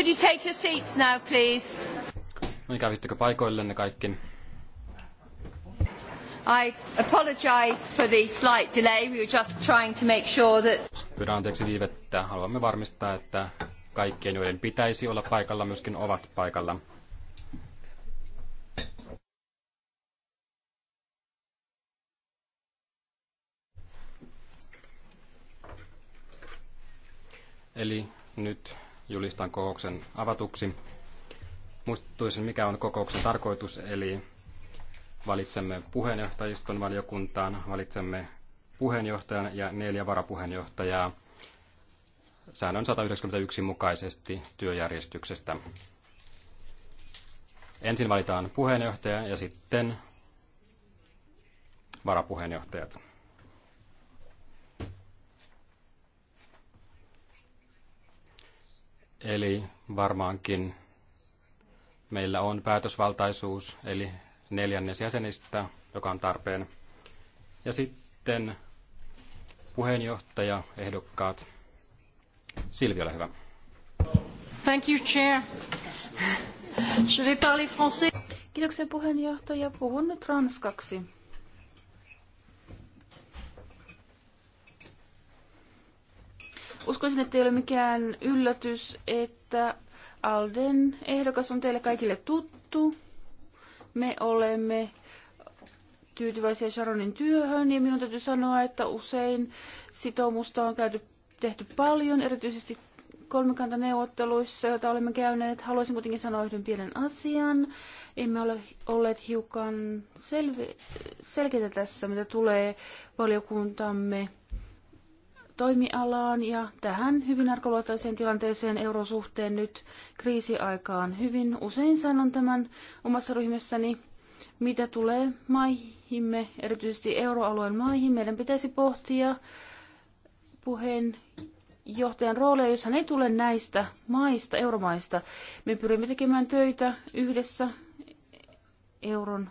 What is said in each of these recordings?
Could you take your seats now, please? No niin, kävisittekö paikoillenne kaikki? I apologize for the slight delay. We were just trying to make sure that... Pyydän anteeksi viivettä. Haluamme varmistaa, että kaikkien, joiden pitäisi olla paikalla, myöskin ovat paikalla. Eli nyt julistan kokouksen avatuksi. Muistuttuisin, mikä on kokouksen tarkoitus, eli valitsemme puheenjohtajiston valiokuntaan, valitsemme puheenjohtajan ja neljä varapuheenjohtajaa säännön 191 mukaisesti työjärjestyksestä. Ensin valitaan puheenjohtaja ja sitten varapuheenjohtajat. Eli varmaankin meillä on päätösvaltaisuus, eli neljännes jäsenistä, joka on tarpeen. Ja sitten puheenjohtaja, ehdokkaat. Silvi, ole hyvä. Thank you, chair. Je vais parler français. Kiitoksia puheenjohtaja. Puhun nyt ranskaksi. Uskoisin, että ei ole mikään yllätys, että Alden ehdokas on teille kaikille tuttu. Me olemme tyytyväisiä Sharonin työhön ja minun täytyy sanoa, että usein sitoumusta on käyty, tehty paljon, erityisesti kolmikantaneuvotteluissa, joita olemme käyneet. Haluaisin kuitenkin sanoa yhden pienen asian. Emme ole olleet hiukan selvi, selkeitä tässä, mitä tulee valiokuntamme toimialaan ja tähän hyvin arkoluotaiseen tilanteeseen eurosuhteen nyt kriisiaikaan. Hyvin usein sanon tämän omassa ryhmässäni, mitä tulee maihimme, erityisesti euroalueen maihin. Meidän pitäisi pohtia puheenjohtajan roolia, jos hän ei tule näistä maista, euromaista. Me pyrimme tekemään töitä yhdessä euron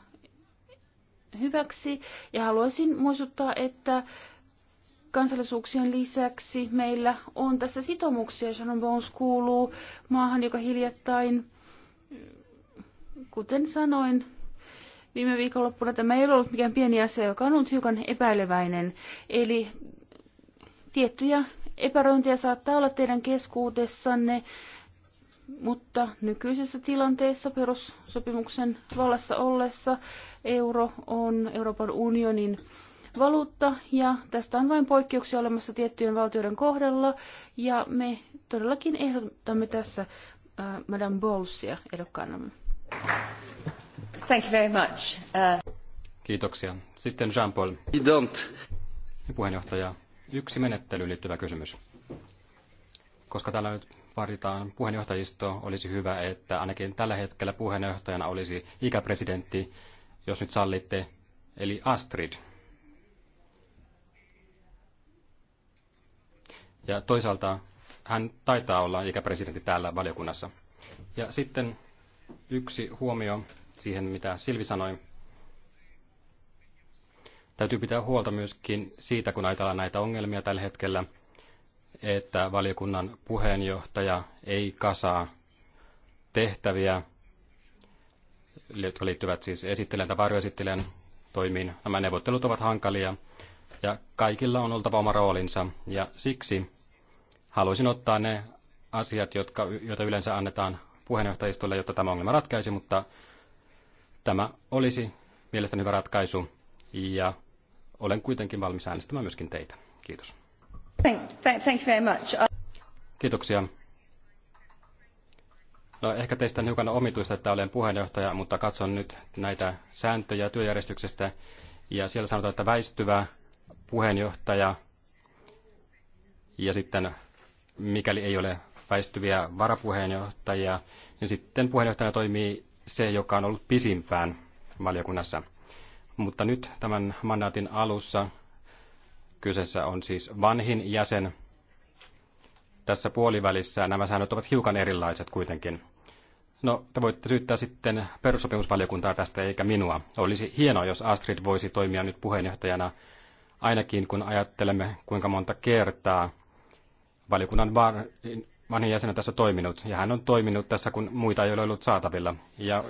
hyväksi ja haluaisin muistuttaa, että kansallisuuksien lisäksi meillä on tässä sitoumuksia. Shannon Bones kuuluu maahan, joka hiljattain, kuten sanoin, viime viikonloppuna tämä ei ollut mikään pieni asia, joka on ollut hiukan epäileväinen. Eli tiettyjä epäröintiä saattaa olla teidän keskuudessanne, mutta nykyisessä tilanteessa perussopimuksen vallassa ollessa euro on Euroopan unionin valuutta ja tästä on vain poikkeuksia olemassa tiettyjen valtioiden kohdalla ja me todellakin ehdotamme tässä uh, Madame Bowlesia ehdokkaanamme. Thank you very much. Uh... Kiitoksia. Sitten Jean-Paul. Niin, puheenjohtaja, yksi menettelyyn liittyvä kysymys. Koska täällä nyt vaaditaan puheenjohtajisto, olisi hyvä, että ainakin tällä hetkellä puheenjohtajana olisi ikäpresidentti, jos nyt sallitte, eli Astrid. Ja toisaalta hän taitaa olla ikäpresidentti täällä valiokunnassa. Ja sitten yksi huomio siihen, mitä Silvi sanoi. Täytyy pitää huolta myöskin siitä, kun ajatellaan näitä ongelmia tällä hetkellä, että valiokunnan puheenjohtaja ei kasaa tehtäviä, jotka liittyvät siis esittelijän tai varjoesittelijän toimiin. Nämä neuvottelut ovat hankalia ja kaikilla on oltava oma roolinsa ja siksi haluaisin ottaa ne asiat, jotka, joita yleensä annetaan puheenjohtajistolle, jotta tämä ongelma ratkaisi, mutta tämä olisi mielestäni hyvä ratkaisu ja olen kuitenkin valmis äänestämään myöskin teitä. Kiitos. Thank, you very much. Uh, Kiitoksia. No ehkä teistä on hiukan omituista, että olen puheenjohtaja, mutta katson nyt näitä sääntöjä työjärjestyksestä. Ja siellä sanotaan, että väistyvä puheenjohtaja ja sitten mikäli ei ole väistyviä varapuheenjohtajia, niin sitten puheenjohtajana toimii se, joka on ollut pisimpään valiokunnassa. Mutta nyt tämän mandaatin alussa kyseessä on siis vanhin jäsen. Tässä puolivälissä nämä säännöt ovat hiukan erilaiset kuitenkin. No, te voitte syyttää sitten perussopimusvaliokuntaa tästä eikä minua. Olisi hienoa, jos Astrid voisi toimia nyt puheenjohtajana, ainakin kun ajattelemme, kuinka monta kertaa valiokunnan vanhin jäsenä tässä toiminut, ja hän on toiminut tässä, kun muita ei ole ollut saatavilla. Ja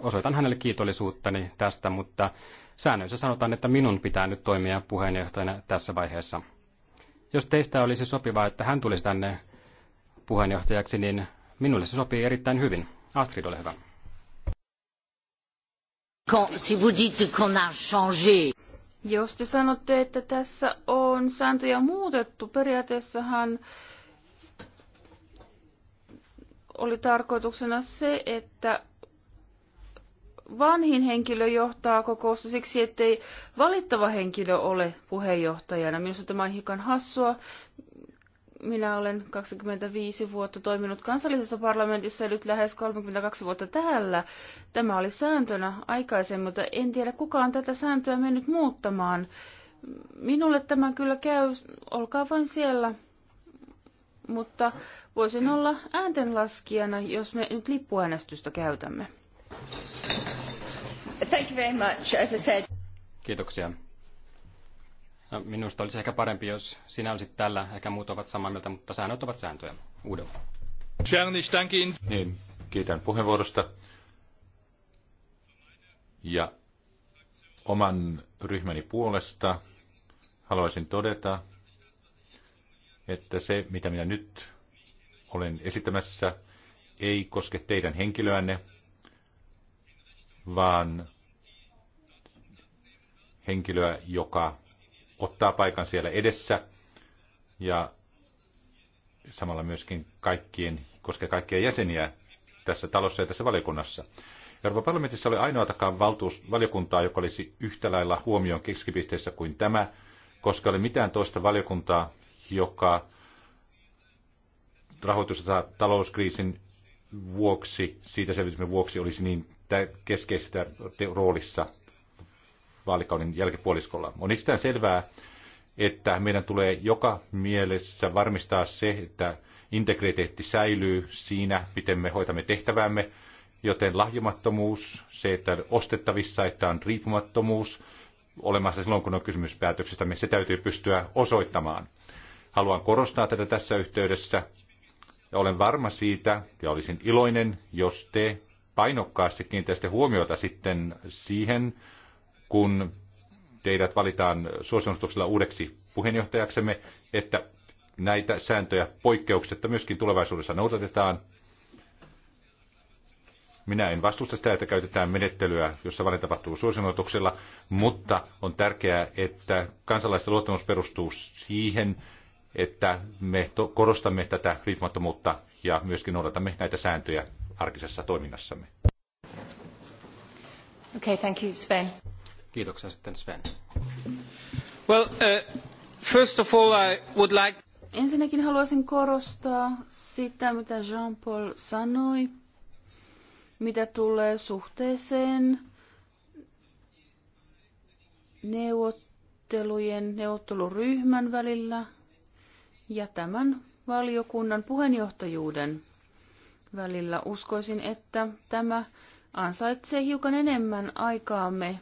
osoitan hänelle kiitollisuuttani tästä, mutta säännöissä sanotaan, että minun pitää nyt toimia puheenjohtajana tässä vaiheessa. Jos teistä olisi sopivaa, että hän tulisi tänne puheenjohtajaksi, niin minulle se sopii erittäin hyvin. Astrid, ole hyvä. Quand, si vous dites qu'on a changé. Jos te sanotte, että tässä on sääntöjä muutettu, periaatteessahan oli tarkoituksena se, että vanhin henkilö johtaa kokousta siksi, ettei valittava henkilö ole puheenjohtajana. Minusta tämä on hiukan hassua minä olen 25 vuotta toiminut kansallisessa parlamentissa ja nyt lähes 32 vuotta täällä. Tämä oli sääntönä aikaisemmin, mutta en tiedä kuka on tätä sääntöä mennyt muuttamaan. Minulle tämä kyllä käy, olkaa vain siellä. Mutta voisin olla ääntenlaskijana, jos me nyt lippuäänestystä käytämme. Thank you very much, as I said. Kiitoksia. No, minusta olisi ehkä parempi, jos sinä olisit tällä, ehkä muut ovat samaa mieltä, mutta säännöt ovat sääntöjä. Uudelleen. Niin, niin, kiitän puheenvuorosta. Ja oman ryhmäni puolesta haluaisin todeta, että se, mitä minä nyt olen esittämässä, ei koske teidän henkilöänne, vaan henkilöä, joka ottaa paikan siellä edessä ja samalla myöskin kaikkien, koskee kaikkia jäseniä tässä talossa ja tässä valiokunnassa. Euroopan parlamentissa oli ainoatakaan valtuus, valiokuntaa, joka olisi yhtä lailla huomioon keskipisteessä kuin tämä, koska oli mitään toista valiokuntaa, joka rahoitus- ja talouskriisin vuoksi, siitä selvitymme vuoksi, olisi niin keskeisessä roolissa vaalikauden jälkipuoliskolla. On itseään selvää, että meidän tulee joka mielessä varmistaa se, että integriteetti säilyy siinä, miten me hoitamme tehtäväämme, joten lahjomattomuus, se, että on ostettavissa, että on riippumattomuus olemassa silloin, kun on kysymys päätöksestä, se täytyy pystyä osoittamaan. Haluan korostaa tätä tässä yhteydessä ja olen varma siitä ja olisin iloinen, jos te painokkaasti kiinteistä huomiota sitten siihen, kun teidät valitaan suosionostuksella uudeksi puheenjohtajaksemme, että näitä sääntöjä poikkeuksetta myöskin tulevaisuudessa noudatetaan. Minä en vastusta sitä, että käytetään menettelyä, jossa valinta tapahtuu suosionotuksella, mutta on tärkeää, että kansalaisten luottamus perustuu siihen, että me korostamme tätä riippumattomuutta ja myöskin noudatamme näitä sääntöjä arkisessa toiminnassamme. Okay, thank you, Sven. Kiitoksia sitten Sven. Well, uh, first of all I would like... Ensinnäkin haluaisin korostaa sitä, mitä Jean-Paul sanoi, mitä tulee suhteeseen neuvottelujen, neuvotteluryhmän välillä ja tämän valiokunnan puheenjohtajuuden välillä. Uskoisin, että tämä ansaitsee hiukan enemmän aikaamme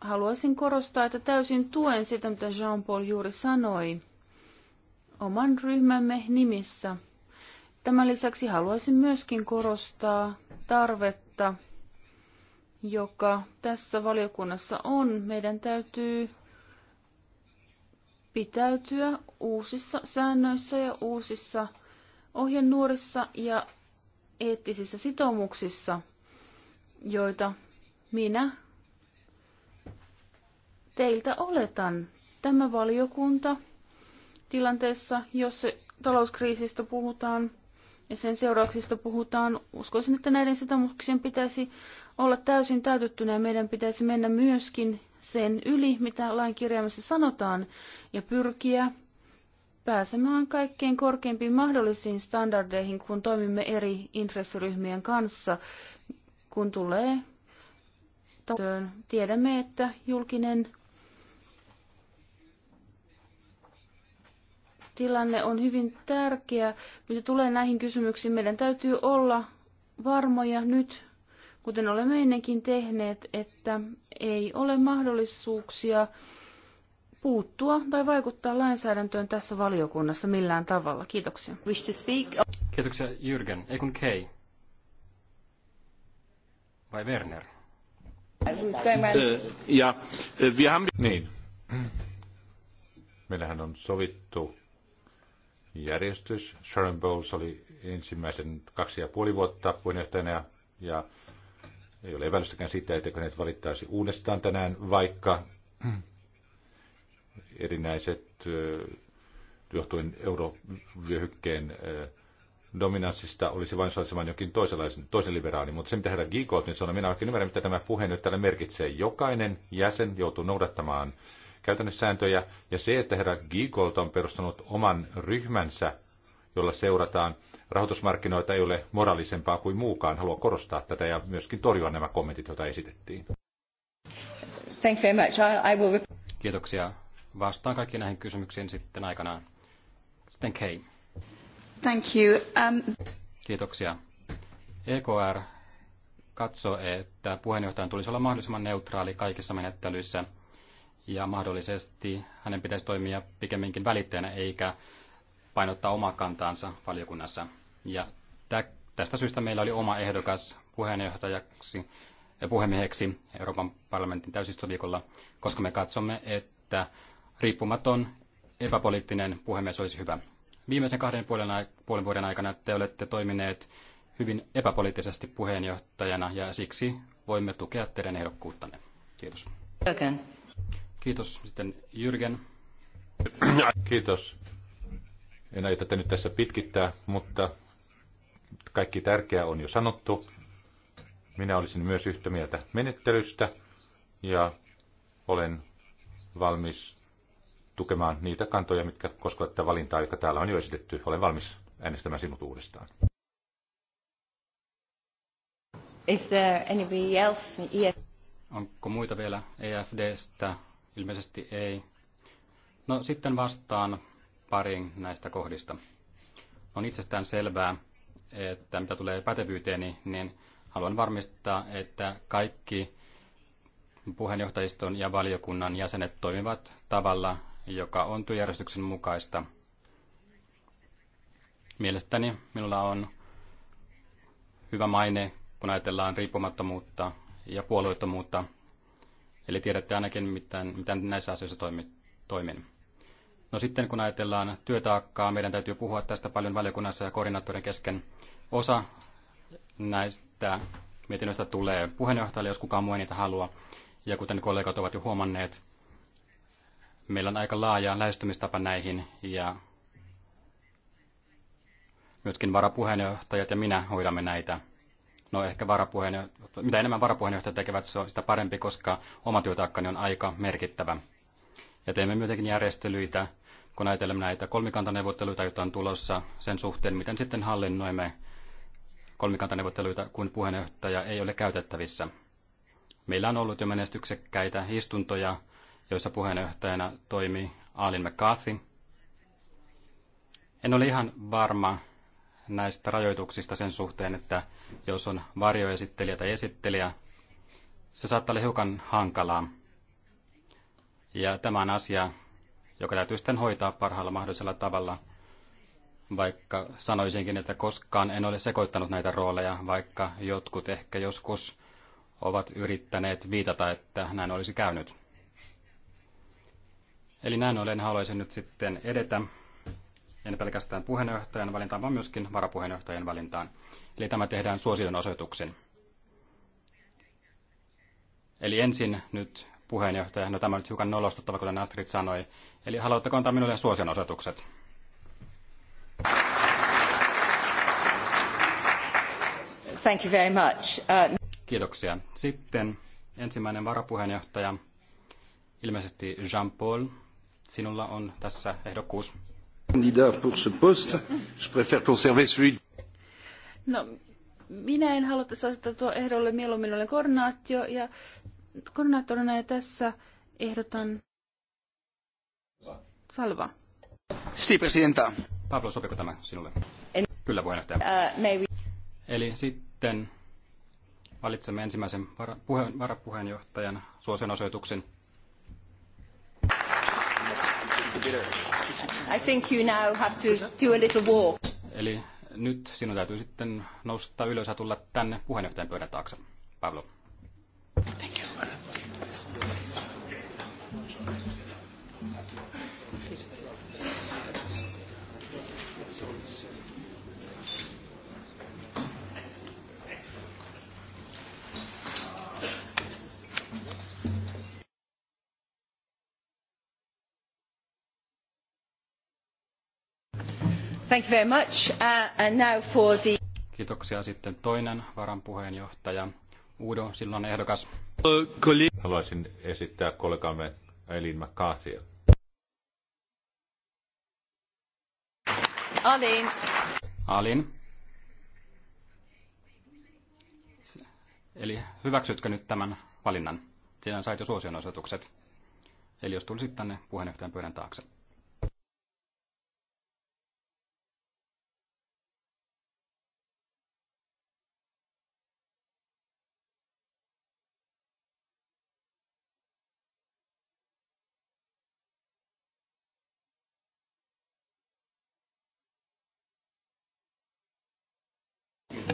haluaisin korostaa, että täysin tuen sitä, mitä Jean-Paul juuri sanoi oman ryhmämme nimissä. Tämän lisäksi haluaisin myöskin korostaa tarvetta, joka tässä valiokunnassa on. Meidän täytyy pitäytyä uusissa säännöissä ja uusissa ohjenuorissa ja eettisissä sitoumuksissa, joita minä teiltä oletan. Tämä valiokunta tilanteessa, jos talouskriisistä puhutaan ja sen seurauksista puhutaan, uskoisin, että näiden sitoumuksien pitäisi olla täysin täytettynä ja meidän pitäisi mennä myöskin sen yli, mitä lain kirjaimessa sanotaan, ja pyrkiä pääsemään kaikkein korkeimpiin mahdollisiin standardeihin, kun toimimme eri intressiryhmien kanssa, kun tulee Tiedämme, että julkinen tilanne on hyvin tärkeä. Mitä tulee näihin kysymyksiin, meidän täytyy olla varmoja nyt, kuten olemme ennenkin tehneet, että ei ole mahdollisuuksia puuttua tai vaikuttaa lainsäädäntöön tässä valiokunnassa millään tavalla. Kiitoksia. Wish to speak. Kiitoksia Jürgen. Ei kun Kei. Vai Werner? Äh, ja, äh, wir haben... Niin. Meillähän on sovittu järjestys. Sharon Bowles oli ensimmäisen kaksi ja puoli vuotta puheenjohtajana ja ei ole epäilystäkään sitä, etteikö ne valittaisi uudestaan tänään, vaikka erinäiset johtuen eurovyöhykkeen dominanssista olisi vain valitsemaan jokin toisenlaisen, toisen liberaalin. Mutta se, mitä herra Giegold niin sanoi, minä oikein ymmärrän, mitä tämä puhe nyt täällä merkitsee. Jokainen jäsen joutuu noudattamaan käytännössääntöjä. Ja se, että herra Giegold on perustanut oman ryhmänsä, jolla seurataan rahoitusmarkkinoita, ei ole moraalisempaa kuin muukaan. Haluan korostaa tätä ja myöskin torjua nämä kommentit, joita esitettiin. Thank you very much. I, will... Kiitoksia. Vastaan kaikkiin näihin kysymyksiin sitten aikanaan. Sitten Kay. Thank you. Um... Kiitoksia. EKR katsoo, että puheenjohtajan tulisi olla mahdollisimman neutraali kaikissa menettelyissä – ja mahdollisesti hänen pitäisi toimia pikemminkin välittäjänä eikä painottaa omaa kantaansa valiokunnassa. Ja tästä syystä meillä oli oma ehdokas puheenjohtajaksi ja eh, puhemieheksi Euroopan parlamentin täysistuntoviikolla, koska me katsomme, että riippumaton epäpoliittinen puhemies olisi hyvä. Viimeisen kahden puolen, puolen vuoden aikana te olette toimineet hyvin epäpoliittisesti puheenjohtajana ja siksi voimme tukea teidän ehdokkuuttanne. Kiitos. Okay. Kiitos sitten Jürgen. Kiitos. En aio tätä nyt tässä pitkittää, mutta kaikki tärkeää on jo sanottu. Minä olisin myös yhtä mieltä menettelystä ja olen valmis tukemaan niitä kantoja, mitkä koskevat tätä valintaa, joka täällä on jo esitetty. Olen valmis äänestämään sinut uudestaan. Is there anybody else e Onko muita vielä EFDstä? Ilmeisesti ei. No sitten vastaan pariin näistä kohdista. On itsestään selvää, että mitä tulee pätevyyteeni, niin haluan varmistaa, että kaikki puheenjohtajiston ja valiokunnan jäsenet toimivat tavalla, joka on työjärjestyksen mukaista. Mielestäni minulla on hyvä maine, kun ajatellaan riippumattomuutta ja puolueettomuutta, Eli tiedätte ainakin, miten, miten näissä asioissa toimin. No sitten kun ajatellaan työtaakkaa, meidän täytyy puhua tästä paljon valiokunnassa ja koordinaattorin kesken. Osa näistä mietinnöistä tulee puheenjohtajalle, jos kukaan muu ei niitä halua. Ja kuten kollegat ovat jo huomanneet, meillä on aika laaja lähestymistapa näihin ja myöskin varapuheenjohtajat ja minä hoidamme näitä No ehkä varapuheenjohtaja, mitä enemmän varapuheenjohtajat tekevät, se on sitä parempi, koska oma työtaakkani on aika merkittävä. Ja teemme myöskin järjestelyitä, kun ajatellaan näitä kolmikantaneuvotteluita, joita on tulossa sen suhteen, miten sitten hallinnoimme kolmikantaneuvotteluita, kun puheenjohtaja ei ole käytettävissä. Meillä on ollut jo menestyksekkäitä istuntoja, joissa puheenjohtajana toimi Aalin McCarthy. En ole ihan varma, näistä rajoituksista sen suhteen, että jos on varjoesittelijä tai esittelijä, se saattaa olla hiukan hankalaa. Ja tämä on asia, joka täytyy sitten hoitaa parhaalla mahdollisella tavalla, vaikka sanoisinkin, että koskaan en ole sekoittanut näitä rooleja, vaikka jotkut ehkä joskus ovat yrittäneet viitata, että näin olisi käynyt. Eli näin ollen haluaisin nyt sitten edetä en pelkästään puheenjohtajan valintaan, vaan myöskin varapuheenjohtajan valintaan. Eli tämä tehdään suosion osoituksen. Eli ensin nyt puheenjohtaja, no tämä on nyt hiukan nolostuttava, kuten Astrid sanoi. Eli haluatteko antaa minulle suosion osoitukset? Thank you very much. Uh... Kiitoksia. Sitten ensimmäinen varapuheenjohtaja, ilmeisesti Jean-Paul, sinulla on tässä ehdokkuus. No, minä en halua tässä asettua ehdolle, mieluummin olen koordinaatio ja koordinaattorina ja tässä ehdotan Salva. Si, presidenta. Pablo, sopiiko tämä sinulle? En... Kyllä, puheenjohtaja. Uh, Eli sitten valitsemme ensimmäisen vara- puhe- varapuheenjohtajan suosionosoituksen. I think you now have to do a little walk. Eli nyt sinun täytyy sitten nousta ylös ja tulla tänne puheenjohtajan pöydän taakse. Pablo. Thank you. Thank you very much. Uh, and now for the... Kiitoksia sitten toinen varanpuheenjohtaja, Udo, silloin ehdokas. Haluaisin esittää kollegamme Eileen McCarthy. Alin. Alin. Eli hyväksytkö nyt tämän valinnan? Sinä sait jo suosionosoitukset. Eli jos tulisit tänne puheenjohtajan pöydän taakse.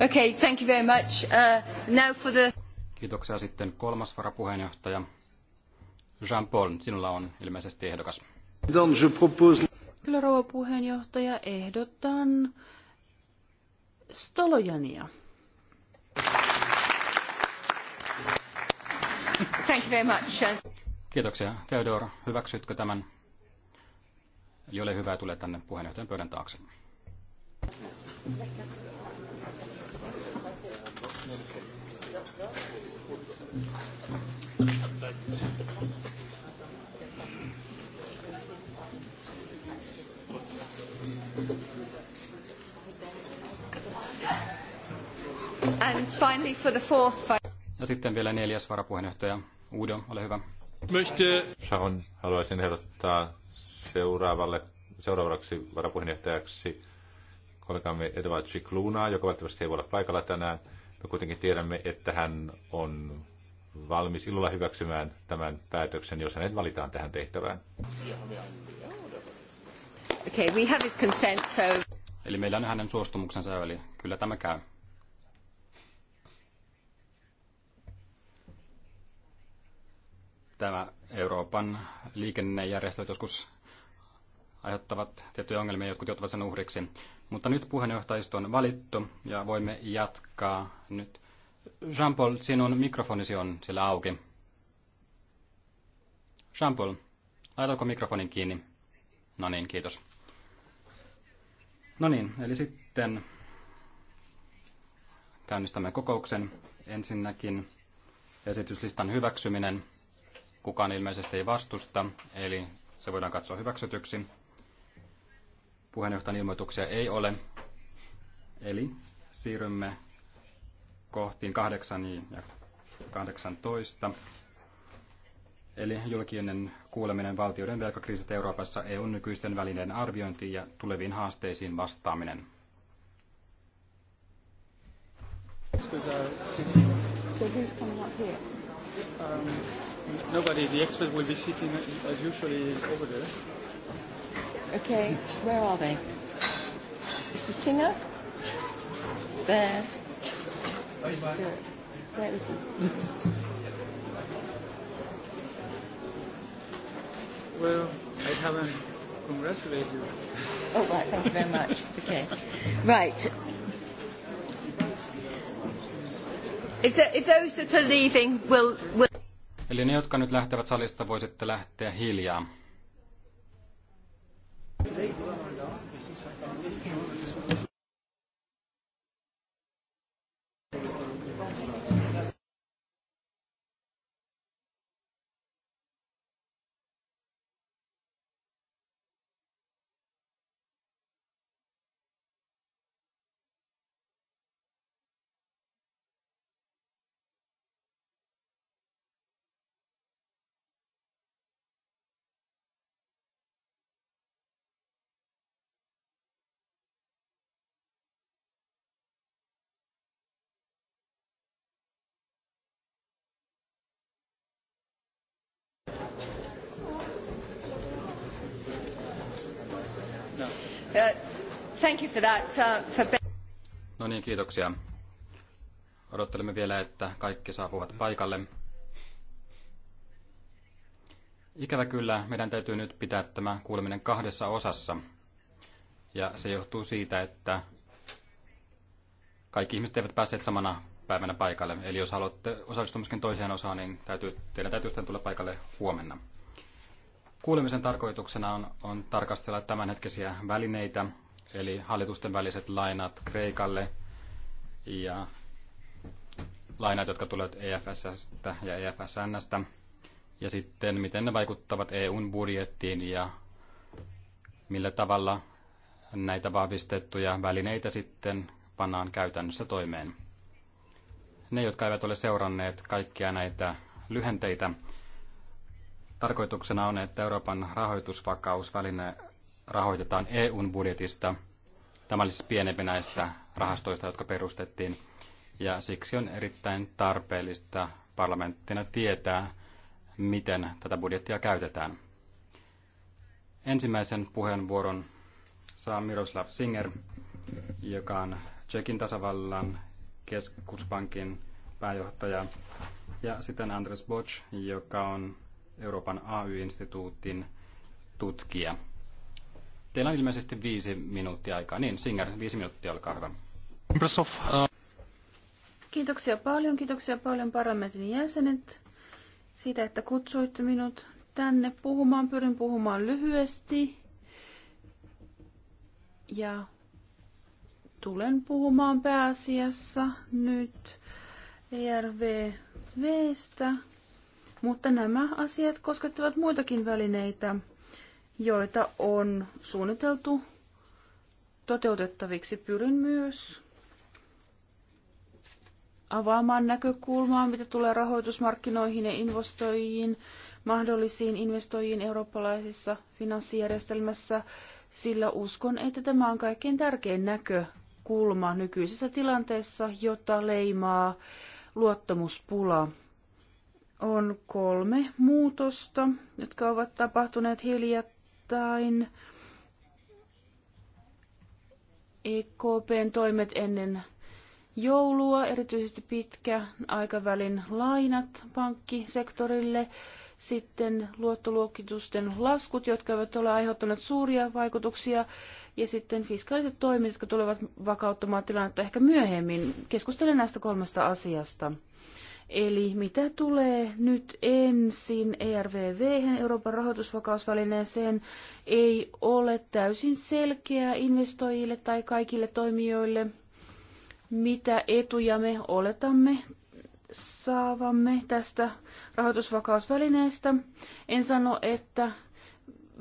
Okay, thank you very much. Uh, now for the... Kiitoksia sitten kolmas varapuheenjohtaja. Jean-Paul, sinulla on ilmeisesti ehdokas. Kyllä rouva puheenjohtaja, ehdotan Stolojania. Thank you very much. Kiitoksia. Theodor, hyväksytkö tämän? Eli ole hyvä, tule tänne puheenjohtajan pöydän taakse. And finally for the fourth... Ja sitten vielä neljäs varapuheenjohtaja. Udo, ole hyvä. Möchte... Sharon, haluaisin ehdottaa seuraavalle, seuraavaksi varapuheenjohtajaksi kollegamme Edward Cicluna, joka valitettavasti ei voi olla paikalla tänään. Me kuitenkin tiedämme, että hän on valmis ilolla hyväksymään tämän päätöksen, jos hänet valitaan tähän tehtävään. Okay, we have his consent, so... Eli meillä on hänen suostumuksensa, eli kyllä tämä käy. tämä Euroopan liikennejärjestöt joskus aiheuttavat tiettyjä ongelmia, jotkut joutuvat sen uhriksi. Mutta nyt puheenjohtajisto on valittu ja voimme jatkaa nyt. Jean-Paul, sinun mikrofonisi on siellä auki. Jean-Paul, laitoinko mikrofonin kiinni? No niin, kiitos. No niin, eli sitten käynnistämme kokouksen. Ensinnäkin esityslistan hyväksyminen. Kukaan ilmeisesti ei vastusta, eli se voidaan katsoa hyväksytyksi. Puheenjohtajan ilmoituksia ei ole, eli siirrymme kohtiin 8 ja 18. Eli julkinen kuuleminen valtioiden velkakriisistä Euroopassa EUn nykyisten välineiden arviointi ja tuleviin haasteisiin vastaaminen. So who's coming up here? Um, Nobody, the expert will be sitting as usually over there. Okay, where are they? Is the singer? There. Mr. Where is he? Well, I haven't congratulated you. Oh, right, thank you very much. Okay. Right. If, the, if those that are leaving will... will Eli ne, jotka nyt lähtevät salista, voisitte lähteä hiljaa. Uh, thank you for that. Uh, for... No niin, kiitoksia. Odottelemme vielä, että kaikki saapuvat paikalle. Ikävä kyllä, meidän täytyy nyt pitää tämä kuuleminen kahdessa osassa. Ja se johtuu siitä, että kaikki ihmiset eivät päässeet samana päivänä paikalle. Eli jos haluatte osallistua myöskin toiseen osaan, niin täytyy, teidän täytyy sitten tulla paikalle huomenna. Kuulemisen tarkoituksena on, on tarkastella tämänhetkisiä välineitä, eli hallitusten väliset lainat Kreikalle ja lainat, jotka tulevat EFSS ja EFSNstä, ja sitten miten ne vaikuttavat EUn budjettiin ja millä tavalla näitä vahvistettuja välineitä sitten pannaan käytännössä toimeen. Ne, jotka eivät ole seuranneet kaikkia näitä lyhenteitä, Tarkoituksena on, että Euroopan rahoitusvakausväline rahoitetaan EUn budjetista. Tämä olisi siis pienempi näistä rahastoista, jotka perustettiin. Ja siksi on erittäin tarpeellista parlamenttina tietää, miten tätä budjettia käytetään. Ensimmäisen puheenvuoron saa Miroslav Singer, joka on Tsekin tasavallan keskuspankin pääjohtaja, ja sitten Andres Boch, joka on Euroopan AY-instituutin tutkija. Teillä on ilmeisesti viisi minuuttia aikaa. Niin, Singer, viisi minuuttia, olkaa hyvä. Äh. Kiitoksia paljon, kiitoksia paljon parlamentin jäsenet siitä, että kutsuitte minut tänne puhumaan. Pyrin puhumaan lyhyesti ja tulen puhumaan pääasiassa nyt ERVVstä mutta nämä asiat koskettavat muitakin välineitä, joita on suunniteltu toteutettaviksi. Pyrin myös avaamaan näkökulmaa, mitä tulee rahoitusmarkkinoihin ja investoijiin, mahdollisiin investoijiin eurooppalaisessa finanssijärjestelmässä, sillä uskon, että tämä on kaikkein tärkein näkökulma nykyisessä tilanteessa, jota leimaa luottamuspula on kolme muutosta, jotka ovat tapahtuneet hiljattain. EKPn toimet ennen joulua, erityisesti pitkä aikavälin lainat pankkisektorille, sitten luottoluokitusten laskut, jotka eivät ole aiheuttaneet suuria vaikutuksia, ja sitten fiskaaliset toimet, jotka tulevat vakauttamaan tilannetta ehkä myöhemmin. Keskustelen näistä kolmesta asiasta. Eli mitä tulee nyt ensin ERVV, Euroopan rahoitusvakausvälineeseen, ei ole täysin selkeää investoijille tai kaikille toimijoille, mitä etuja me oletamme saavamme tästä rahoitusvakausvälineestä. En sano, että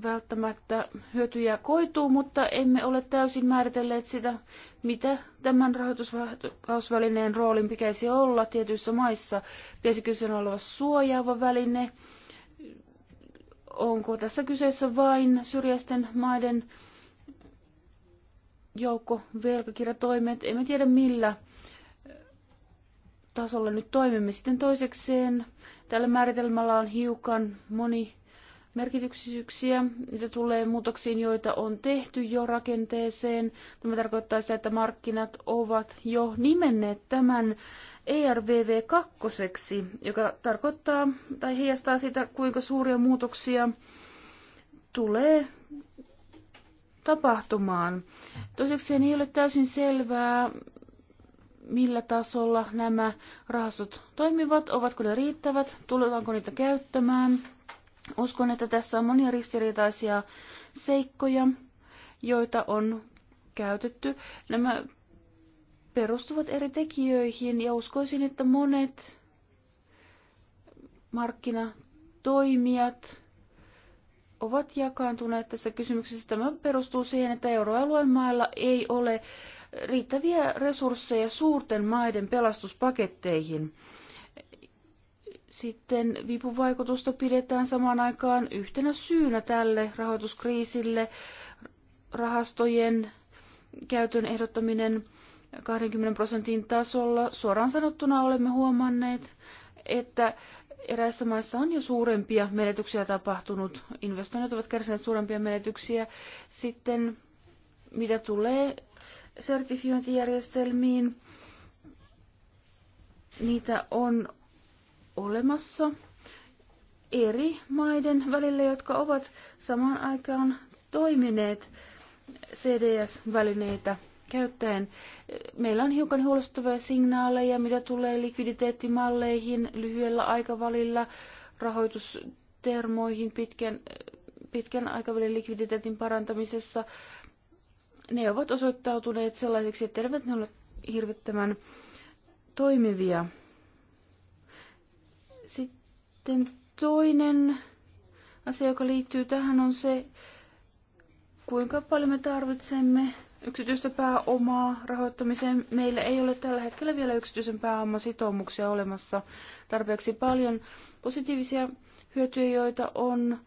välttämättä hyötyjä koituu, mutta emme ole täysin määritelleet sitä, mitä tämän rahoitusvakausvälineen roolin pitäisi olla tietyissä maissa. Pitäisi kyse olla suojaava väline. Onko tässä kyseessä vain syrjäisten maiden joukko velkakirjatoimet? Emme tiedä millä tasolla nyt toimimme. Sitten toisekseen tällä määritelmällä on hiukan moni merkityksisyyksiä, mitä tulee muutoksiin, joita on tehty jo rakenteeseen. Tämä tarkoittaa sitä, että markkinat ovat jo nimenneet tämän ERVV2, joka tarkoittaa tai heijastaa sitä, kuinka suuria muutoksia tulee tapahtumaan. Toiseksi ei ole täysin selvää, millä tasolla nämä rahastot toimivat, ovatko ne riittävät, tuletaanko niitä käyttämään Uskon, että tässä on monia ristiriitaisia seikkoja, joita on käytetty. Nämä perustuvat eri tekijöihin ja uskoisin, että monet markkinatoimijat ovat jakaantuneet tässä kysymyksessä. Tämä perustuu siihen, että euroalueen mailla ei ole riittäviä resursseja suurten maiden pelastuspaketteihin sitten vipuvaikutusta pidetään samaan aikaan yhtenä syynä tälle rahoituskriisille. Rahastojen käytön ehdottaminen 20 prosentin tasolla. Suoraan sanottuna olemme huomanneet, että eräissä maissa on jo suurempia menetyksiä tapahtunut. Investoinnit ovat kärsineet suurempia menetyksiä. Sitten mitä tulee sertifiointijärjestelmiin, niitä on olemassa eri maiden välillä, jotka ovat samaan aikaan toimineet CDS-välineitä käyttäen. Meillä on hiukan huolestuttavia signaaleja, mitä tulee likviditeettimalleihin lyhyellä aikavälillä, rahoitustermoihin pitkän, pitkän aikavälin likviditeetin parantamisessa. Ne ovat osoittautuneet sellaisiksi, että terveet ne ovat hirvittävän toimivia sitten toinen asia, joka liittyy tähän, on se, kuinka paljon me tarvitsemme yksityistä pääomaa rahoittamiseen. Meillä ei ole tällä hetkellä vielä yksityisen pääomasitoumuksia olemassa tarpeeksi paljon. Positiivisia hyötyjä, joita on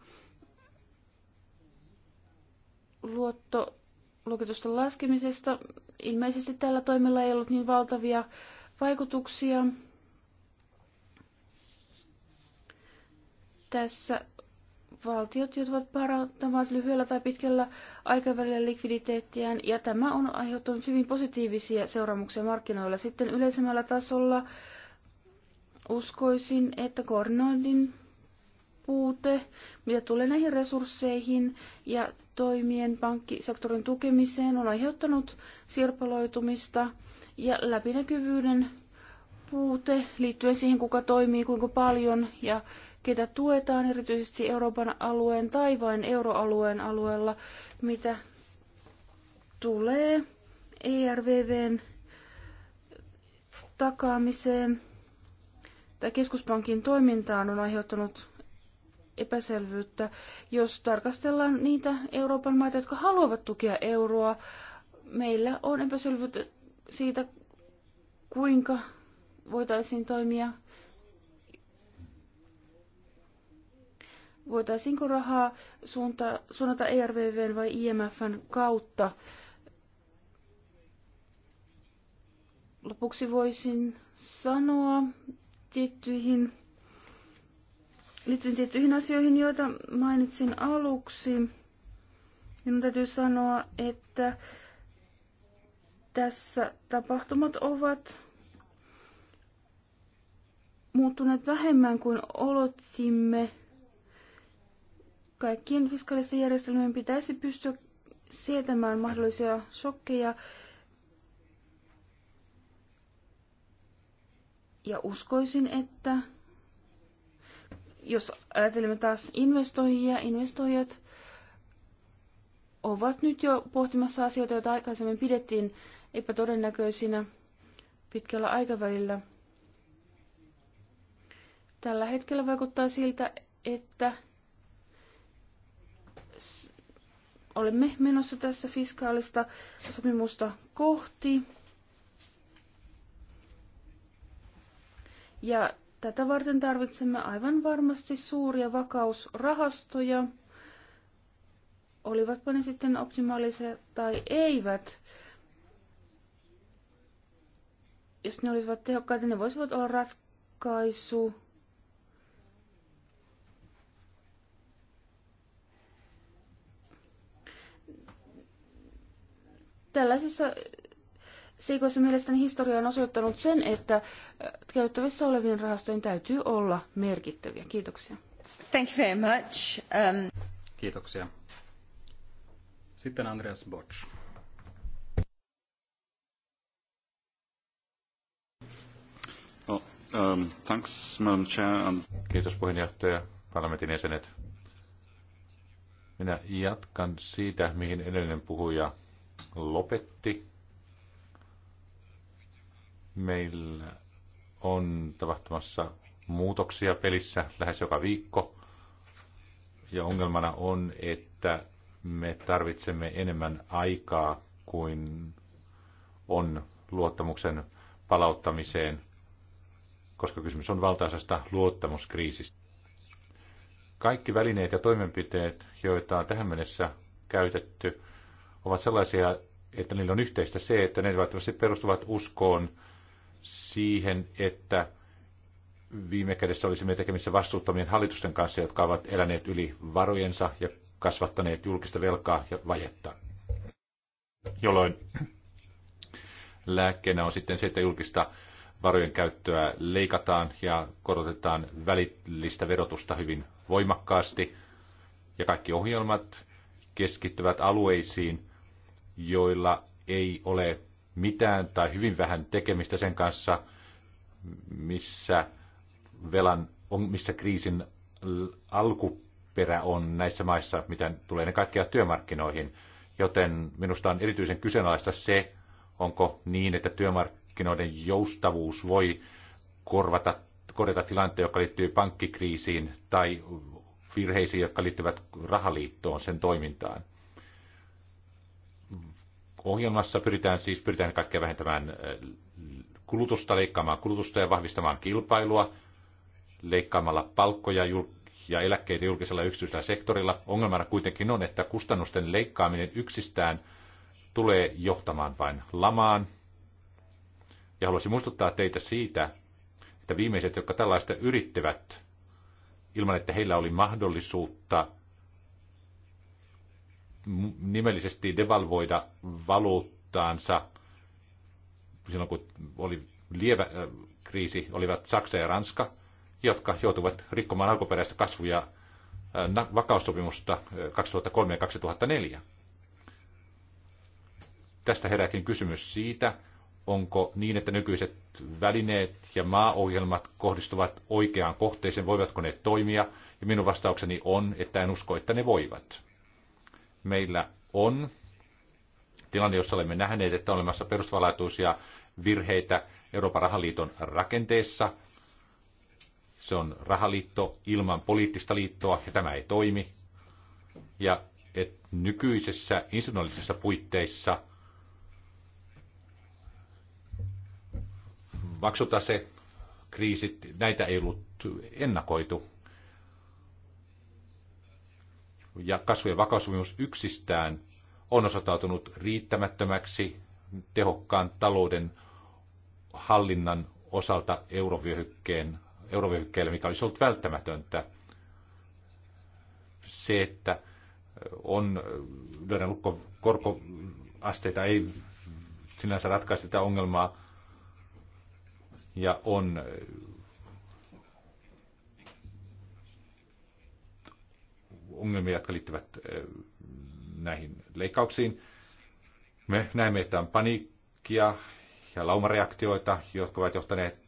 luottoluokitusten laskemisesta. Ilmeisesti tällä toimella ei ollut niin valtavia vaikutuksia Tässä valtiot joutuvat parantamaan lyhyellä tai pitkällä aikavälillä likviditeettiään, ja tämä on aiheuttanut hyvin positiivisia seuraamuksia markkinoilla. Sitten yleisemmällä tasolla uskoisin, että koordinoinnin puute, mitä tulee näihin resursseihin ja toimien pankkisektorin tukemiseen, on aiheuttanut sirpaloitumista ja läpinäkyvyyden puute liittyen siihen, kuka toimii, kuinka paljon ja ketä tuetaan erityisesti Euroopan alueen tai vain euroalueen alueella, mitä tulee ERVVn takaamiseen tai keskuspankin toimintaan on aiheuttanut epäselvyyttä, jos tarkastellaan niitä Euroopan maita, jotka haluavat tukea euroa. Meillä on epäselvyyttä siitä, kuinka voitaisiin toimia voitaisiinko rahaa suunta, suunnata ERVVn vai IMFn kautta. Lopuksi voisin sanoa tiettyihin, liittyen tiettyihin asioihin, joita mainitsin aluksi. Minun täytyy sanoa, että tässä tapahtumat ovat muuttuneet vähemmän kuin olottimme Kaikkien fiskaalisten järjestelmien pitäisi pystyä sietämään mahdollisia shokkeja ja uskoisin, että jos ajattelemme taas investoijia, investoijat ovat nyt jo pohtimassa asioita, joita aikaisemmin pidettiin epätodennäköisinä pitkällä aikavälillä. Tällä hetkellä vaikuttaa siltä, että olemme menossa tässä fiskaalista sopimusta kohti. Ja tätä varten tarvitsemme aivan varmasti suuria vakausrahastoja, olivatpa ne sitten optimaalisia tai eivät. Jos ne olisivat tehokkaita, ne voisivat olla ratkaisu Tällaisissa seikoissa mielestäni historia on osoittanut sen, että käyttävissä olevien rahastojen täytyy olla merkittäviä. Kiitoksia. Thank you very much. Um... Kiitoksia. Sitten Andreas Botsch. Oh, um, thanks, Madam Chair. Um, Kiitos puheenjohtaja, parlamentin jäsenet. Minä jatkan siitä, mihin edellinen puhuja lopetti. Meillä on tapahtumassa muutoksia pelissä lähes joka viikko. Ja ongelmana on, että me tarvitsemme enemmän aikaa kuin on luottamuksen palauttamiseen, koska kysymys on valtaisesta luottamuskriisistä. Kaikki välineet ja toimenpiteet, joita on tähän mennessä käytetty, ovat sellaisia, että niillä on yhteistä se, että ne välttämättä perustuvat uskoon siihen, että viime kädessä olisimme tekemissä vastuuttomien hallitusten kanssa, jotka ovat eläneet yli varojensa ja kasvattaneet julkista velkaa ja vajetta. Jolloin lääkkeenä on sitten se, että julkista varojen käyttöä leikataan ja korotetaan välillistä verotusta hyvin voimakkaasti. Ja kaikki ohjelmat keskittyvät alueisiin, joilla ei ole mitään tai hyvin vähän tekemistä sen kanssa, missä velan, missä kriisin alkuperä on näissä maissa, mitä tulee ne kaikkia työmarkkinoihin. Joten minusta on erityisen kyseenalaista se, onko niin, että työmarkkinoiden joustavuus voi korvata, korjata tilanteen, joka liittyy pankkikriisiin tai virheisiin, jotka liittyvät rahaliittoon, sen toimintaan ohjelmassa pyritään siis pyritään kaikkea vähentämään äh, kulutusta, leikkaamaan kulutusta ja vahvistamaan kilpailua, leikkaamalla palkkoja ja eläkkeitä julkisella ja yksityisellä sektorilla. Ongelmana kuitenkin on, että kustannusten leikkaaminen yksistään tulee johtamaan vain lamaan. Ja haluaisin muistuttaa teitä siitä, että viimeiset, jotka tällaista yrittivät, ilman että heillä oli mahdollisuutta nimellisesti devalvoida valuuttaansa silloin, kun oli lievä äh, kriisi, olivat Saksa ja Ranska, jotka joutuivat rikkomaan alkuperäistä kasvu- ja äh, vakaussopimusta 2003 äh, ja 2004. Tästä herääkin kysymys siitä, onko niin, että nykyiset välineet ja maaohjelmat kohdistuvat oikeaan kohteeseen, voivatko ne toimia, ja minun vastaukseni on, että en usko, että ne voivat meillä on tilanne, jossa olemme nähneet, että on olemassa perustavanlaatuisia virheitä Euroopan rahaliiton rakenteessa. Se on rahaliitto ilman poliittista liittoa, ja tämä ei toimi. Ja et nykyisessä institutionaalisissa puitteissa maksutase, kriisit, näitä ei ollut ennakoitu ja kasvu- ja yksistään on osoittautunut riittämättömäksi tehokkaan talouden hallinnan osalta eurovyöhykkeen, eurovyöhykkeelle, mikä olisi ollut välttämätöntä. Se, että on löydän lukko korkoasteita, ei sinänsä ratkaise sitä ongelmaa, ja on ongelmia, jotka liittyvät näihin leikkauksiin. Me näemme, että on paniikkia ja laumareaktioita, jotka ovat johtaneet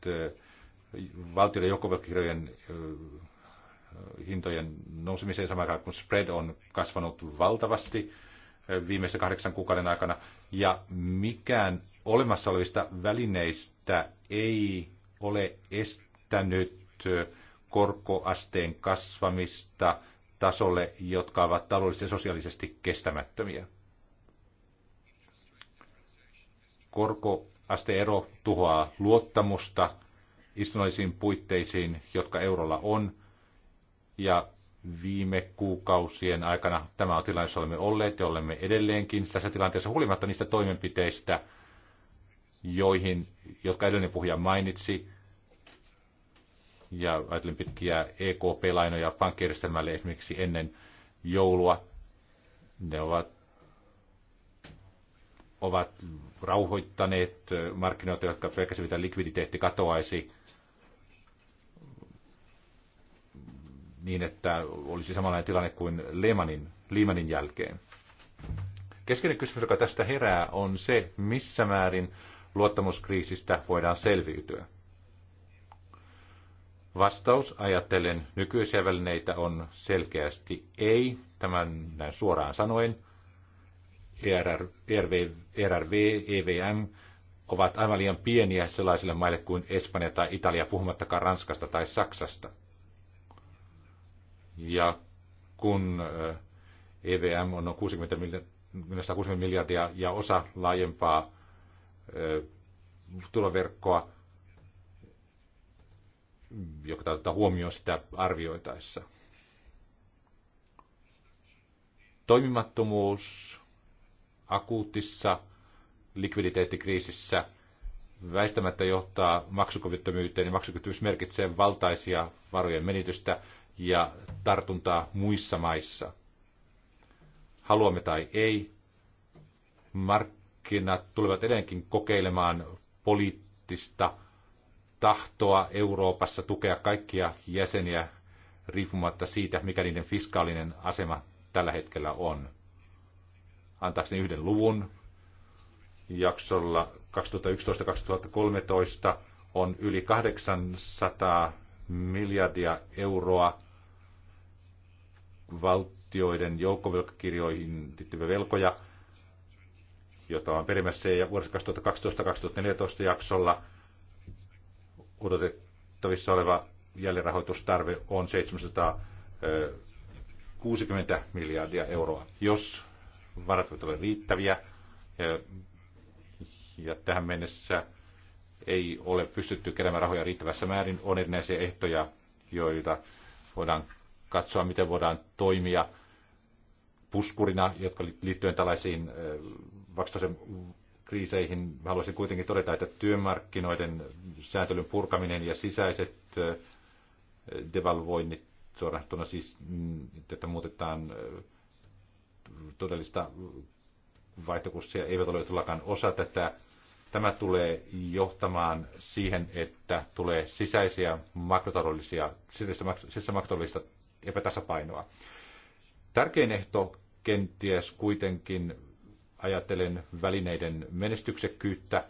valtioiden joukkovelkakirjojen hintojen nousemiseen samaan aikaan, kun spread on kasvanut valtavasti viimeisen kahdeksan kuukauden aikana. Ja mikään olemassa olevista välineistä ei ole estänyt korkoasteen kasvamista tasolle, jotka ovat taloudellisesti ja sosiaalisesti kestämättömiä. Korkoasteero tuhoaa luottamusta istunnollisiin puitteisiin, jotka eurolla on, ja viime kuukausien aikana tämä on tilanne, jossa olemme olleet ja olemme edelleenkin tässä tilanteessa huolimatta niistä toimenpiteistä, joihin, jotka edellinen puhuja mainitsi, ja ajatellen pitkiä EKP-lainoja pankkijärjestelmälle esimerkiksi ennen joulua. Ne ovat, ovat rauhoittaneet markkinoita, jotka pelkäsivät, että likviditeetti katoaisi niin, että olisi samanlainen tilanne kuin Lehmanin, Lehmanin jälkeen. Keskeinen kysymys, joka tästä herää, on se, missä määrin luottamuskriisistä voidaan selviytyä. Vastaus ajatellen nykyisiä välineitä on selkeästi ei, tämän näin suoraan sanoen. ERR, ERV, EVM e ovat aivan liian pieniä sellaisille maille kuin Espanja tai Italia, puhumattakaan Ranskasta tai Saksasta. Ja kun EVM on noin 60 miljardia ja osa laajempaa tuloverkkoa, joka täytyy ottaa huomioon sitä arvioitaessa. Toimimattomuus akuutissa likviditeettikriisissä väistämättä johtaa maksukyvyttömyyteen ja maksukyvyttömyys merkitsee valtaisia varojen menitystä ja tartuntaa muissa maissa. Haluamme tai ei, markkinat tulevat edelleenkin kokeilemaan poliittista tahtoa Euroopassa tukea kaikkia jäseniä riippumatta siitä, mikä niiden fiskaalinen asema tällä hetkellä on. Antaakseni yhden luvun, jaksolla 2011-2013 on yli 800 miljardia euroa valtioiden joukkovelkakirjoihin liittyviä velkoja, jota on perimässä ja vuodessa 2012-2014 jaksolla – odotettavissa oleva jälleenrahoitustarve on 760 miljardia euroa, jos varat ovat ole riittäviä. Ja, ja tähän mennessä ei ole pystytty keräämään rahoja riittävässä määrin. On erinäisiä ehtoja, joita voidaan katsoa, miten voidaan toimia puskurina, jotka liittyen tällaisiin vastaisen kriiseihin. Haluaisin kuitenkin todeta, että työmarkkinoiden sääntelyn purkaminen ja sisäiset devalvoinnit suoraan siis, mm, että muutetaan todellista vaihtokurssia, eivät ole todellakaan osa tätä. Tämä tulee johtamaan siihen, että tulee sisäisiä makrotaloudellisia, sisäistä makrotaloudellista epätasapainoa. Tärkein ehto kenties kuitenkin ajatellen välineiden menestyksekkyyttä,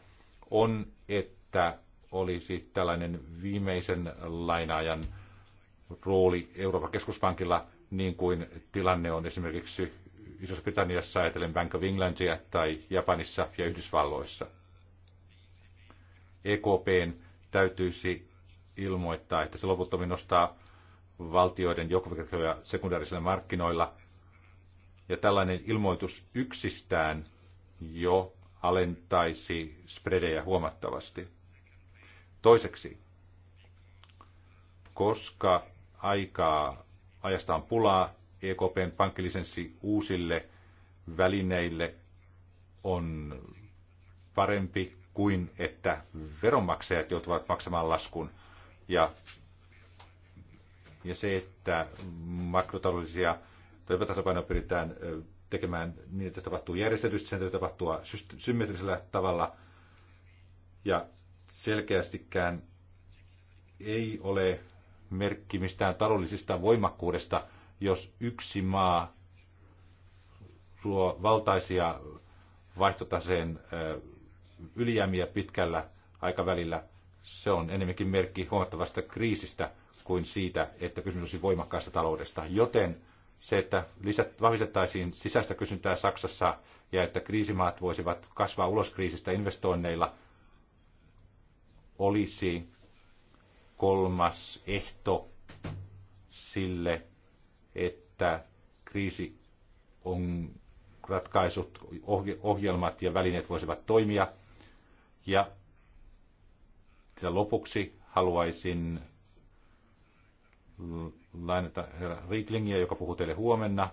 on, että olisi tällainen viimeisen lainaajan rooli Euroopan keskuspankilla, niin kuin tilanne on esimerkiksi isossa britanniassa ajatellen Bank of Englandia tai Japanissa ja Yhdysvalloissa. EKPn täytyisi ilmoittaa, että se loputtomiin nostaa valtioiden joukkovelkoja sekundaarisilla markkinoilla ja tällainen ilmoitus yksistään jo alentaisi spredejä huomattavasti. Toiseksi, koska aikaa ajastaan pulaa, EKPn pankkilisenssi uusille välineille on parempi kuin että veronmaksajat joutuvat maksamaan laskun. Ja, ja se, että makrotaloudellisia epätasapaino pyritään tekemään niin, että se tapahtuu järjestetysti, sen täytyy tapahtua symmetrisellä tavalla. Ja selkeästikään ei ole merkki mistään taloudellisista voimakkuudesta, jos yksi maa luo valtaisia vaihtotaseen ylijäämiä pitkällä aikavälillä. Se on enemmänkin merkki huomattavasta kriisistä kuin siitä, että kysymys olisi voimakkaasta taloudesta. Joten se, että lisät, vahvistettaisiin sisäistä kysyntää Saksassa ja että kriisimaat voisivat kasvaa ulos kriisistä investoinneilla, olisi kolmas ehto sille, että kriisi on ratkaisut, ohjelmat ja välineet voisivat toimia. Ja, ja lopuksi haluaisin lainata herra Rieklingiä, joka puhuu teille huomenna,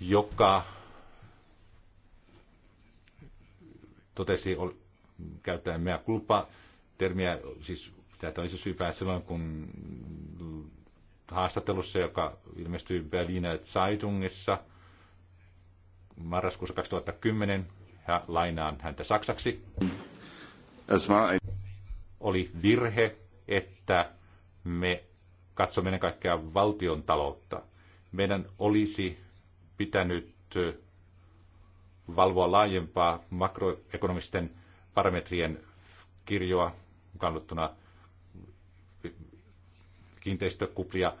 joka totesi käyttäen mea culpa termiä, siis tätä oli se syypää silloin, kun haastattelussa, joka ilmestyi Berliner Zeitungissa marraskuussa 2010, ja lainaan häntä saksaksi. Oli virhe, että me katsomme ennen kaikkea valtion taloutta. Meidän olisi pitänyt valvoa laajempaa makroekonomisten parametrien kirjoa, kannattuna kiinteistökuplia,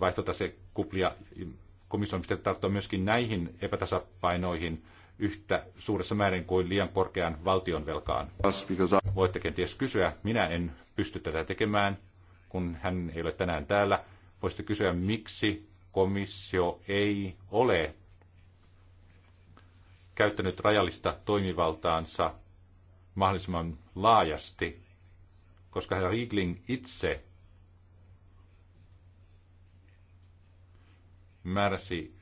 vaihtotasekuplia. Komission pitää tarttua myöskin näihin epätasapainoihin yhtä suuressa määrin kuin liian korkean valtion velkaan. Voitte kenties kysyä, minä en pysty tätä tekemään, kun hän ei ole tänään täällä, voisitte kysyä, miksi komissio ei ole käyttänyt rajallista toimivaltaansa mahdollisimman laajasti, koska herra Riegling itse määräsi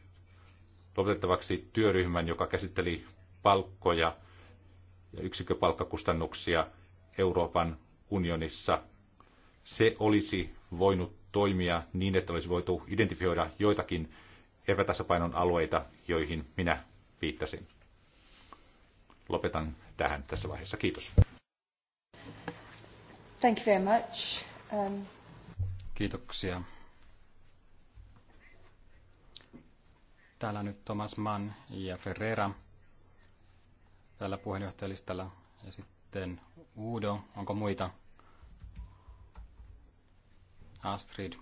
lopetettavaksi työryhmän, joka käsitteli palkkoja ja yksikköpalkkakustannuksia Euroopan unionissa se olisi voinut toimia niin, että olisi voitu identifioida joitakin epätasapainon alueita, joihin minä viittasin. Lopetan tähän tässä vaiheessa. Kiitos. Thank you very much. Um... Kiitoksia. Täällä nyt Thomas Mann ja Ferreira tällä puheenjohtajalistalla ja sitten Udo. Onko muita? Astrid.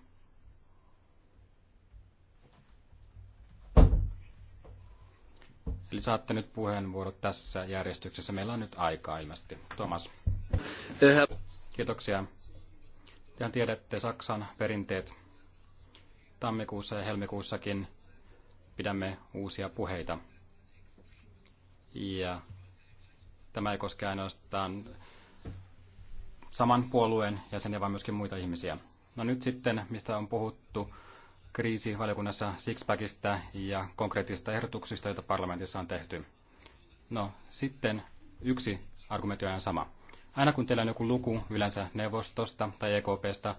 Eli saatte nyt puheenvuorot tässä järjestyksessä. Meillä on nyt aikaa ilmeisesti. Tomas. Kiitoksia. Tehän tiedätte Saksan perinteet. Tammikuussa ja helmikuussakin pidämme uusia puheita. Ja tämä ei koske ainoastaan saman puolueen jäseniä, vaan myöskin muita ihmisiä. No nyt sitten, mistä on puhuttu kriisivaliokunnassa Sixpackista ja konkreettisista ehdotuksista, joita parlamentissa on tehty. No sitten yksi argumentti on aina sama. Aina kun teillä on joku luku yleensä neuvostosta tai EKPstä,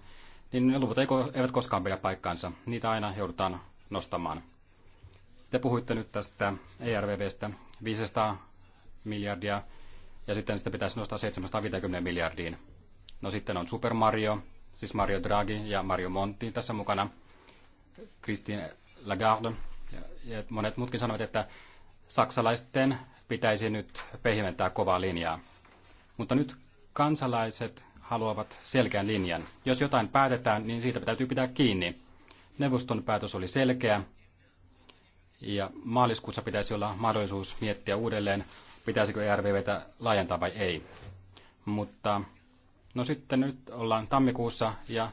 niin ne luvut eivät koskaan pidä paikkaansa. Niitä aina joudutaan nostamaan. Te puhuitte nyt tästä ERVVstä 500 miljardia ja sitten sitä pitäisi nostaa 750 miljardiin. No sitten on Super Mario, siis Mario Draghi ja Mario Monti tässä mukana, Christine Lagarde ja monet muutkin sanovat, että saksalaisten pitäisi nyt pehmentää kovaa linjaa. Mutta nyt kansalaiset haluavat selkeän linjan. Jos jotain päätetään, niin siitä täytyy pitää kiinni. Neuvoston päätös oli selkeä ja maaliskuussa pitäisi olla mahdollisuus miettiä uudelleen, pitäisikö ERVVtä laajentaa vai ei. Mutta No sitten nyt ollaan tammikuussa ja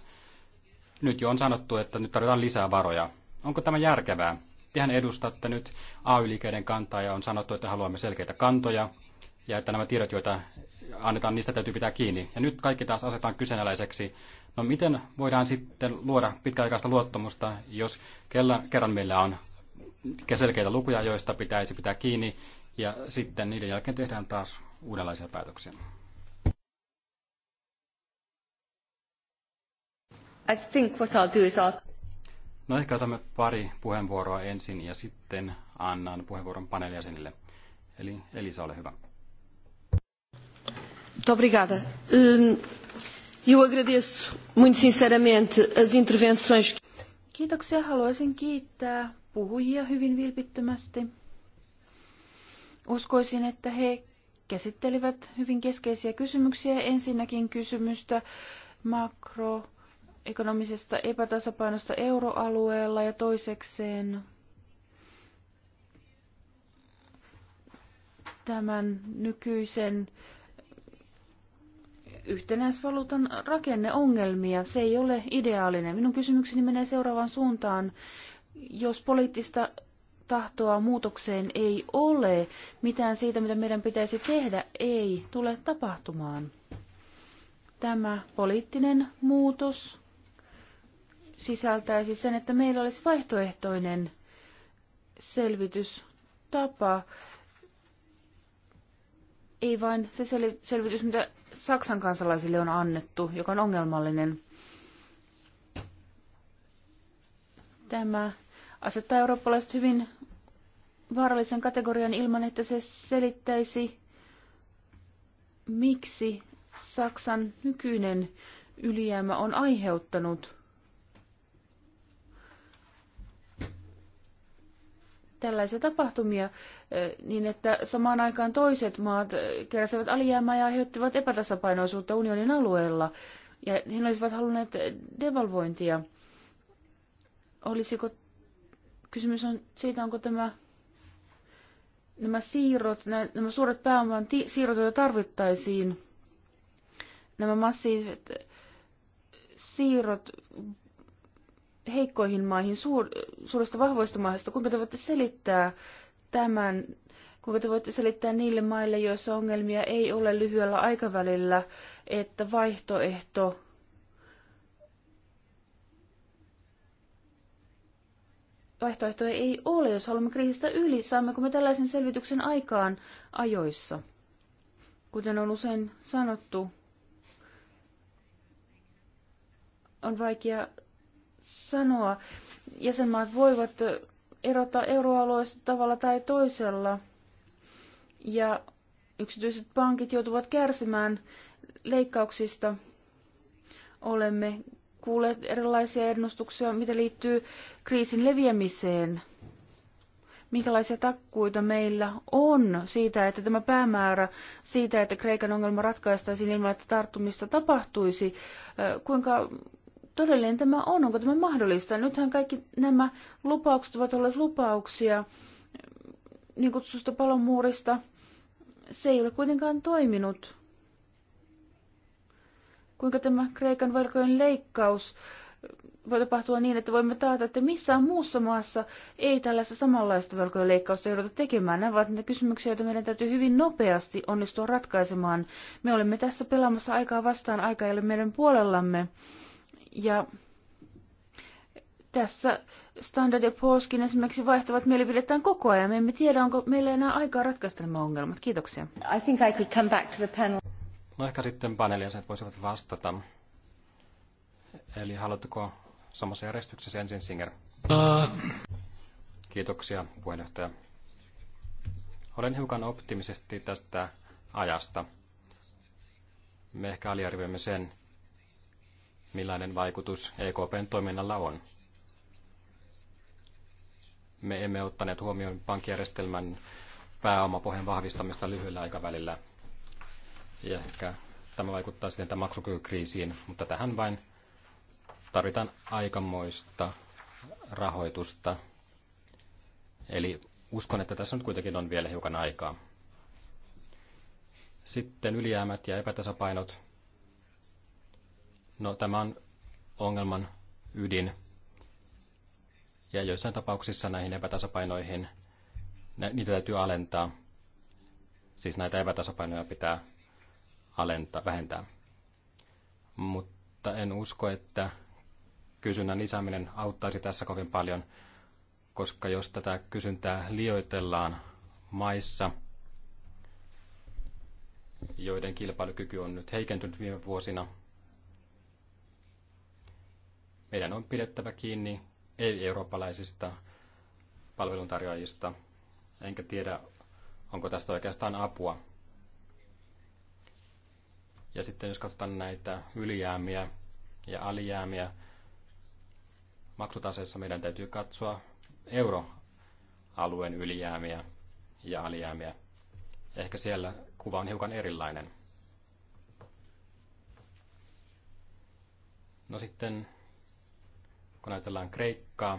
nyt jo on sanottu, että nyt tarvitaan lisää varoja. Onko tämä järkevää? Tehän edustatte nyt AY-liikeiden kantaa ja on sanottu, että haluamme selkeitä kantoja ja että nämä tiedot, joita annetaan, niistä täytyy pitää kiinni. Ja nyt kaikki taas asetetaan kyseenalaiseksi. No miten voidaan sitten luoda pitkäaikaista luottamusta, jos kerran meillä on selkeitä lukuja, joista pitäisi pitää kiinni, ja sitten niiden jälkeen tehdään taas uudenlaisia päätöksiä. I think what I'll do is I'll... No ehkä otamme pari puheenvuoroa ensin ja sitten annan puheenvuoron paneelijäsenille. Eli Elisa, ole hyvä. Obrigada. Eu agradeço muito sinceramente as intervenções. Kiitoksia. Haluaisin kiittää puhujia hyvin vilpittömästi. Uskoisin, että he käsittelivät hyvin keskeisiä kysymyksiä. Ensinnäkin kysymystä makro- ekonomisesta epätasapainosta euroalueella ja toisekseen tämän nykyisen yhtenäisvaluutan rakenneongelmia. Se ei ole ideaalinen. Minun kysymykseni menee seuraavaan suuntaan. Jos poliittista tahtoa muutokseen ei ole, mitään siitä, mitä meidän pitäisi tehdä, ei tule tapahtumaan. Tämä poliittinen muutos sisältäisi sen, että meillä olisi vaihtoehtoinen selvitystapa. Ei vain se selvitys, mitä Saksan kansalaisille on annettu, joka on ongelmallinen. Tämä asettaa eurooppalaiset hyvin vaarallisen kategorian ilman, että se selittäisi, miksi Saksan nykyinen ylijäämä on aiheuttanut tällaisia tapahtumia niin, että samaan aikaan toiset maat keräsivät alijäämää ja aiheuttivat epätasapainoisuutta unionin alueella. Ja he olisivat halunneet devalvointia. Olisiko, kysymys on siitä, onko tämä nämä siirrot, nämä suuret pääoman siirrot, joita tarvittaisiin, nämä massiiviset siirrot heikkoihin maihin suur, suurista vahvoista maista. Kuinka te voitte selittää tämän? Kuinka te voitte selittää niille maille, joissa ongelmia ei ole lyhyellä aikavälillä, että vaihtoehto vaihtoehtoja ei ole, jos haluamme kriisistä yli. Saammeko me tällaisen selvityksen aikaan ajoissa? Kuten on usein sanottu, on vaikea sanoa. Jäsenmaat voivat erota euroalueesta tavalla tai toisella. Ja yksityiset pankit joutuvat kärsimään leikkauksista. Olemme kuulleet erilaisia ennustuksia, mitä liittyy kriisin leviämiseen. Minkälaisia takkuita meillä on siitä, että tämä päämäärä siitä, että Kreikan ongelma ratkaistaisiin ilman, että tarttumista tapahtuisi, kuinka todellinen tämä on, onko tämä mahdollista. Nythän kaikki nämä lupaukset ovat olleet lupauksia niin kutsusta palomuurista. Se ei ole kuitenkaan toiminut. Kuinka tämä Kreikan velkojen leikkaus voi tapahtua niin, että voimme taata, että missään muussa maassa ei tällaista samanlaista velkojen leikkausta jouduta tekemään. Nämä ovat niitä kysymyksiä, joita meidän täytyy hyvin nopeasti onnistua ratkaisemaan. Me olemme tässä pelaamassa aikaa vastaan, aika ei ole meidän puolellamme. Ja tässä Standard ja Poskin esimerkiksi vaihtavat mielipidettään koko ajan. Me emme tiedä, onko meillä enää aikaa ratkaista nämä ongelmat. Kiitoksia. I think I could come back to the panel. No ehkä sitten paneelijäsenet voisivat vastata. Eli haluatteko samassa järjestyksessä ensin Singer? Uh. Kiitoksia puheenjohtaja. Olen hiukan optimisesti tästä ajasta. Me ehkä aliarvioimme sen, millainen vaikutus EKPn toiminnalla on. Me emme ottaneet huomioon pankkijärjestelmän pääomapohjan vahvistamista lyhyellä aikavälillä. Ja ehkä tämä vaikuttaa sitten maksukykykriisiin, mutta tähän vain tarvitaan aikamoista rahoitusta. Eli uskon, että tässä nyt kuitenkin on vielä hiukan aikaa. Sitten ylijäämät ja epätasapainot. No tämä on ongelman ydin. Ja joissain tapauksissa näihin epätasapainoihin, niitä täytyy alentaa. Siis näitä epätasapainoja pitää alentaa, vähentää. Mutta en usko, että kysynnän lisääminen auttaisi tässä kovin paljon, koska jos tätä kysyntää liioitellaan maissa, joiden kilpailukyky on nyt heikentynyt viime vuosina – meidän on pidettävä kiinni ei-eurooppalaisista palveluntarjoajista, enkä tiedä, onko tästä oikeastaan apua. Ja sitten jos katsotaan näitä ylijäämiä ja alijäämiä maksutaseessa, meidän täytyy katsoa euroalueen ylijäämiä ja alijäämiä. Ehkä siellä kuva on hiukan erilainen. No sitten kun ajatellaan Kreikkaa,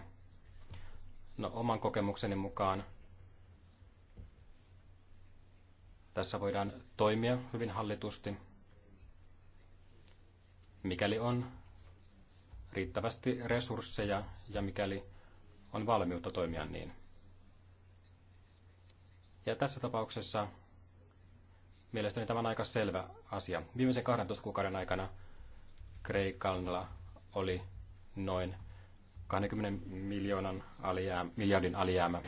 no oman kokemukseni mukaan tässä voidaan toimia hyvin hallitusti, mikäli on riittävästi resursseja ja mikäli on valmiutta toimia niin. Ja tässä tapauksessa mielestäni tämä on aika selvä asia. Viimeisen 12 kuukauden aikana Kreikalla oli noin 20 miljoonan alijäämä, miljardin alijäämä.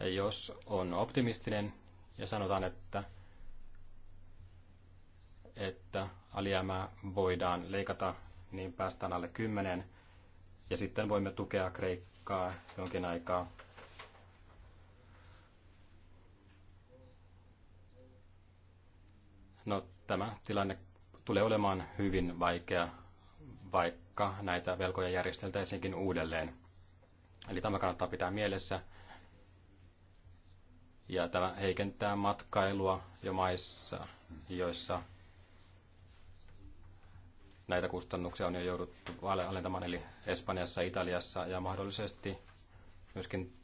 Ja jos on optimistinen ja sanotaan, että, että alijäämää voidaan leikata, niin päästään alle 10 ja sitten voimme tukea Kreikkaa jonkin aikaa. No, tämä tilanne tulee olemaan hyvin vaikea, vai, vaikka näitä velkoja järjesteltäisiinkin uudelleen. Eli tämä kannattaa pitää mielessä. Ja tämä heikentää matkailua jo maissa, joissa näitä kustannuksia on jo jouduttu alentamaan, eli Espanjassa, Italiassa ja mahdollisesti myöskin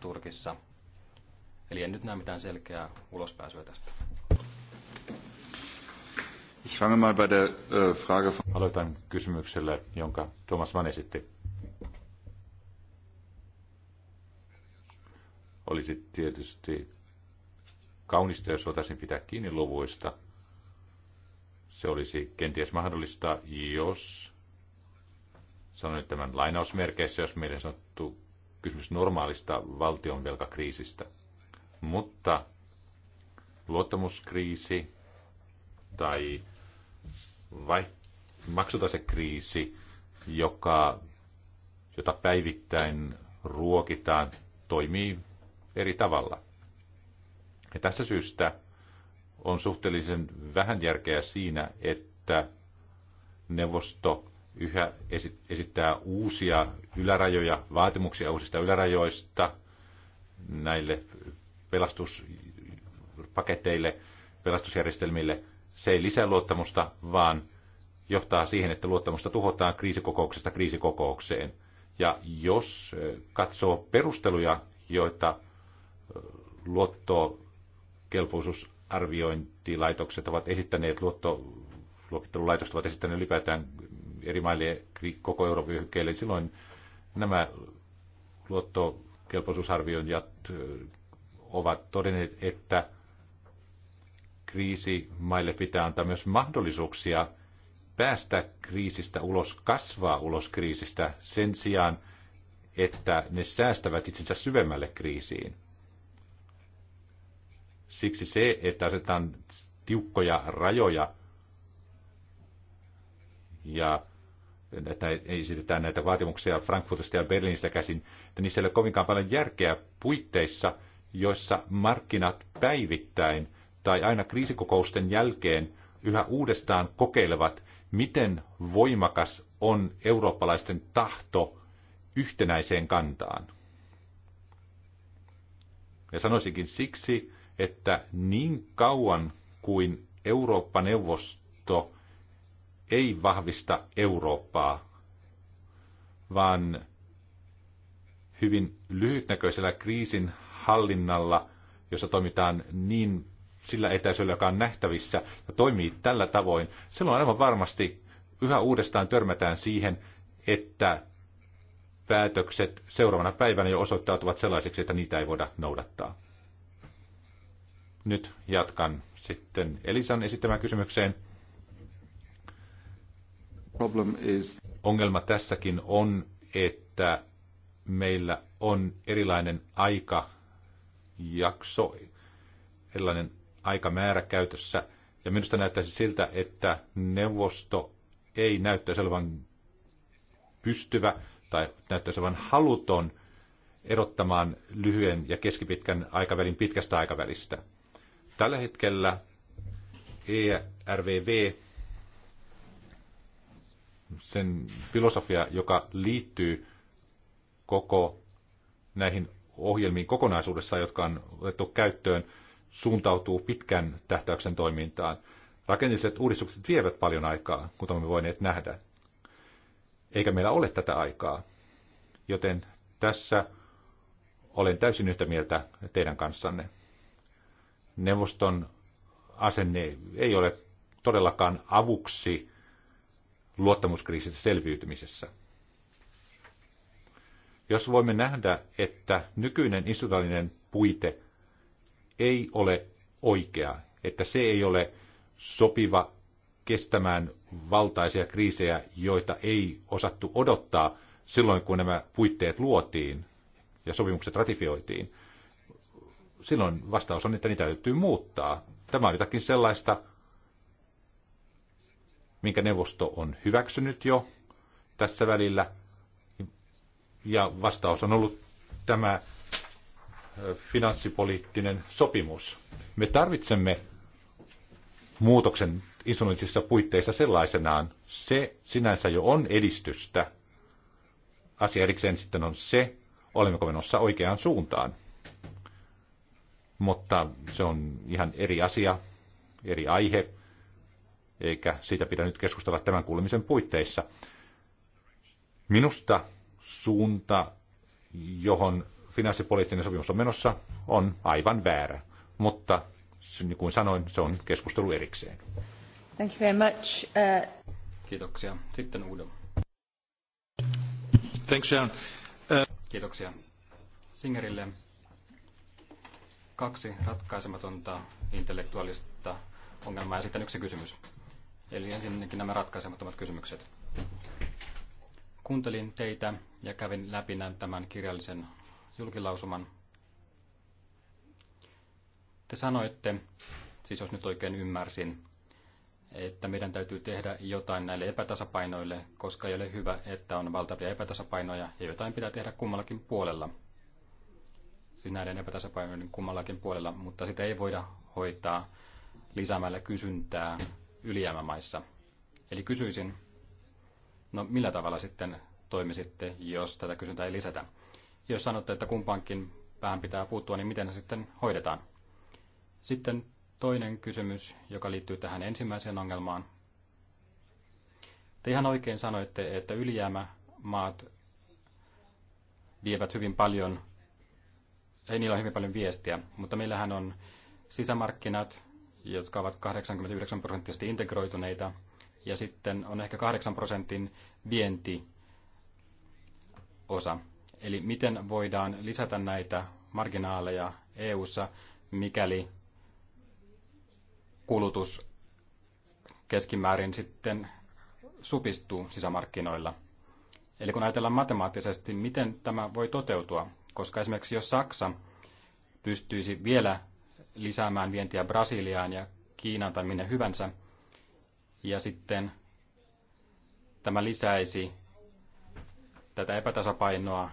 Turkissa. Eli en nyt näe mitään selkeää ulospääsyä tästä. Ich fange mal bei der äh, Frage von... Aloitan kysymyksellä, jonka Thomas Mann esitti. Olisi tietysti kaunista, jos voitaisiin pitää kiinni luvuista. Se olisi kenties mahdollista, jos, sanon nyt tämän lainausmerkeissä, jos meidän sanottu kysymys normaalista velkakriisistä. Mutta luottamuskriisi tai vai, maksutasekriisi, joka, jota päivittäin ruokitaan, toimii eri tavalla. Ja tässä syystä on suhteellisen vähän järkeä siinä, että neuvosto yhä esittää uusia ylärajoja, vaatimuksia uusista ylärajoista näille pelastuspaketeille, pelastusjärjestelmille – se ei lisää luottamusta, vaan johtaa siihen, että luottamusta tuhotaan kriisikokouksesta kriisikokoukseen. Ja jos katsoo perusteluja, joita luottokelpoisuusarviointilaitokset ovat esittäneet, luottoluokittelulaitokset ovat esittäneet ylipäätään eri maille koko Euroopan yhkeille, niin silloin nämä luottokelpoisuusarviointijat ovat todenneet, että kriisimaille pitää antaa myös mahdollisuuksia päästä kriisistä ulos, kasvaa ulos kriisistä sen sijaan, että ne säästävät itsensä syvemmälle kriisiin. Siksi se, että asetetaan tiukkoja rajoja ja että esitetään näitä vaatimuksia Frankfurtista ja Berliinistä käsin, että niissä ei ole kovinkaan paljon järkeä puitteissa, joissa markkinat päivittäin tai aina kriisikokousten jälkeen yhä uudestaan kokeilevat, miten voimakas on eurooppalaisten tahto yhtenäiseen kantaan. Ja sanoisinkin siksi, että niin kauan kuin Eurooppa-neuvosto ei vahvista Eurooppaa, vaan hyvin lyhytnäköisellä kriisin hallinnalla, jossa toimitaan niin sillä etäisyydellä, joka on nähtävissä ja toimii tällä tavoin, silloin aivan varmasti yhä uudestaan törmätään siihen, että päätökset seuraavana päivänä jo osoittautuvat sellaisiksi, että niitä ei voida noudattaa. Nyt jatkan sitten Elisan esittämään kysymykseen. Is... Ongelma tässäkin on, että meillä on erilainen aikajakso, erilainen aika määrä käytössä, ja minusta näyttäisi siltä, että neuvosto ei näyttäisi olevan pystyvä tai näyttäisi olevan haluton erottamaan lyhyen ja keskipitkän aikavälin pitkästä aikavälistä. Tällä hetkellä ERVV, sen filosofia, joka liittyy koko näihin ohjelmiin kokonaisuudessaan, jotka on otettu käyttöön, suuntautuu pitkän tähtäyksen toimintaan. Rakenteelliset uudistukset vievät paljon aikaa, kuten me voineet nähdä. Eikä meillä ole tätä aikaa. Joten tässä olen täysin yhtä mieltä teidän kanssanne. Neuvoston asenne ei ole todellakaan avuksi luottamuskriisistä selviytymisessä. Jos voimme nähdä, että nykyinen institutionaalinen puite ei ole oikea, että se ei ole sopiva kestämään valtaisia kriisejä, joita ei osattu odottaa silloin, kun nämä puitteet luotiin ja sopimukset ratifioitiin. Silloin vastaus on, että niitä täytyy muuttaa. Tämä on jotakin sellaista, minkä neuvosto on hyväksynyt jo tässä välillä. Ja vastaus on ollut tämä finanssipoliittinen sopimus. Me tarvitsemme muutoksen instrumentissa puitteissa sellaisenaan. Se sinänsä jo on edistystä. Asia erikseen sitten on se, olemmeko menossa oikeaan suuntaan. Mutta se on ihan eri asia, eri aihe, eikä siitä pidä nyt keskustella tämän kuulemisen puitteissa. Minusta suunta, johon finanssipoliittinen sopimus on menossa, on aivan väärä. Mutta niin kuin sanoin, se on keskustelu erikseen. Thank you very much. Uh... Kiitoksia. Sitten Udo. Thanks, Sharon. Uh... Kiitoksia. Singerille kaksi ratkaisematonta intellektuaalista ongelmaa ja sitten yksi kysymys. Eli ensinnäkin nämä ratkaisemattomat kysymykset. Kuuntelin teitä ja kävin läpi tämän kirjallisen julkilausuman. Te sanoitte, siis jos nyt oikein ymmärsin, että meidän täytyy tehdä jotain näille epätasapainoille, koska ei ole hyvä, että on valtavia epätasapainoja ja jotain pitää tehdä kummallakin puolella. Siis näiden epätasapainoiden kummallakin puolella, mutta sitä ei voida hoitaa lisäämällä kysyntää ylijäämämaissa. Eli kysyisin, no millä tavalla sitten toimisitte, jos tätä kysyntää ei lisätä? jos sanotte, että kumpaankin päähän pitää puuttua, niin miten se sitten hoidetaan? Sitten toinen kysymys, joka liittyy tähän ensimmäiseen ongelmaan. Te ihan oikein sanoitte, että ylijäämämaat vievät hyvin paljon, ei niillä ole hyvin paljon viestiä, mutta meillähän on sisämarkkinat, jotka ovat 89 prosenttisesti integroituneita, ja sitten on ehkä 8 prosentin vientiosa. Eli miten voidaan lisätä näitä marginaaleja EU:ssa, mikäli kulutus keskimäärin sitten supistuu sisämarkkinoilla. Eli kun ajatellaan matemaattisesti, miten tämä voi toteutua, koska esimerkiksi jos Saksa pystyisi vielä lisäämään vientiä Brasiliaan ja Kiinaan tai minne hyvänsä, ja sitten tämä lisäisi tätä epätasapainoa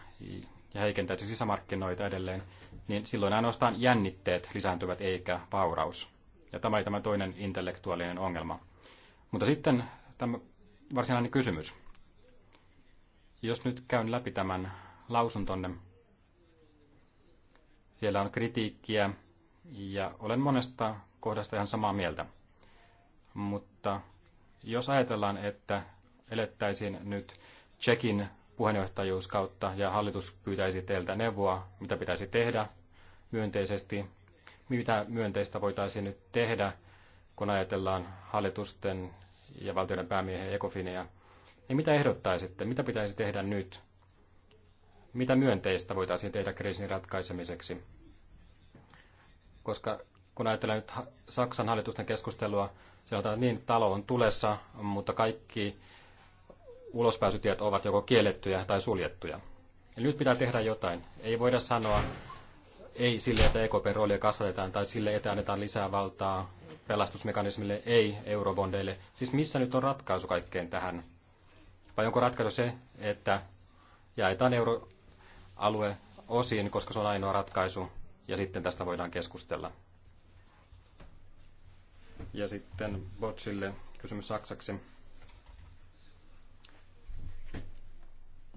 ja heikentäisi sisämarkkinoita edelleen, niin silloin ainoastaan jännitteet lisääntyvät eikä vauraus. Ja tämä ei tämä toinen intellektuaalinen ongelma. Mutta sitten tämä varsinainen kysymys. Jos nyt käyn läpi tämän lausuntonne, siellä on kritiikkiä ja olen monesta kohdasta ihan samaa mieltä. Mutta jos ajatellaan, että elettäisiin nyt Tsekin puheenjohtajuuskautta ja hallitus pyytäisi teiltä neuvoa, mitä pitäisi tehdä myönteisesti, mitä myönteistä voitaisiin nyt tehdä, kun ajatellaan hallitusten ja valtioiden päämiehen ekofinia, niin mitä ehdottaisitte, mitä pitäisi tehdä nyt, mitä myönteistä voitaisiin tehdä kriisin ratkaisemiseksi? Koska kun ajatellaan nyt Saksan hallitusten keskustelua, on niin, talo on tulessa, mutta kaikki ulospääsytiet ovat joko kiellettyjä tai suljettuja. Eli nyt pitää tehdä jotain. Ei voida sanoa ei sille, että EKPn roolia kasvatetaan tai sille, että annetaan lisää valtaa pelastusmekanismille, ei eurobondeille. Siis missä nyt on ratkaisu kaikkeen tähän? Vai onko ratkaisu se, että jaetaan euroalue osiin, koska se on ainoa ratkaisu, ja sitten tästä voidaan keskustella. Ja sitten Botsille kysymys saksaksi.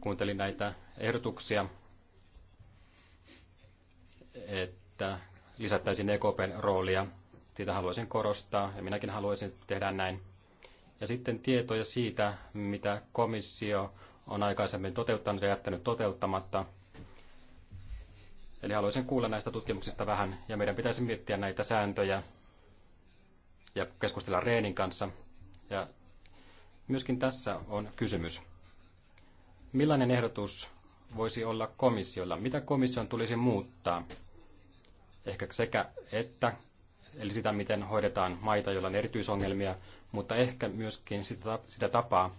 kuuntelin näitä ehdotuksia, että lisättäisiin EKPn roolia. Sitä haluaisin korostaa ja minäkin haluaisin tehdä näin. Ja sitten tietoja siitä, mitä komissio on aikaisemmin toteuttanut ja jättänyt toteuttamatta. Eli haluaisin kuulla näistä tutkimuksista vähän ja meidän pitäisi miettiä näitä sääntöjä ja keskustella Reenin kanssa. Ja myöskin tässä on kysymys. Millainen ehdotus voisi olla komissiolla? Mitä komission tulisi muuttaa? Ehkä sekä että, eli sitä, miten hoidetaan maita, joilla on erityisongelmia, mutta ehkä myöskin sitä, sitä tapaa,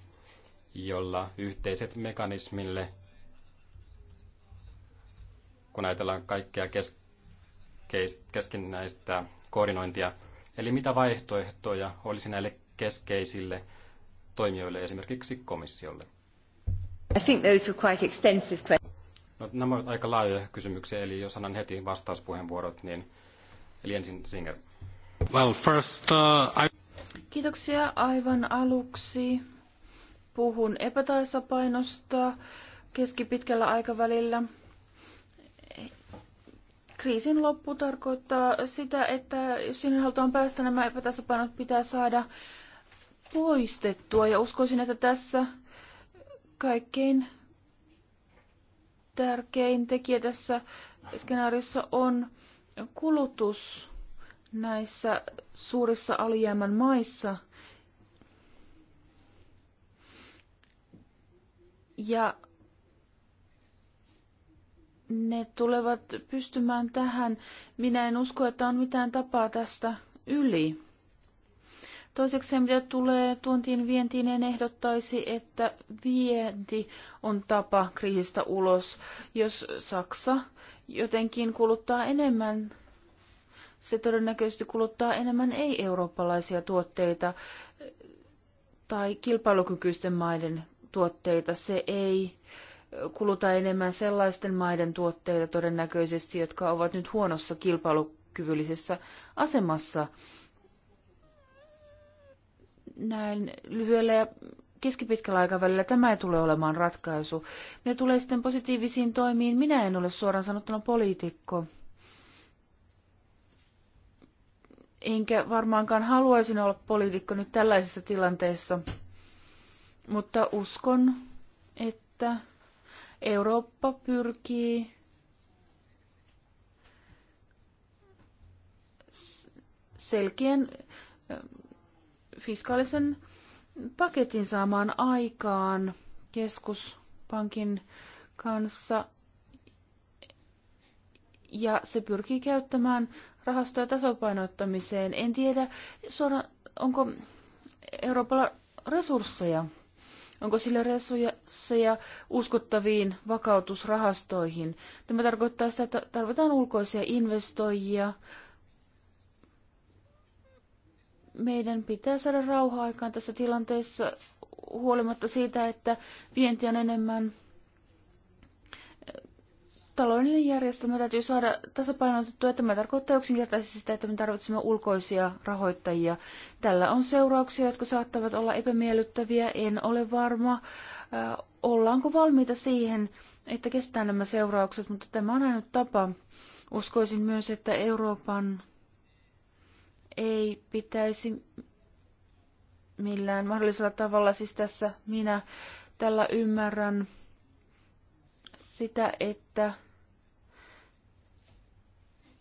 jolla yhteiset mekanismille, kun ajatellaan kaikkea keskinäistä koordinointia, eli mitä vaihtoehtoja olisi näille keskeisille toimijoille, esimerkiksi komissiolle. I think those were quite extensive questions. No, nämä ovat aika laajoja kysymyksiä, eli jos annan heti vastauspuheenvuorot, niin eli ensin Singer. Well, first, uh, I... Kiitoksia aivan aluksi. Puhun epätasapainosta keskipitkällä aikavälillä. Kriisin loppu tarkoittaa sitä, että jos sinne halutaan päästä, nämä epätasapainot pitää saada poistettua. Ja uskoisin, että tässä Kaikkein tärkein tekijä tässä skenaariossa on kulutus näissä suurissa alijäämän maissa. Ja ne tulevat pystymään tähän. Minä en usko, että on mitään tapaa tästä yli. Toiseksi mitä tulee tuontiin vientiin, en ehdottaisi, että vienti on tapa kriisistä ulos. Jos Saksa jotenkin kuluttaa enemmän, se todennäköisesti kuluttaa enemmän ei-eurooppalaisia tuotteita tai kilpailukykyisten maiden tuotteita. Se ei kuluta enemmän sellaisten maiden tuotteita todennäköisesti, jotka ovat nyt huonossa kilpailukyvyllisessä asemassa – näin lyhyellä ja keskipitkällä aikavälillä tämä ei tule olemaan ratkaisu. Ne tulee sitten positiivisiin toimiin. Minä en ole suoraan sanottuna poliitikko. Enkä varmaankaan haluaisin olla poliitikko nyt tällaisessa tilanteessa. Mutta uskon, että Eurooppa pyrkii selkeän fiskaalisen paketin saamaan aikaan keskuspankin kanssa. Ja se pyrkii käyttämään rahastoja tasapainottamiseen. En tiedä, suora, onko Euroopalla resursseja Onko sillä resursseja uskottaviin vakautusrahastoihin? Tämä tarkoittaa sitä, että tarvitaan ulkoisia investoijia, meidän pitää saada rauha aikaan tässä tilanteessa huolimatta siitä, että vienti on enemmän. Eh, taloudellinen järjestelmä täytyy saada tasapainotettua. Tämä tarkoittaa yksinkertaisesti sitä, että me tarvitsemme ulkoisia rahoittajia. Tällä on seurauksia, jotka saattavat olla epämiellyttäviä. En ole varma, eh, ollaanko valmiita siihen, että kestää nämä seuraukset, mutta tämä on ainut tapa. Uskoisin myös, että Euroopan ei pitäisi millään mahdollisella tavalla, siis tässä minä tällä ymmärrän sitä, että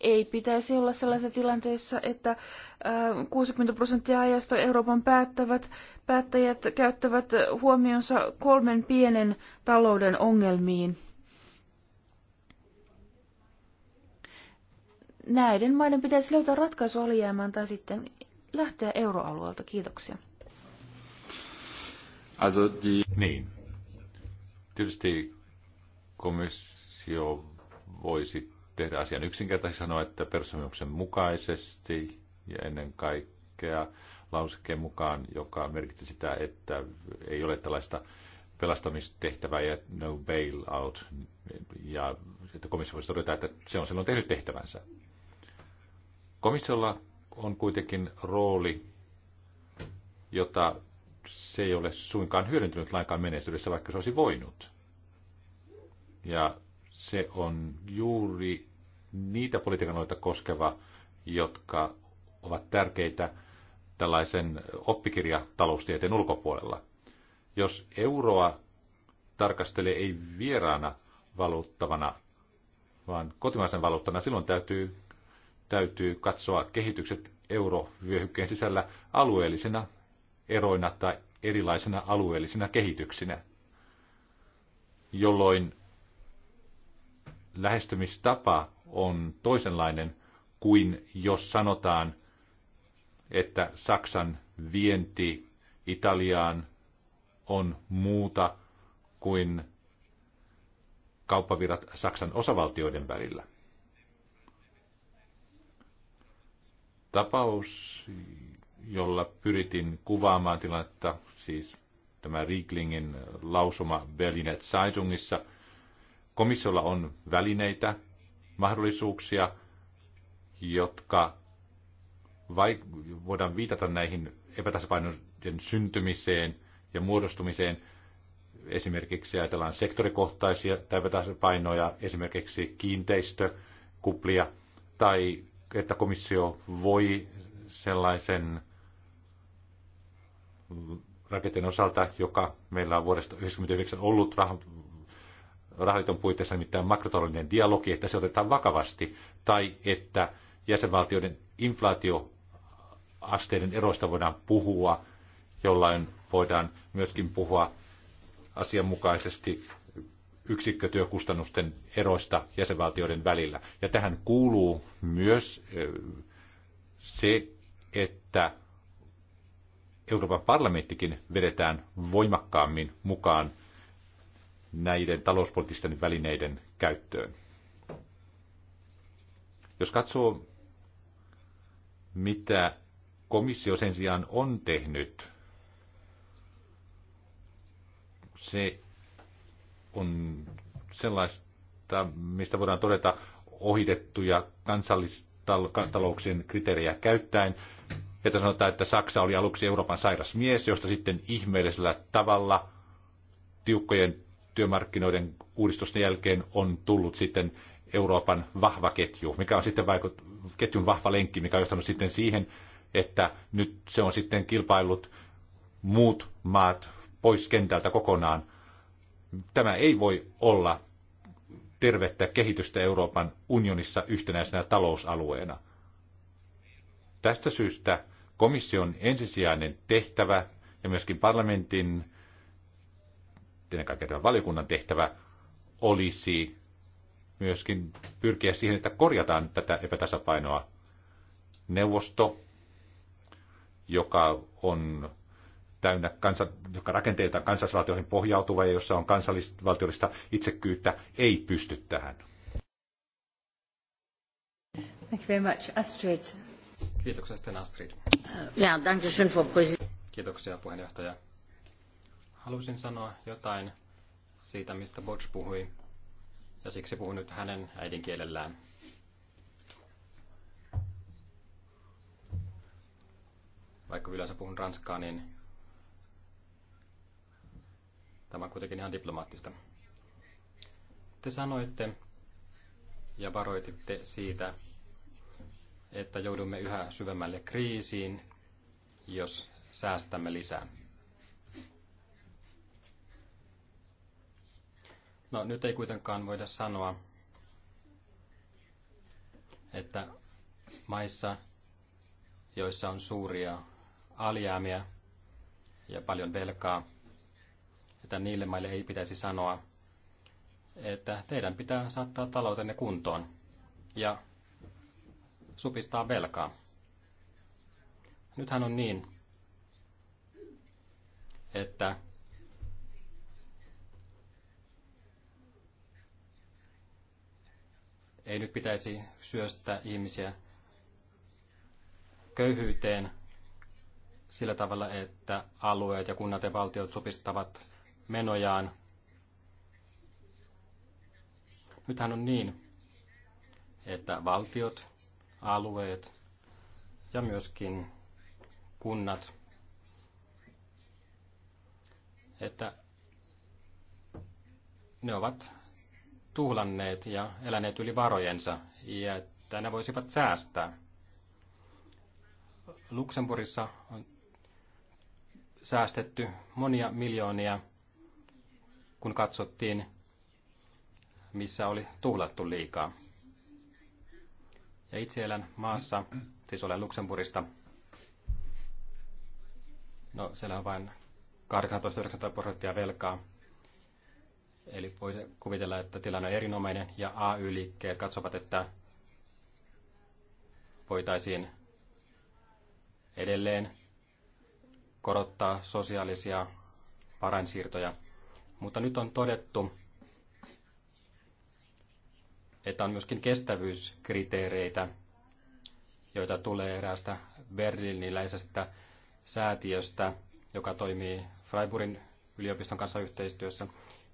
ei pitäisi olla sellaisessa tilanteessa, että 60 prosenttia ajasta Euroopan päättävät, päättäjät käyttävät huomionsa kolmen pienen talouden ongelmiin. näiden maiden pitäisi löytää ratkaisu alijäämään tai sitten lähteä euroalueelta. Kiitoksia. Also die... Niin. Tietysti komissio voisi tehdä asian yksinkertaisesti sanoa, että perussopimuksen mukaisesti ja ennen kaikkea lausekkeen mukaan, joka merkitti sitä, että ei ole tällaista pelastamistehtävää ja no bailout, ja että komissio voisi todeta, että se on silloin tehnyt tehtävänsä. Komissiolla on kuitenkin rooli, jota se ei ole suinkaan hyödyntynyt lainkaan menestyydessä, vaikka se olisi voinut. Ja se on juuri niitä politiikanoita koskeva, jotka ovat tärkeitä tällaisen oppikirjataloustieteen ulkopuolella. Jos euroa tarkastelee ei vieraana valuuttavana, vaan kotimaisen valuuttana, silloin täytyy täytyy katsoa kehitykset eurovyöhykkeen sisällä alueellisina eroina tai erilaisina alueellisina kehityksinä, jolloin lähestymistapa on toisenlainen kuin jos sanotaan, että Saksan vienti Italiaan on muuta kuin kauppavirrat Saksan osavaltioiden välillä. tapaus, jolla pyritin kuvaamaan tilannetta, siis tämä Rieglingin lausuma Berliner Zeitungissa. Komissiolla on välineitä, mahdollisuuksia, jotka vaik- voidaan viitata näihin epätasapainojen syntymiseen ja muodostumiseen. Esimerkiksi ajatellaan sektorikohtaisia epätasapainoja, esimerkiksi kiinteistökuplia tai että komissio voi sellaisen raketin osalta, joka meillä on vuodesta 1999 ollut rahoiton puitteissa nimittäin makrotaloudellinen dialogi, että se otetaan vakavasti, tai että jäsenvaltioiden inflaatioasteiden eroista voidaan puhua, jollain voidaan myöskin puhua asianmukaisesti yksikkötyökustannusten eroista jäsenvaltioiden välillä. Ja tähän kuuluu myös se, että Euroopan parlamenttikin vedetään voimakkaammin mukaan näiden talouspoliittisten välineiden käyttöön. Jos katsoo, mitä komissio sen sijaan on tehnyt, se on sellaista, mistä voidaan todeta ohitettuja kansallistalouksien kriteerejä käyttäen. Että sanotaan, että Saksa oli aluksi Euroopan sairas mies, josta sitten ihmeellisellä tavalla tiukkojen työmarkkinoiden uudistusten jälkeen on tullut sitten Euroopan vahva ketju, mikä on sitten vaikut, ketjun vahva lenkki, mikä on johtanut sitten siihen, että nyt se on sitten kilpaillut muut maat pois kentältä kokonaan. Tämä ei voi olla tervettä kehitystä Euroopan unionissa yhtenäisenä talousalueena. Tästä syystä komission ensisijainen tehtävä ja myöskin parlamentin, ennen kaikkea tämän valiokunnan tehtävä, olisi myöskin pyrkiä siihen, että korjataan tätä epätasapainoa. Neuvosto, joka on täynnä, kansa, joka rakenteita kansallisvaltioihin pohjautuva ja jossa on kansallisvaltiollista itsekyyttä ei pysty tähän. Thank you very much. Astrid. Kiitoksia sitten Astrid. Uh, yeah, for Kiitoksia puheenjohtaja. Halusin sanoa jotain siitä, mistä Bodge puhui, ja siksi puhun nyt hänen äidinkielellään. Vaikka yleensä puhun ranskaa, niin Tämä on kuitenkin ihan diplomaattista. Te sanoitte ja varoititte siitä, että joudumme yhä syvemmälle kriisiin, jos säästämme lisää. No nyt ei kuitenkaan voida sanoa, että maissa, joissa on suuria alijäämiä ja paljon velkaa, että niille maille ei pitäisi sanoa, että teidän pitää saattaa taloutenne kuntoon ja supistaa velkaa. Nythän on niin, että ei nyt pitäisi syöstää ihmisiä köyhyyteen sillä tavalla, että alueet ja kunnat ja valtiot supistavat menojaan. Nythän on niin, että valtiot, alueet ja myöskin kunnat, että ne ovat tuhlanneet ja eläneet yli varojensa ja että ne voisivat säästää. Luxemburgissa on säästetty monia miljoonia kun katsottiin, missä oli tuhlattu liikaa. Ja itse elän maassa, siis olen Luxemburgista. No, siellä on vain 18-19 prosenttia velkaa. Eli voi kuvitella, että tilanne on erinomainen ja AY-liikkeet katsovat, että voitaisiin edelleen korottaa sosiaalisia varainsiirtoja – mutta nyt on todettu, että on myöskin kestävyyskriteereitä, joita tulee eräästä berliniläisestä säätiöstä, joka toimii Freiburgin yliopiston kanssa yhteistyössä.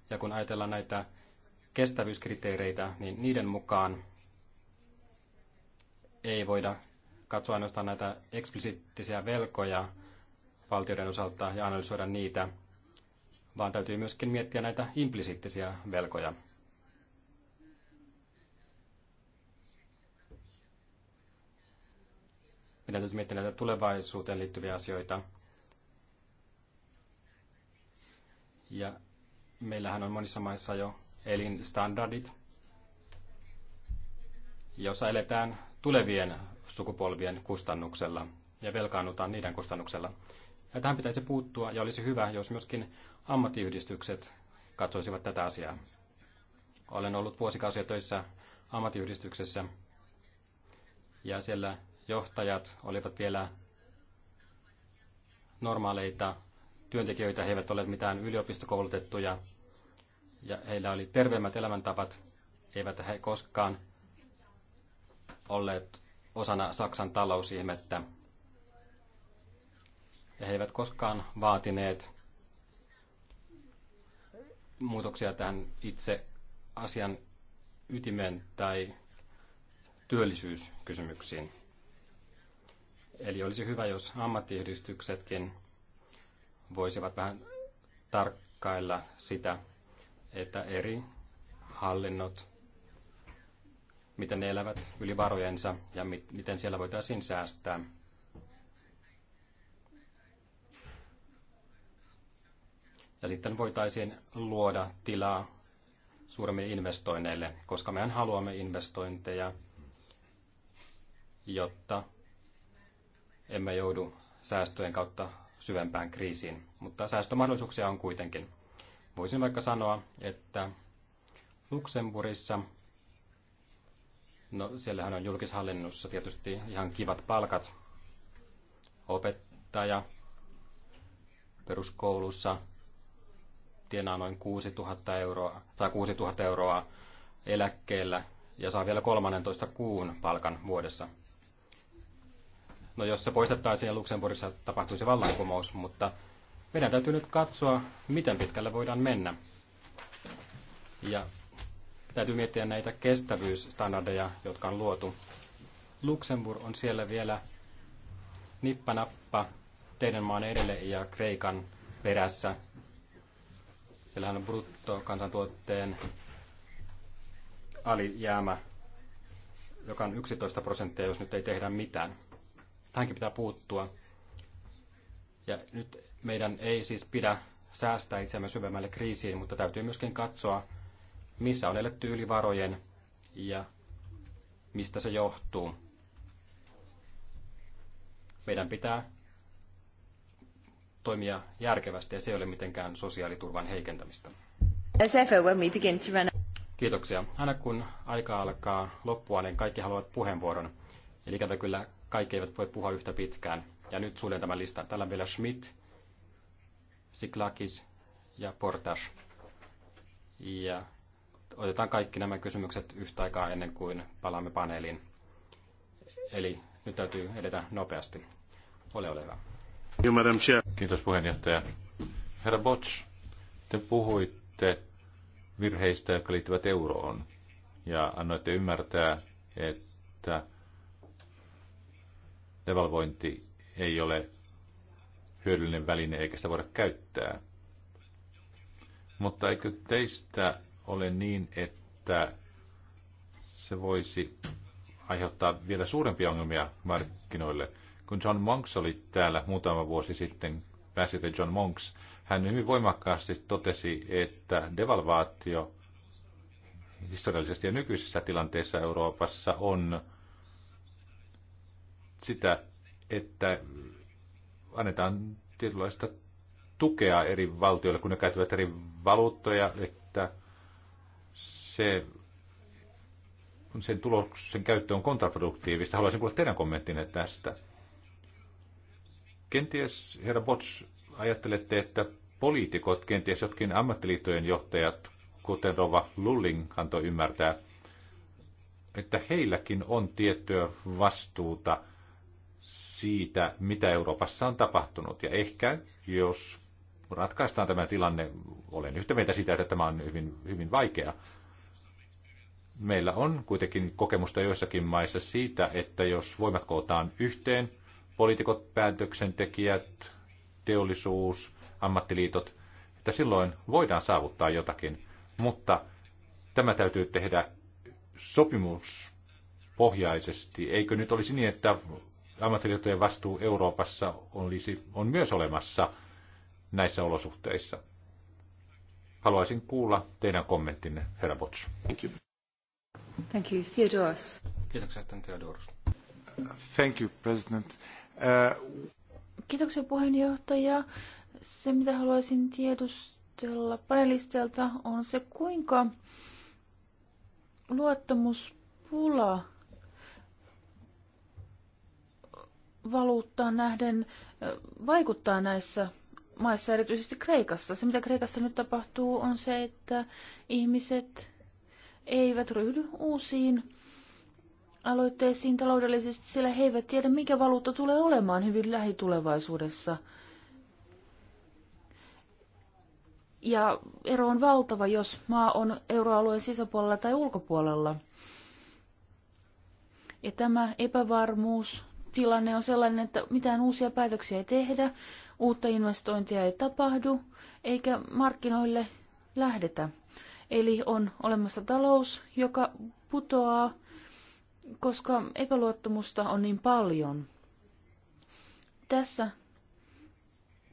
Ja kun ajatellaan näitä kestävyyskriteereitä, niin niiden mukaan ei voida katsoa ainoastaan näitä eksplisiittisiä velkoja valtioiden osalta ja analysoida niitä, vaan täytyy myöskin miettiä näitä implisiittisiä velkoja. Meidän täytyy miettiä näitä tulevaisuuteen liittyviä asioita. Ja meillähän on monissa maissa jo elinstandardit, jossa eletään tulevien sukupolvien kustannuksella ja velkaannutaan niiden kustannuksella. Ja tähän pitäisi puuttua ja olisi hyvä, jos myöskin ammattiyhdistykset katsoisivat tätä asiaa. Olen ollut vuosikausia töissä ammattiyhdistyksessä ja siellä johtajat olivat vielä normaaleita työntekijöitä, he eivät ole mitään yliopistokoulutettuja ja heillä oli terveemmät elämäntavat, eivät he koskaan olleet osana Saksan talousihmettä. Ja he eivät koskaan vaatineet muutoksia tähän itse asian ytimeen tai työllisyyskysymyksiin. Eli olisi hyvä, jos ammattiyhdistyksetkin voisivat vähän tarkkailla sitä, että eri hallinnot, miten ne elävät yli varojensa ja miten siellä voitaisiin säästää Ja sitten voitaisiin luoda tilaa suuremmille investoinneille, koska mehän haluamme investointeja, jotta emme joudu säästöjen kautta syvempään kriisiin. Mutta säästömahdollisuuksia on kuitenkin. Voisin vaikka sanoa, että Luxemburissa, no siellähän on julkishallinnossa tietysti ihan kivat palkat, opettaja peruskoulussa tienaa noin 6000 euroa, saa 6000 euroa eläkkeellä ja saa vielä 13 kuun palkan vuodessa. No jos se poistettaisiin ja Luxemburgissa tapahtuisi vallankumous, mutta meidän täytyy nyt katsoa, miten pitkälle voidaan mennä. Ja täytyy miettiä näitä kestävyysstandardeja, jotka on luotu. Luxemburg on siellä vielä nippanappa teidän maan edelle ja Kreikan perässä Sillähän on bruttokansantuotteen alijäämä, joka on 11 prosenttia, jos nyt ei tehdä mitään. Tähänkin pitää puuttua. Ja nyt meidän ei siis pidä säästää itseämme syvemmälle kriisiin, mutta täytyy myöskin katsoa, missä on eletty yli varojen ja mistä se johtuu. Meidän pitää toimia järkevästi ja se ei ole mitenkään sosiaaliturvan heikentämistä. Kiitoksia. Aina kun aika alkaa loppua, niin kaikki haluavat puheenvuoron. Eli ikävä kyllä kaikki eivät voi puhua yhtä pitkään. Ja nyt suljen tämän listan. Täällä on vielä Schmidt, Siklakis ja Portas. Ja otetaan kaikki nämä kysymykset yhtä aikaa ennen kuin palaamme paneeliin. Eli nyt täytyy edetä nopeasti. Ole ole hyvä. Kiitos puheenjohtaja. Herra Bots, te puhuitte virheistä, jotka liittyvät euroon, ja annoitte ymmärtää, että devalvointi ei ole hyödyllinen väline eikä sitä voida käyttää. Mutta eikö teistä ole niin, että se voisi aiheuttaa vielä suurempia ongelmia markkinoille – kun John Monks oli täällä muutama vuosi sitten, pääsihteeri John Monks, hän hyvin voimakkaasti totesi, että devalvaatio historiallisesti ja nykyisessä tilanteessa Euroopassa on sitä, että annetaan tietynlaista tukea eri valtioille, kun ne käyttävät eri valuuttoja, että se, kun sen tuloksen käyttö on kontraproduktiivista. Haluaisin kuulla teidän kommenttinne tästä. Kenties, herra Bots, ajattelette, että poliitikot, kenties jotkin ammattiliittojen johtajat, kuten Rova Lulling antoi ymmärtää, että heilläkin on tiettyä vastuuta siitä, mitä Euroopassa on tapahtunut. Ja ehkä, jos ratkaistaan tämä tilanne, olen yhtä mieltä siitä, että tämä on hyvin, hyvin vaikea. Meillä on kuitenkin kokemusta joissakin maissa siitä, että jos voimat kootaan yhteen – poliitikot, päätöksentekijät, teollisuus, ammattiliitot, että silloin voidaan saavuttaa jotakin, mutta tämä täytyy tehdä sopimuspohjaisesti. Eikö nyt olisi niin, että ammattiliittojen vastuu Euroopassa olisi, on myös olemassa näissä olosuhteissa? Haluaisin kuulla teidän kommenttinne, herra Bots. Thank you. Thank you, Theodoros. Kiitoksia, Theodoros. Thank you, President. Kiitoksia puheenjohtaja. Se, mitä haluaisin tiedustella panelisteilta, on se, kuinka luottamuspula valuuttaan nähden vaikuttaa näissä maissa, erityisesti Kreikassa. Se, mitä Kreikassa nyt tapahtuu, on se, että ihmiset eivät ryhdy uusiin aloitteisiin taloudellisesti, sillä he eivät tiedä, mikä valuutta tulee olemaan hyvin lähitulevaisuudessa. Ja ero on valtava, jos maa on euroalueen sisäpuolella tai ulkopuolella. Ja tämä epävarmuus, tilanne on sellainen, että mitään uusia päätöksiä ei tehdä, uutta investointia ei tapahdu, eikä markkinoille lähdetä. Eli on olemassa talous, joka putoaa koska epäluottamusta on niin paljon. Tässä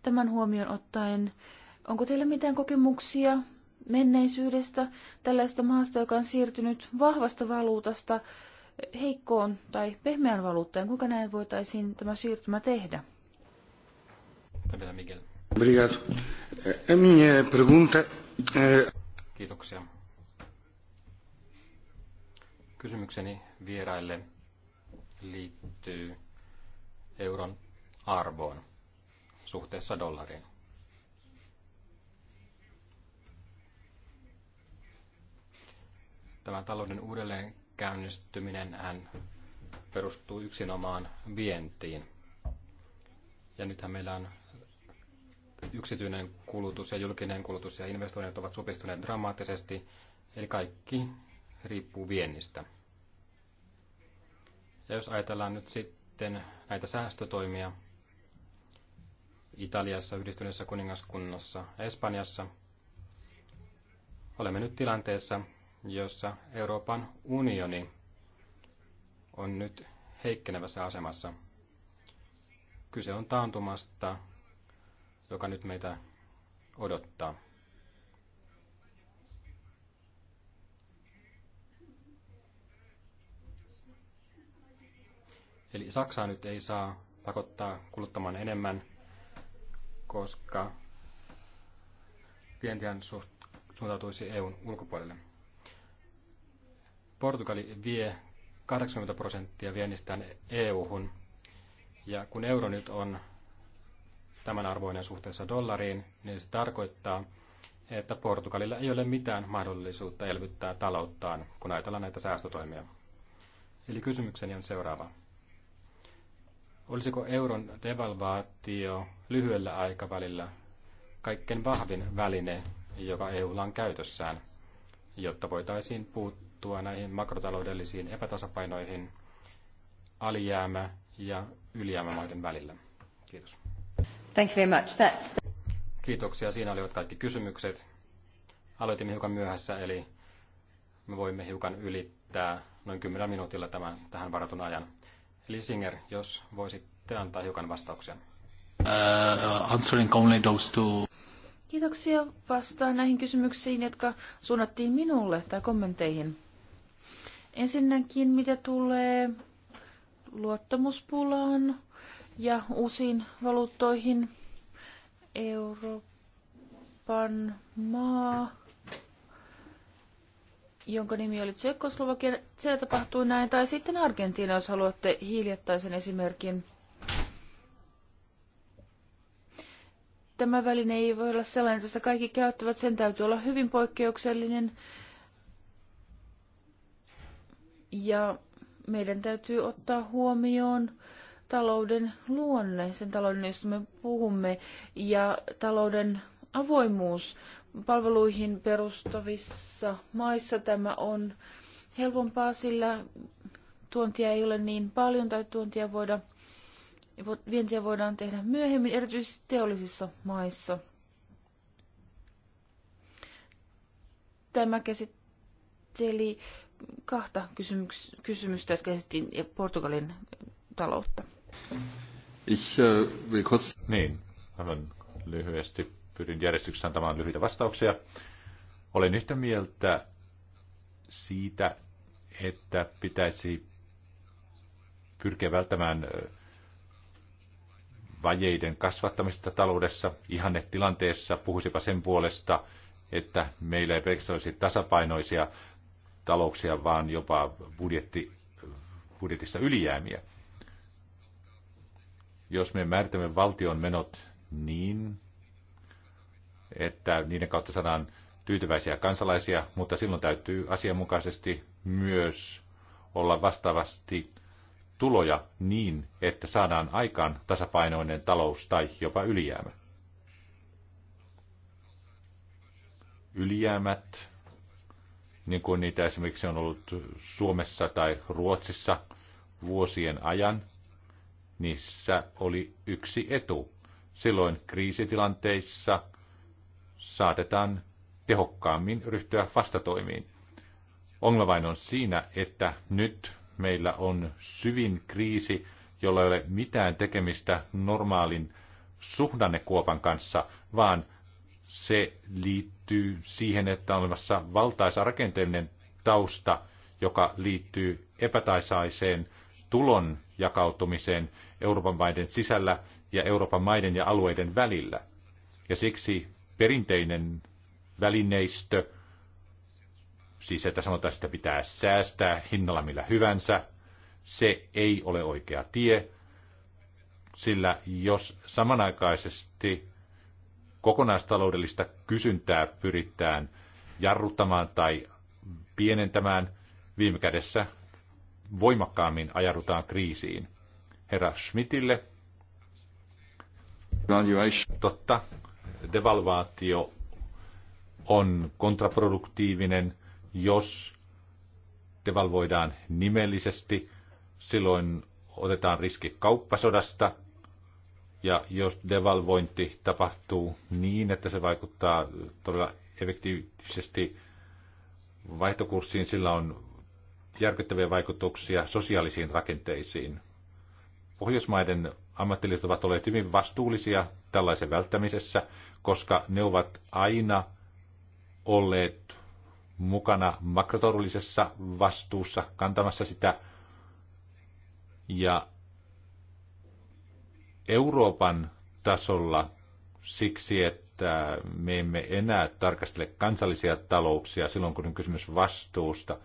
tämän huomion ottaen, onko teillä mitään kokemuksia menneisyydestä tällaista maasta, joka on siirtynyt vahvasta valuutasta heikkoon tai pehmeään valuuttaan? Kuinka näin voitaisiin tämä siirtymä tehdä? Eh, eh, Kiitoksia. Kysymykseni vieraille liittyy euron arvoon suhteessa dollariin. Tämä talouden uudelleen käynnistyminen hän perustuu yksinomaan vientiin. Ja nythän meillä on yksityinen kulutus ja julkinen kulutus ja investoinnit ovat supistuneet dramaattisesti, eli kaikki riippuu viennistä. Ja jos ajatellaan nyt sitten näitä säästötoimia Italiassa, Yhdistyneessä kuningaskunnassa ja Espanjassa, olemme nyt tilanteessa, jossa Euroopan unioni on nyt heikkenevässä asemassa. Kyse on taantumasta, joka nyt meitä odottaa. Eli Saksaa nyt ei saa pakottaa kuluttamaan enemmän, koska vientihän suuntautuisi EUn ulkopuolelle. Portugali vie 80 prosenttia viennistään EU:hun, ja kun euro nyt on tämän arvoinen suhteessa dollariin, niin se tarkoittaa, että Portugalilla ei ole mitään mahdollisuutta elvyttää talouttaan, kun ajatellaan näitä säästötoimia. Eli kysymykseni on seuraava. Olisiko euron devalvaatio lyhyellä aikavälillä kaikkein vahvin väline, joka EUlla on käytössään, jotta voitaisiin puuttua näihin makrotaloudellisiin epätasapainoihin alijäämä- ja ylijäämämaiden välillä? Kiitos. Thank you very much. That's... Kiitoksia. Siinä olivat kaikki kysymykset. Aloitimme hiukan myöhässä, eli me voimme hiukan ylittää noin 10 minuutilla tämän, tähän varatun ajan. Lisinger, jos voisitte antaa hiukan vastauksia. Uh, answering only those two. Kiitoksia. Vastaan näihin kysymyksiin, jotka suunnattiin minulle tai kommenteihin. Ensinnäkin, mitä tulee luottamuspulaan ja uusiin valuuttoihin. Euroopan maa jonka nimi oli Tsekkoslovakia. Siellä tapahtui näin. Tai sitten Argentiina, jos haluatte hiljattaisen esimerkin. Tämä väline ei voi olla sellainen, että kaikki käyttävät. Sen täytyy olla hyvin poikkeuksellinen. Ja meidän täytyy ottaa huomioon talouden luonne, sen talouden, josta me puhumme, ja talouden avoimuus palveluihin perustuvissa maissa tämä on helpompaa, sillä tuontia ei ole niin paljon tai tuontia voida, vientiä voidaan tehdä myöhemmin, erityisesti teollisissa maissa. Tämä käsitteli kahta kysymyks- kysymystä, jotka käsittiin Portugalin taloutta. Ich, äh, will kurz... Niin, haluan lyhyesti pyrin järjestyksessä antamaan lyhyitä vastauksia. Olen yhtä mieltä siitä, että pitäisi pyrkiä välttämään vajeiden kasvattamista taloudessa, ihannetilanteessa, puhuisipa sen puolesta, että meillä ei pelkästään olisi tasapainoisia talouksia, vaan jopa budjetti, budjetissa ylijäämiä. Jos me määritämme valtion menot niin, että niiden kautta saadaan tyytyväisiä kansalaisia, mutta silloin täytyy asianmukaisesti myös olla vastaavasti tuloja niin, että saadaan aikaan tasapainoinen talous tai jopa ylijäämä. Ylijäämät, niin kuin niitä esimerkiksi on ollut Suomessa tai Ruotsissa vuosien ajan, niissä oli yksi etu. Silloin kriisitilanteissa – saatetaan tehokkaammin ryhtyä vastatoimiin. Ongelma vain on siinä, että nyt meillä on syvin kriisi, jolla ei ole mitään tekemistä normaalin suhdannekuopan kanssa, vaan se liittyy siihen, että on olemassa valtaisa rakenteellinen tausta, joka liittyy epätaisaiseen tulon jakautumiseen Euroopan maiden sisällä ja Euroopan maiden ja alueiden välillä. Ja siksi perinteinen välineistö, siis että sanotaan, että pitää säästää hinnalla millä hyvänsä, se ei ole oikea tie, sillä jos samanaikaisesti kokonaistaloudellista kysyntää pyritään jarruttamaan tai pienentämään, viime kädessä voimakkaammin ajarrutaan kriisiin. Herra Schmidtille. Totta, devalvaatio on kontraproduktiivinen, jos devalvoidaan nimellisesti, silloin otetaan riski kauppasodasta, ja jos devalvointi tapahtuu niin, että se vaikuttaa todella efektiivisesti vaihtokurssiin, sillä on järkyttäviä vaikutuksia sosiaalisiin rakenteisiin. Pohjoismaiden ammattiliitot ovat olleet hyvin vastuullisia tällaisen välttämisessä, koska ne ovat aina olleet mukana makrotaloudellisessa vastuussa kantamassa sitä. Ja Euroopan tasolla siksi, että me emme enää tarkastele kansallisia talouksia silloin, kun on kysymys vastuusta.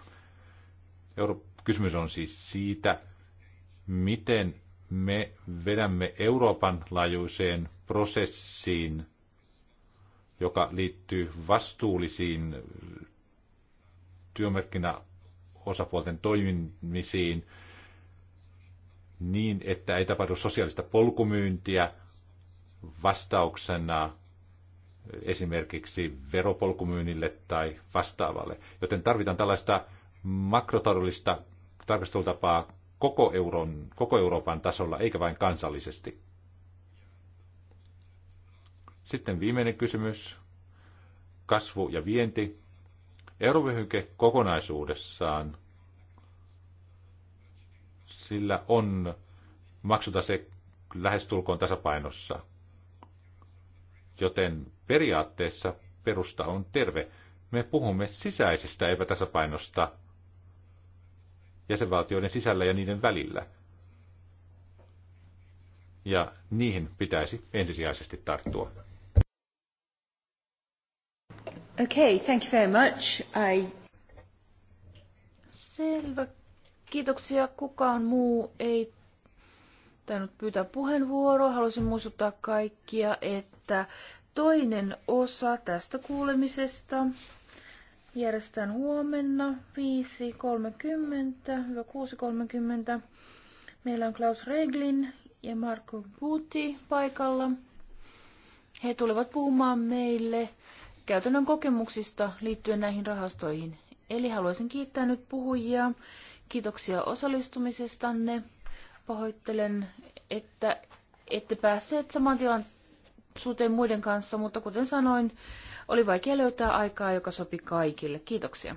Euro- kysymys on siis siitä, miten me vedämme Euroopan laajuiseen prosessiin, joka liittyy vastuullisiin työmarkkinaosapuolten toimimisiin niin, että ei tapahdu sosiaalista polkumyyntiä vastauksena esimerkiksi veropolkumyynnille tai vastaavalle. Joten tarvitaan tällaista makrotaloudellista tarkastelutapaa koko, euron, koko Euroopan tasolla, eikä vain kansallisesti. Sitten viimeinen kysymys, kasvu ja vienti. Eurovyöhyke kokonaisuudessaan, sillä on maksutase lähestulkoon tasapainossa, joten periaatteessa perusta on terve. Me puhumme sisäisestä epätasapainosta jäsenvaltioiden sisällä ja niiden välillä. Ja niihin pitäisi ensisijaisesti tarttua. Okay, thank you very much. I... Selvä. Kiitoksia. Kukaan muu ei tainnut pyytää puheenvuoroa. Haluaisin muistuttaa kaikkia, että toinen osa tästä kuulemisesta järjestetään huomenna 5.30-6.30. Meillä on Klaus Reglin ja Marko Buti paikalla. He tulevat puhumaan meille käytännön kokemuksista liittyen näihin rahastoihin. Eli haluaisin kiittää nyt puhujia. Kiitoksia osallistumisestanne. Pahoittelen, että ette päässeet saman tilan suhteen muiden kanssa, mutta kuten sanoin, oli vaikea löytää aikaa, joka sopi kaikille. Kiitoksia.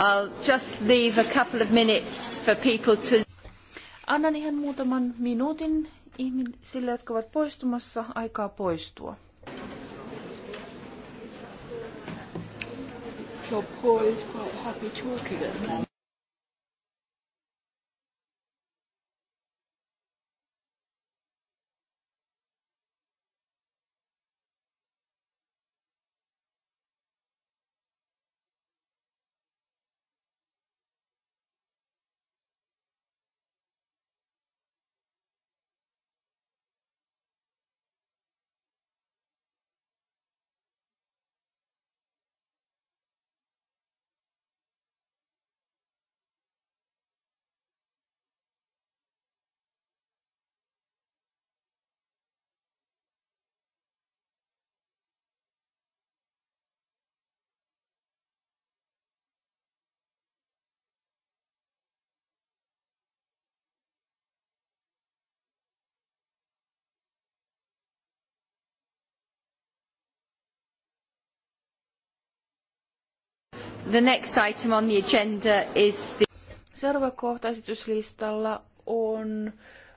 I'll just leave a couple of minutes for people to... Annan ihan muutaman minuutin ihmisille, jotka ovat poistumassa, aikaa poistua. Your poor is quite happy talking at the moment. The next item on the agenda is the... Seuraava kohta esityslistalla on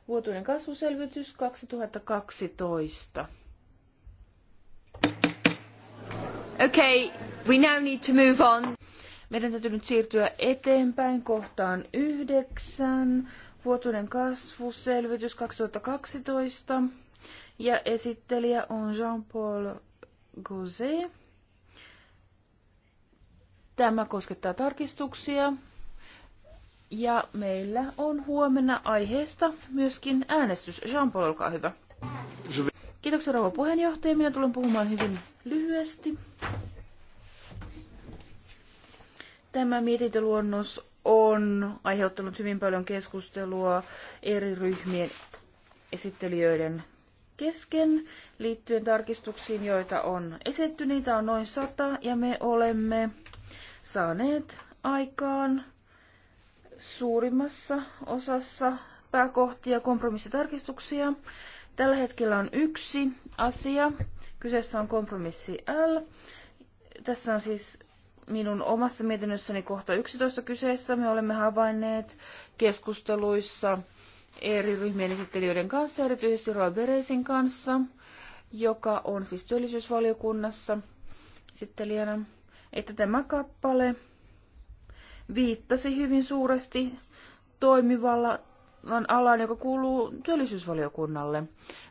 vuotuinen kasvuselvitys 2012. Okay, we now need to move on. Meidän täytyy nyt siirtyä eteenpäin kohtaan yhdeksän. Vuotuinen kasvuselvitys 2012. Ja esittelijä on Jean-Paul Gauzet. Tämä koskettaa tarkistuksia. Ja meillä on huomenna aiheesta myöskin äänestys. Jean-Paul, olkaa hyvä. Kiitoksia rouva puheenjohtaja. Minä tulen puhumaan hyvin lyhyesti. Tämä mietintöluonnos on aiheuttanut hyvin paljon keskustelua eri ryhmien esittelijöiden kesken liittyen tarkistuksiin, joita on esitetty. Niitä on noin sata ja me olemme saaneet aikaan suurimmassa osassa pääkohtia kompromissitarkistuksia. Tällä hetkellä on yksi asia. Kyseessä on kompromissi L. Tässä on siis minun omassa mietinnössäni kohta 11 kyseessä. Me olemme havainneet keskusteluissa eri ryhmien esittelijöiden kanssa, erityisesti Roy Beresin kanssa, joka on siis työllisyysvaliokunnassa esittelijänä että tämä kappale viittasi hyvin suuresti toimivalla alaan, joka kuuluu työllisyysvaliokunnalle.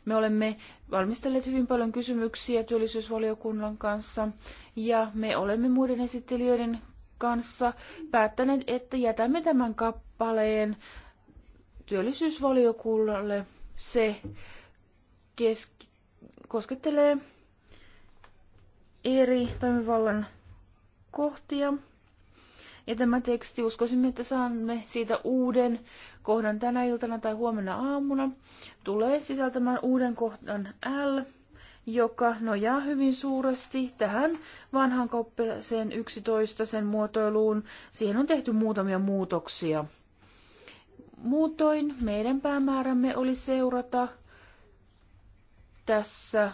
Me olemme valmistelleet hyvin paljon kysymyksiä työllisyysvaliokunnan kanssa ja me olemme muiden esittelijöiden kanssa päättäneet, että jätämme tämän kappaleen työllisyysvaliokunnalle. Se keski- koskettelee eri toimivallan kohtia. Ja tämä teksti, uskoisimme, että saamme siitä uuden kohdan tänä iltana tai huomenna aamuna, tulee sisältämään uuden kohdan L, joka nojaa hyvin suuresti tähän vanhan kauppilaseen 11 sen muotoiluun. Siihen on tehty muutamia muutoksia. Muutoin meidän päämäärämme oli seurata tässä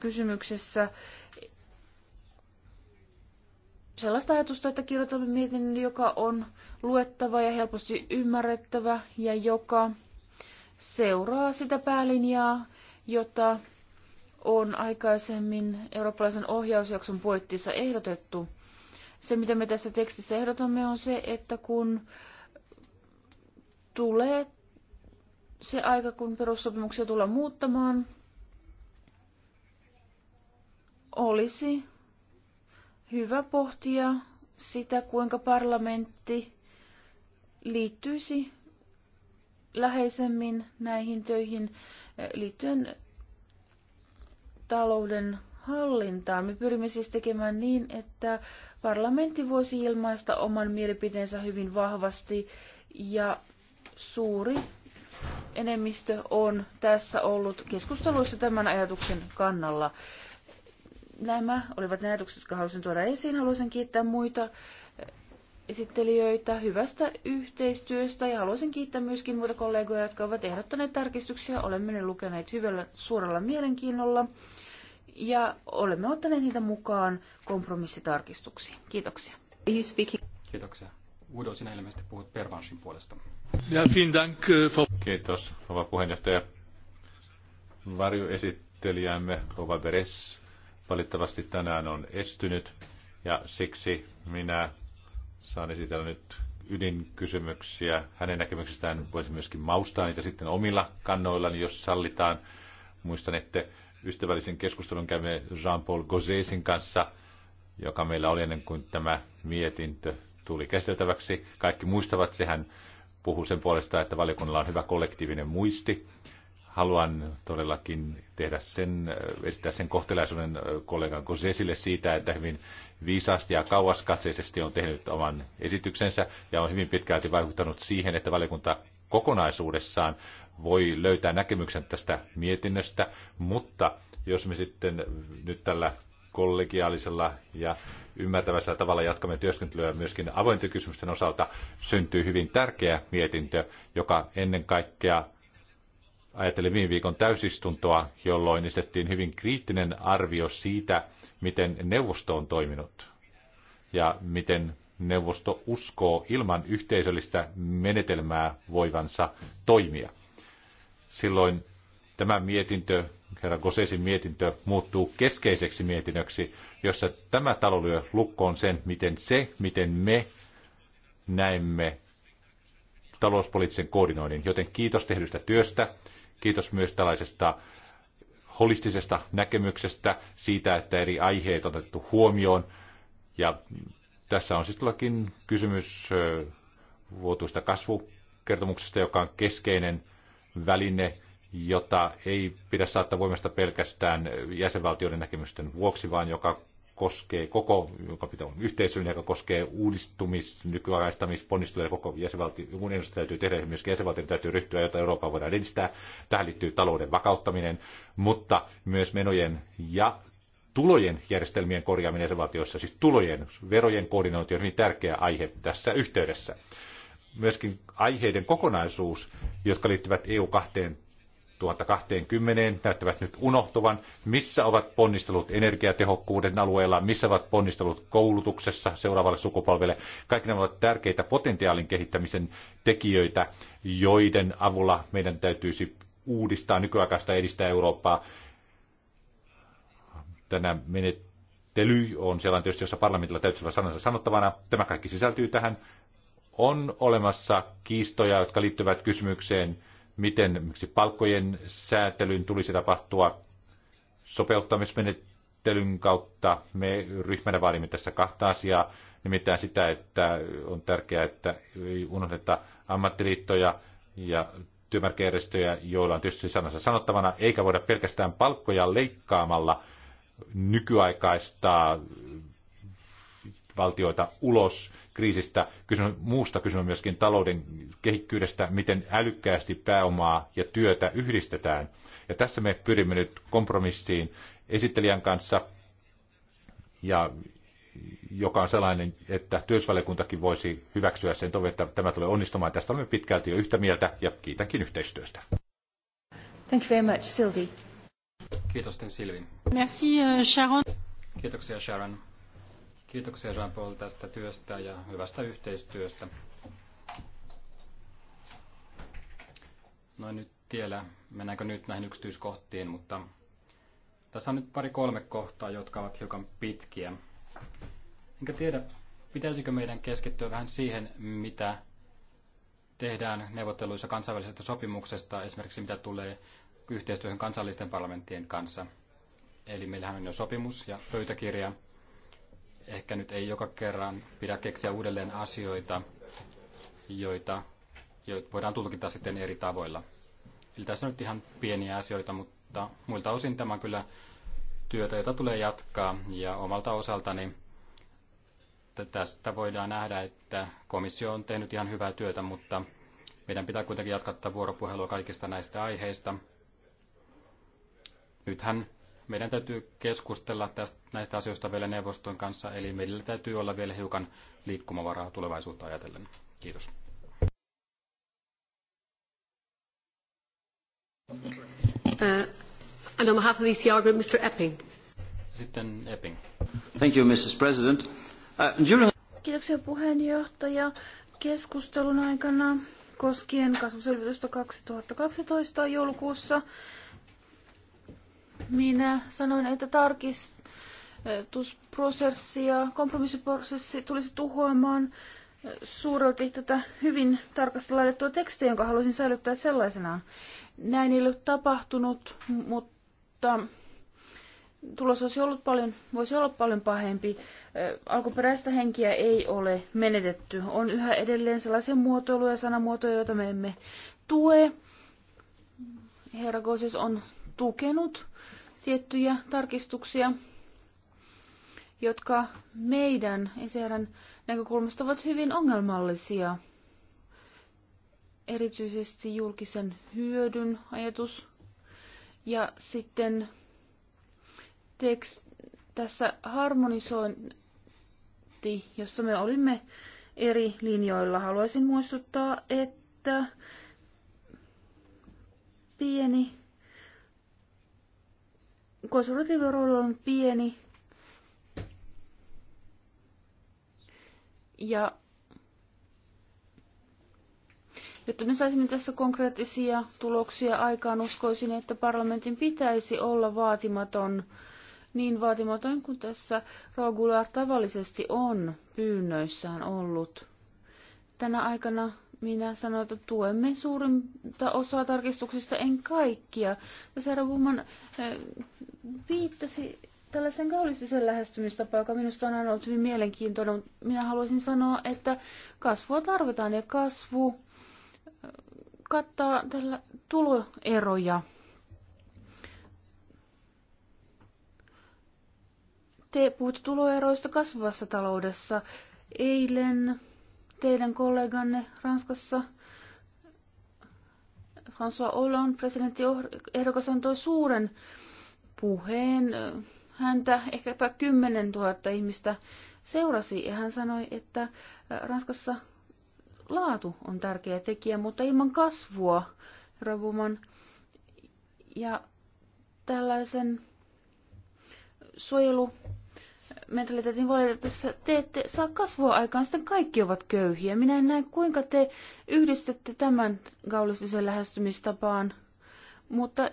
kysymyksessä sellaista ajatusta, että kirjoitamme mietinnön, joka on luettava ja helposti ymmärrettävä ja joka seuraa sitä päälinjaa, jota on aikaisemmin eurooppalaisen ohjausjakson puitteissa ehdotettu. Se, mitä me tässä tekstissä ehdotamme, on se, että kun tulee se aika, kun perussopimuksia tullaan muuttamaan, olisi hyvä pohtia sitä, kuinka parlamentti liittyisi läheisemmin näihin töihin eh, liittyen talouden hallintaan. Me pyrimme siis tekemään niin, että parlamentti voisi ilmaista oman mielipiteensä hyvin vahvasti ja suuri enemmistö on tässä ollut keskusteluissa tämän ajatuksen kannalla nämä olivat ne ajatukset, jotka halusin tuoda esiin. Haluaisin kiittää muita esittelijöitä hyvästä yhteistyöstä ja haluaisin kiittää myöskin muita kollegoja, jotka ovat ehdottaneet tarkistuksia. Olemme ne lukeneet hyvällä suurella mielenkiinnolla ja olemme ottaneet niitä mukaan kompromissitarkistuksiin. Kiitoksia. Kiitoksia. Udo, sinä ilmeisesti puhut Pervanssin puolesta. Ja, dank, äh, Kiitos, rouva puheenjohtaja. Varjoesittelijämme Rova Beres valitettavasti tänään on estynyt ja siksi minä saan esitellä nyt ydinkysymyksiä hänen näkemyksestään. Voisin myöskin maustaa niitä sitten omilla kannoillani, jos sallitaan. Muistan, että ystävällisen keskustelun kävi Jean-Paul Gauzesin kanssa, joka meillä oli ennen kuin tämä mietintö tuli käsiteltäväksi. Kaikki muistavat, sehän puhuu sen puolesta, että valiokunnalla on hyvä kollektiivinen muisti haluan todellakin tehdä sen, äh, esittää sen kohtelaisuuden äh, kollegan kun esille siitä, että hyvin viisaasti ja kauaskatseisesti on tehnyt oman esityksensä ja on hyvin pitkälti vaikuttanut siihen, että valiokunta kokonaisuudessaan voi löytää näkemyksen tästä mietinnöstä, mutta jos me sitten nyt tällä kollegiaalisella ja ymmärtäväisellä tavalla jatkamme työskentelyä myöskin avointen kysymysten osalta, syntyy hyvin tärkeä mietintö, joka ennen kaikkea ajattelin viime viikon täysistuntoa, jolloin esitettiin hyvin kriittinen arvio siitä, miten neuvosto on toiminut ja miten neuvosto uskoo ilman yhteisöllistä menetelmää voivansa toimia. Silloin tämä mietintö, herra Gosesin mietintö, muuttuu keskeiseksi mietinnöksi, jossa tämä talo lyö lukkoon sen, miten se, miten me näemme talouspoliittisen koordinoinnin. Joten kiitos tehdystä työstä. Kiitos myös tällaisesta holistisesta näkemyksestä siitä, että eri aiheet on otettu huomioon. Ja tässä on siis todellakin kysymys vuotuista kasvukertomuksesta, joka on keskeinen väline, jota ei pidä saattaa voimasta pelkästään jäsenvaltioiden näkemysten vuoksi, vaan joka koskee koko, joka pitää olla yhteisön, joka koskee uudistumis, nykyaikaistamisponnistuja koko jäsenvaltio, ennustus täytyy tehdä, myöskin jäsenvaltioiden täytyy ryhtyä, jota Eurooppaa voidaan edistää. Tähän liittyy talouden vakauttaminen, mutta myös menojen ja tulojen järjestelmien korjaaminen jäsenvaltioissa, siis tulojen, verojen koordinointi on hyvin tärkeä aihe tässä yhteydessä. Myöskin aiheiden kokonaisuus, jotka liittyvät EU kahteen 2020 näyttävät nyt unohtuvan. Missä ovat ponnistelut energiatehokkuuden alueella, missä ovat ponnistelut koulutuksessa seuraavalle sukupolvelle. Kaikki nämä ovat tärkeitä potentiaalin kehittämisen tekijöitä, joiden avulla meidän täytyisi uudistaa nykyaikaista edistää Eurooppaa. Tänä menettely on sellainen tietysti, jossa parlamentilla täytyy olla sanansa sanottavana. Tämä kaikki sisältyy tähän. On olemassa kiistoja, jotka liittyvät kysymykseen – miten miksi palkkojen säätelyn tulisi tapahtua sopeuttamismenettelyn kautta. Me ryhmänä vaadimme tässä kahta asiaa, nimittäin sitä, että on tärkeää, että ei unohdeta ammattiliittoja ja työmarkkinajärjestöjä, joilla on tietysti sanansa sanottavana, eikä voida pelkästään palkkoja leikkaamalla nykyaikaista valtioita ulos kriisistä, kysymys on muusta, kysymys on myöskin talouden kehikkyydestä, miten älykkäästi pääomaa ja työtä yhdistetään. Ja tässä me pyrimme nyt kompromissiin esittelijän kanssa, ja joka on sellainen, että työsvaliokuntakin voisi hyväksyä sen toivon, että tämä tulee onnistumaan. Tästä olemme pitkälti jo yhtä mieltä ja kiitänkin yhteistyöstä. Thank you very much, Sylvie. Kiitos, Silvi. Merci, euh, Sharon. Kiitoksia, Sharon. Kiitoksia Jean-Paul tästä työstä ja hyvästä yhteistyöstä. No nyt vielä, mennäänkö nyt näihin yksityiskohtiin, mutta tässä on nyt pari-kolme kohtaa, jotka ovat hiukan pitkiä. Enkä tiedä, pitäisikö meidän keskittyä vähän siihen, mitä tehdään neuvotteluissa kansainvälisestä sopimuksesta, esimerkiksi mitä tulee yhteistyöhön kansallisten parlamenttien kanssa. Eli meillähän on jo sopimus ja pöytäkirja, ehkä nyt ei joka kerran pidä keksiä uudelleen asioita, joita, joita voidaan tulkita sitten eri tavoilla. Eli tässä on nyt ihan pieniä asioita, mutta muilta osin tämä on kyllä työtä, jota tulee jatkaa. Ja omalta osaltani tästä voidaan nähdä, että komissio on tehnyt ihan hyvää työtä, mutta meidän pitää kuitenkin jatkaa vuoropuhelua kaikista näistä aiheista. Nythän meidän täytyy keskustella tästä, näistä asioista vielä neuvoston kanssa, eli meillä täytyy olla vielä hiukan liikkumavaraa tulevaisuutta ajatellen. Kiitos. Uh, and on behalf of the ECR group, Mr. Epping. Sitten Epping. Thank you, Mrs. President. Uh, during... Kiitoksia puheenjohtaja. Keskustelun aikana koskien kasvuselvitystä 2012 joulukuussa minä sanoin, että tarkistusprosessi ja kompromissiprosessi tulisi tuhoamaan suurelti tätä hyvin tarkasti laitettua tekstiä, jonka halusin säilyttää sellaisenaan. Näin ei ole tapahtunut, mutta tulos olisi ollut paljon, voisi olla paljon pahempi. Alkuperäistä henkiä ei ole menetetty. On yhä edelleen sellaisia muotoiluja ja sanamuotoja, joita me emme tue. Herra Goses on tukenut tiettyjä tarkistuksia, jotka meidän ECRn näkökulmasta ovat hyvin ongelmallisia. Erityisesti julkisen hyödyn ajatus ja sitten tekst, tässä harmonisointi, jossa me olimme eri linjoilla. Haluaisin muistuttaa, että pieni konservatiivinen rooli on pieni. Ja jotta me saisimme tässä konkreettisia tuloksia aikaan, uskoisin, että parlamentin pitäisi olla vaatimaton, niin vaatimaton kuin tässä Rogular tavallisesti on pyynnöissään ollut. Tänä aikana minä sanoin, että tuemme suurinta osaa tarkistuksista, en kaikkia. Ja Sarah Woman eh, viittasi tällaisen kaulistisen lähestymistapaan, joka minusta on aina ollut hyvin mielenkiintoinen, mutta minä haluaisin sanoa, että kasvua tarvitaan ja kasvu eh, kattaa tällä tuloeroja. Te puhutte tuloeroista kasvavassa taloudessa. Eilen teidän kolleganne Ranskassa François Hollande, presidentti ehdokas, antoi suuren puheen. Häntä ehkäpä 10 000 ihmistä seurasi ja hän sanoi, että Ranskassa laatu on tärkeä tekijä, mutta ilman kasvua, Ravuman. Ja tällaisen suojelu mentaliteetin valitettavassa te ette saa kasvua aikaan, sitten kaikki ovat köyhiä. Minä en näe, kuinka te yhdistätte tämän gaulistisen lähestymistapaan, mutta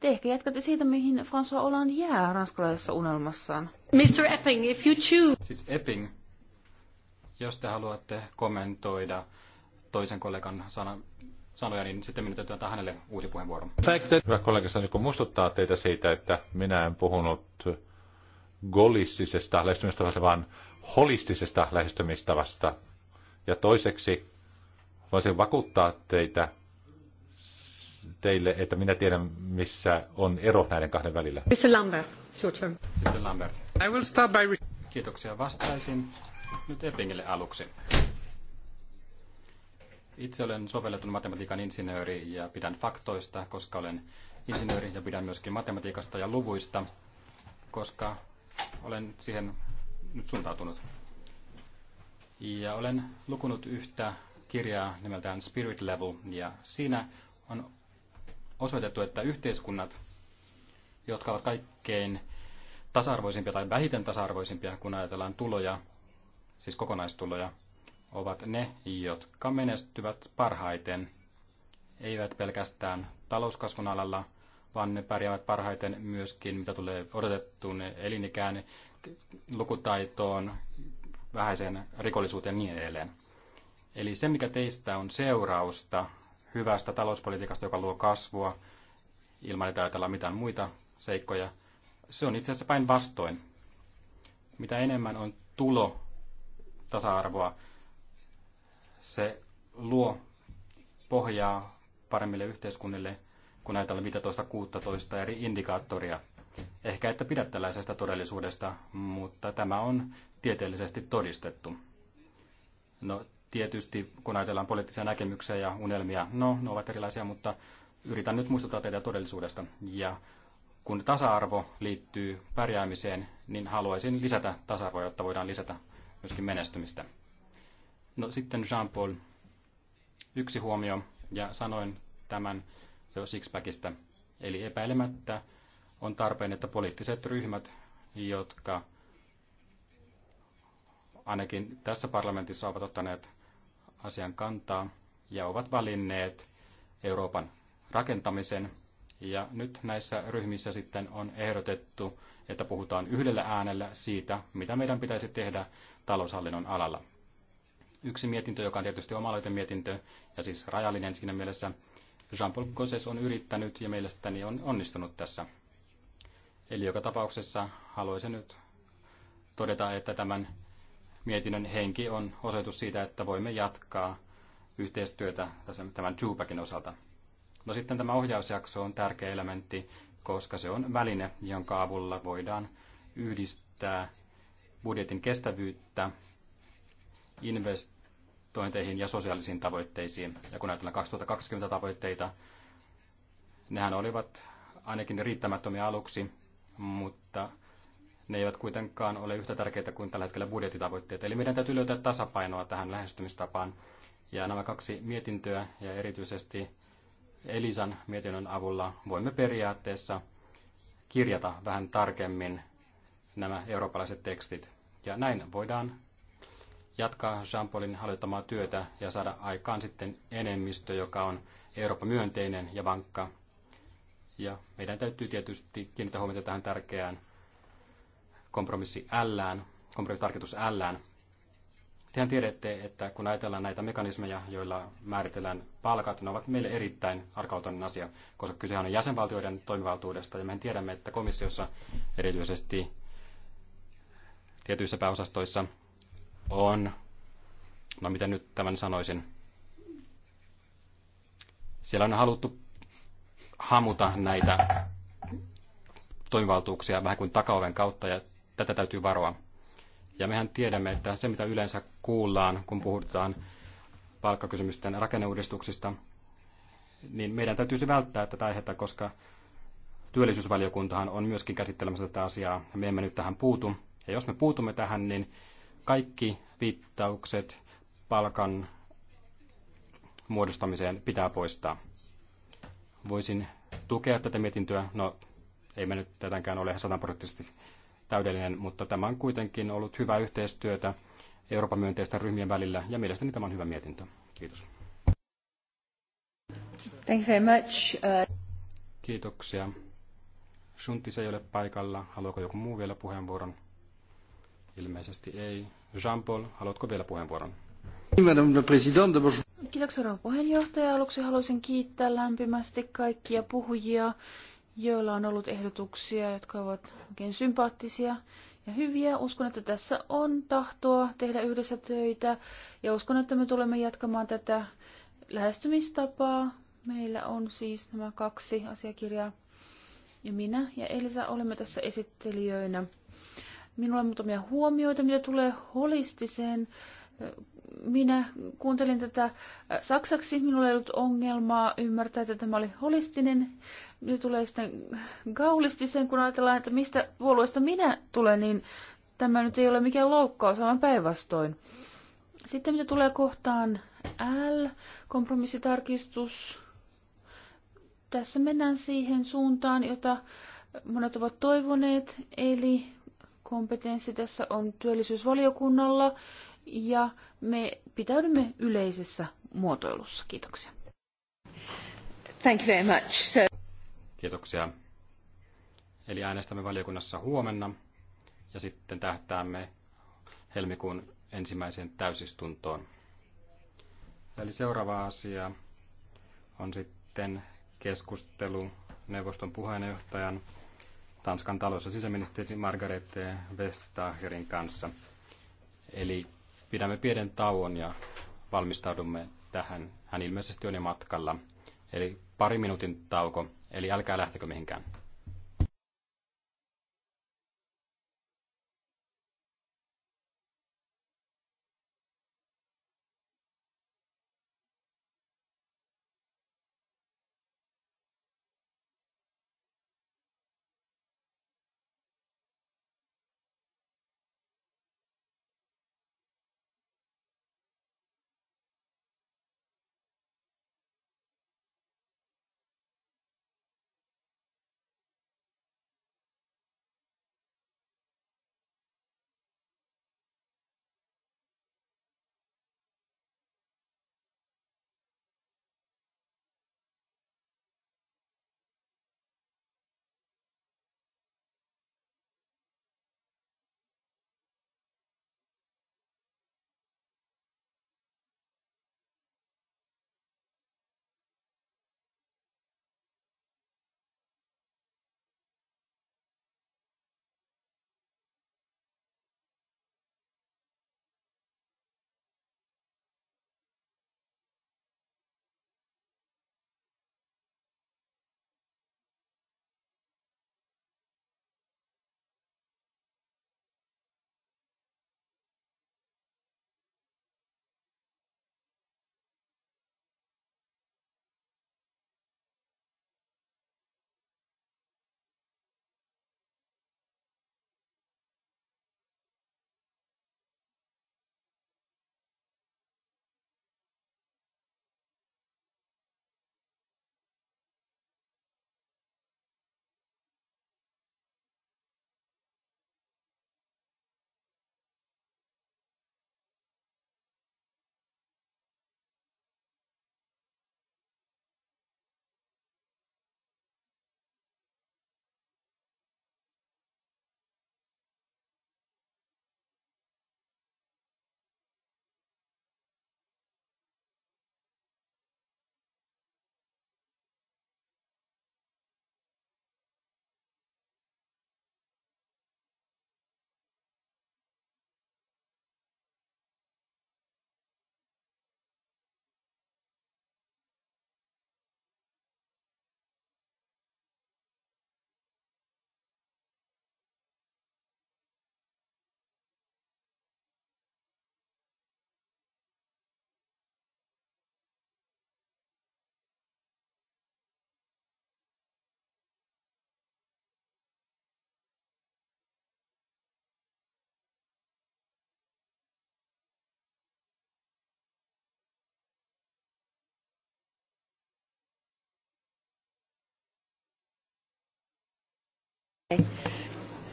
te ehkä jatkatte siitä, mihin François Hollande jää ranskalaisessa unelmassaan. Mr. Epping, if you choose... Siis Epping, jos te haluatte kommentoida toisen kollegan sana, sanoja, niin sitten minä täytyy antaa hänelle uusi puheenvuoro. Hyvä kollega, kun muistuttaa teitä siitä, että minä en puhunut golistisesta lähestymistavasta, vaan holistisesta lähestymistavasta. Ja toiseksi voisin vakuuttaa teitä, teille, että minä tiedän, missä on ero näiden kahden välillä. Mr. Lambert, your turn. Sitten Lambert. I will start by... Kiitoksia. Vastaisin nyt Eppingille aluksi. Itse olen sovelletun matematiikan insinööri ja pidän faktoista, koska olen insinööri ja pidän myöskin matematiikasta ja luvuista, koska olen siihen nyt suuntautunut. Ja olen lukunut yhtä kirjaa nimeltään Spirit Level, ja siinä on osoitettu, että yhteiskunnat, jotka ovat kaikkein tasa-arvoisimpia tai vähiten tasa-arvoisimpia, kun ajatellaan tuloja, siis kokonaistuloja, ovat ne, jotka menestyvät parhaiten, eivät pelkästään talouskasvun alalla – vaan ne pärjäävät parhaiten myöskin, mitä tulee odotettuun elinikään, lukutaitoon, vähäiseen rikollisuuteen ja niin edelleen. Eli se, mikä teistä on seurausta hyvästä talouspolitiikasta, joka luo kasvua, ilman että ajatella mitään muita seikkoja, se on itse asiassa päinvastoin. Mitä enemmän on tulo tasa-arvoa, se luo pohjaa paremmille yhteiskunnille kun ajatellaan 15-16 eri indikaattoria. Ehkä että pidä tällaisesta todellisuudesta, mutta tämä on tieteellisesti todistettu. No tietysti, kun ajatellaan poliittisia näkemyksiä ja unelmia, no ne ovat erilaisia, mutta yritän nyt muistuttaa teitä todellisuudesta. Ja kun tasa-arvo liittyy pärjäämiseen, niin haluaisin lisätä tasa-arvoa, jotta voidaan lisätä myöskin menestymistä. No sitten Jean-Paul, yksi huomio, ja sanoin tämän jo Sixpackista. Eli epäilemättä on tarpeen, että poliittiset ryhmät, jotka ainakin tässä parlamentissa ovat ottaneet asian kantaa ja ovat valinneet Euroopan rakentamisen. Ja nyt näissä ryhmissä sitten on ehdotettu, että puhutaan yhdellä äänellä siitä, mitä meidän pitäisi tehdä taloushallinnon alalla. Yksi mietintö, joka on tietysti oma mietintö ja siis rajallinen siinä mielessä, Jean-Paul Gosses on yrittänyt ja mielestäni on onnistunut tässä. Eli joka tapauksessa haluaisin nyt todeta, että tämän mietinnön henki on osoitus siitä, että voimme jatkaa yhteistyötä tämän Jupakin osalta. No sitten tämä ohjausjakso on tärkeä elementti, koska se on väline, jonka avulla voidaan yhdistää budjetin kestävyyttä, invest- investointeihin ja sosiaalisiin tavoitteisiin. Ja kun ajatellaan 2020 tavoitteita, nehän olivat ainakin riittämättömiä aluksi, mutta ne eivät kuitenkaan ole yhtä tärkeitä kuin tällä hetkellä budjettitavoitteet. Eli meidän täytyy löytää tasapainoa tähän lähestymistapaan. Ja nämä kaksi mietintöä ja erityisesti Elisan mietinnön avulla voimme periaatteessa kirjata vähän tarkemmin nämä eurooppalaiset tekstit. Ja näin voidaan jatkaa Jean-Paulin hallittamaa työtä ja saada aikaan sitten enemmistö, joka on Euroopan myönteinen ja vankka. Ja meidän täytyy tietysti kiinnittää huomiota tähän tärkeään kompromissi L, kompromissitarkoitus L. Tehän tiedätte, että kun ajatellaan näitä mekanismeja, joilla määritellään palkat, ne ovat meille erittäin arkautoinen asia, koska kysehän on jäsenvaltioiden toimivaltuudesta, ja me tiedämme, että komissiossa erityisesti tietyissä pääosastoissa on, no miten nyt tämän sanoisin, siellä on haluttu hamuta näitä toimivaltuuksia vähän kuin takaoven kautta ja tätä täytyy varoa. Ja mehän tiedämme, että se mitä yleensä kuullaan, kun puhutaan palkkakysymysten rakenneuudistuksista, niin meidän täytyisi välttää tätä aihetta, koska työllisyysvaliokuntahan on myöskin käsittelemässä tätä asiaa. Me emme nyt tähän puutu. Ja jos me puutumme tähän, niin kaikki viittaukset palkan muodostamiseen pitää poistaa. Voisin tukea tätä mietintöä. No, ei me nyt tietenkään ole sataprosenttisesti täydellinen, mutta tämä on kuitenkin ollut hyvää yhteistyötä Euroopan myönteisten ryhmien välillä, ja mielestäni tämä on hyvä mietintö. Kiitos. Thank you very much. Uh... Kiitoksia. Shuntis ei ole paikalla. Haluaako joku muu vielä puheenvuoron? Ilmeisesti ei. Jean-Paul, haluatko vielä puheenvuoron? Kiitoksia rouva puheenjohtaja. Aluksi haluaisin kiittää lämpimästi kaikkia puhujia, joilla on ollut ehdotuksia, jotka ovat oikein sympaattisia ja hyviä. Uskon, että tässä on tahtoa tehdä yhdessä töitä ja uskon, että me tulemme jatkamaan tätä lähestymistapaa. Meillä on siis nämä kaksi asiakirjaa ja minä ja Elisa olemme tässä esittelijöinä. Minulla on muutamia huomioita, mitä tulee holistiseen. Minä kuuntelin tätä saksaksi, minulla ei ollut ongelmaa ymmärtää, että tämä oli holistinen. Mitä tulee sitten gaulistiseen, kun ajatellaan, että mistä puolueesta minä tulen, niin tämä nyt ei ole mikään loukkaus, vaan päinvastoin. Sitten mitä tulee kohtaan L, kompromissitarkistus. Tässä mennään siihen suuntaan, jota monet ovat toivoneet, eli kompetenssi tässä on työllisyysvaliokunnalla ja me pitäydymme yleisessä muotoilussa. Kiitoksia. Thank you very much. sir. Kiitoksia. Eli äänestämme valiokunnassa huomenna ja sitten tähtäämme helmikuun ensimmäiseen täysistuntoon. Eli seuraava asia on sitten keskustelu neuvoston puheenjohtajan Tanskan talous- ja sisäministeri Margarete Vestagerin kanssa. Eli pidämme pienen tauon ja valmistaudumme tähän. Hän ilmeisesti on jo matkalla. Eli pari minuutin tauko, eli älkää lähtekö mihinkään.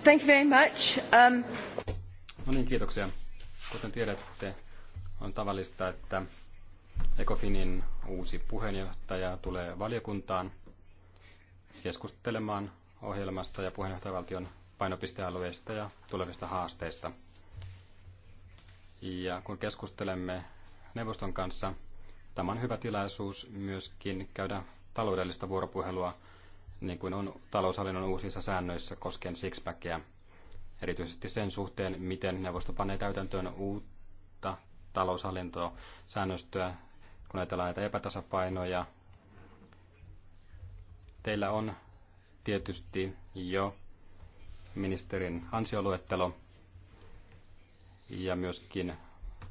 Thank you very much. Um... No niin, kiitoksia. Kuten tiedätte, on tavallista, että Ecofinin uusi puheenjohtaja tulee valiokuntaan keskustelemaan ohjelmasta ja puheenjohtajavaltion painopistealueista ja tulevista haasteista. Ja kun keskustelemme neuvoston kanssa, tämä on hyvä tilaisuus myöskin käydä taloudellista vuoropuhelua niin kuin on taloushallinnon uusissa säännöissä koskien sixpackia, erityisesti sen suhteen, miten neuvosto panee täytäntöön uutta taloushallintosäännöstöä, kun ajatellaan näitä epätasapainoja. Teillä on tietysti jo ministerin ansioluettelo ja myöskin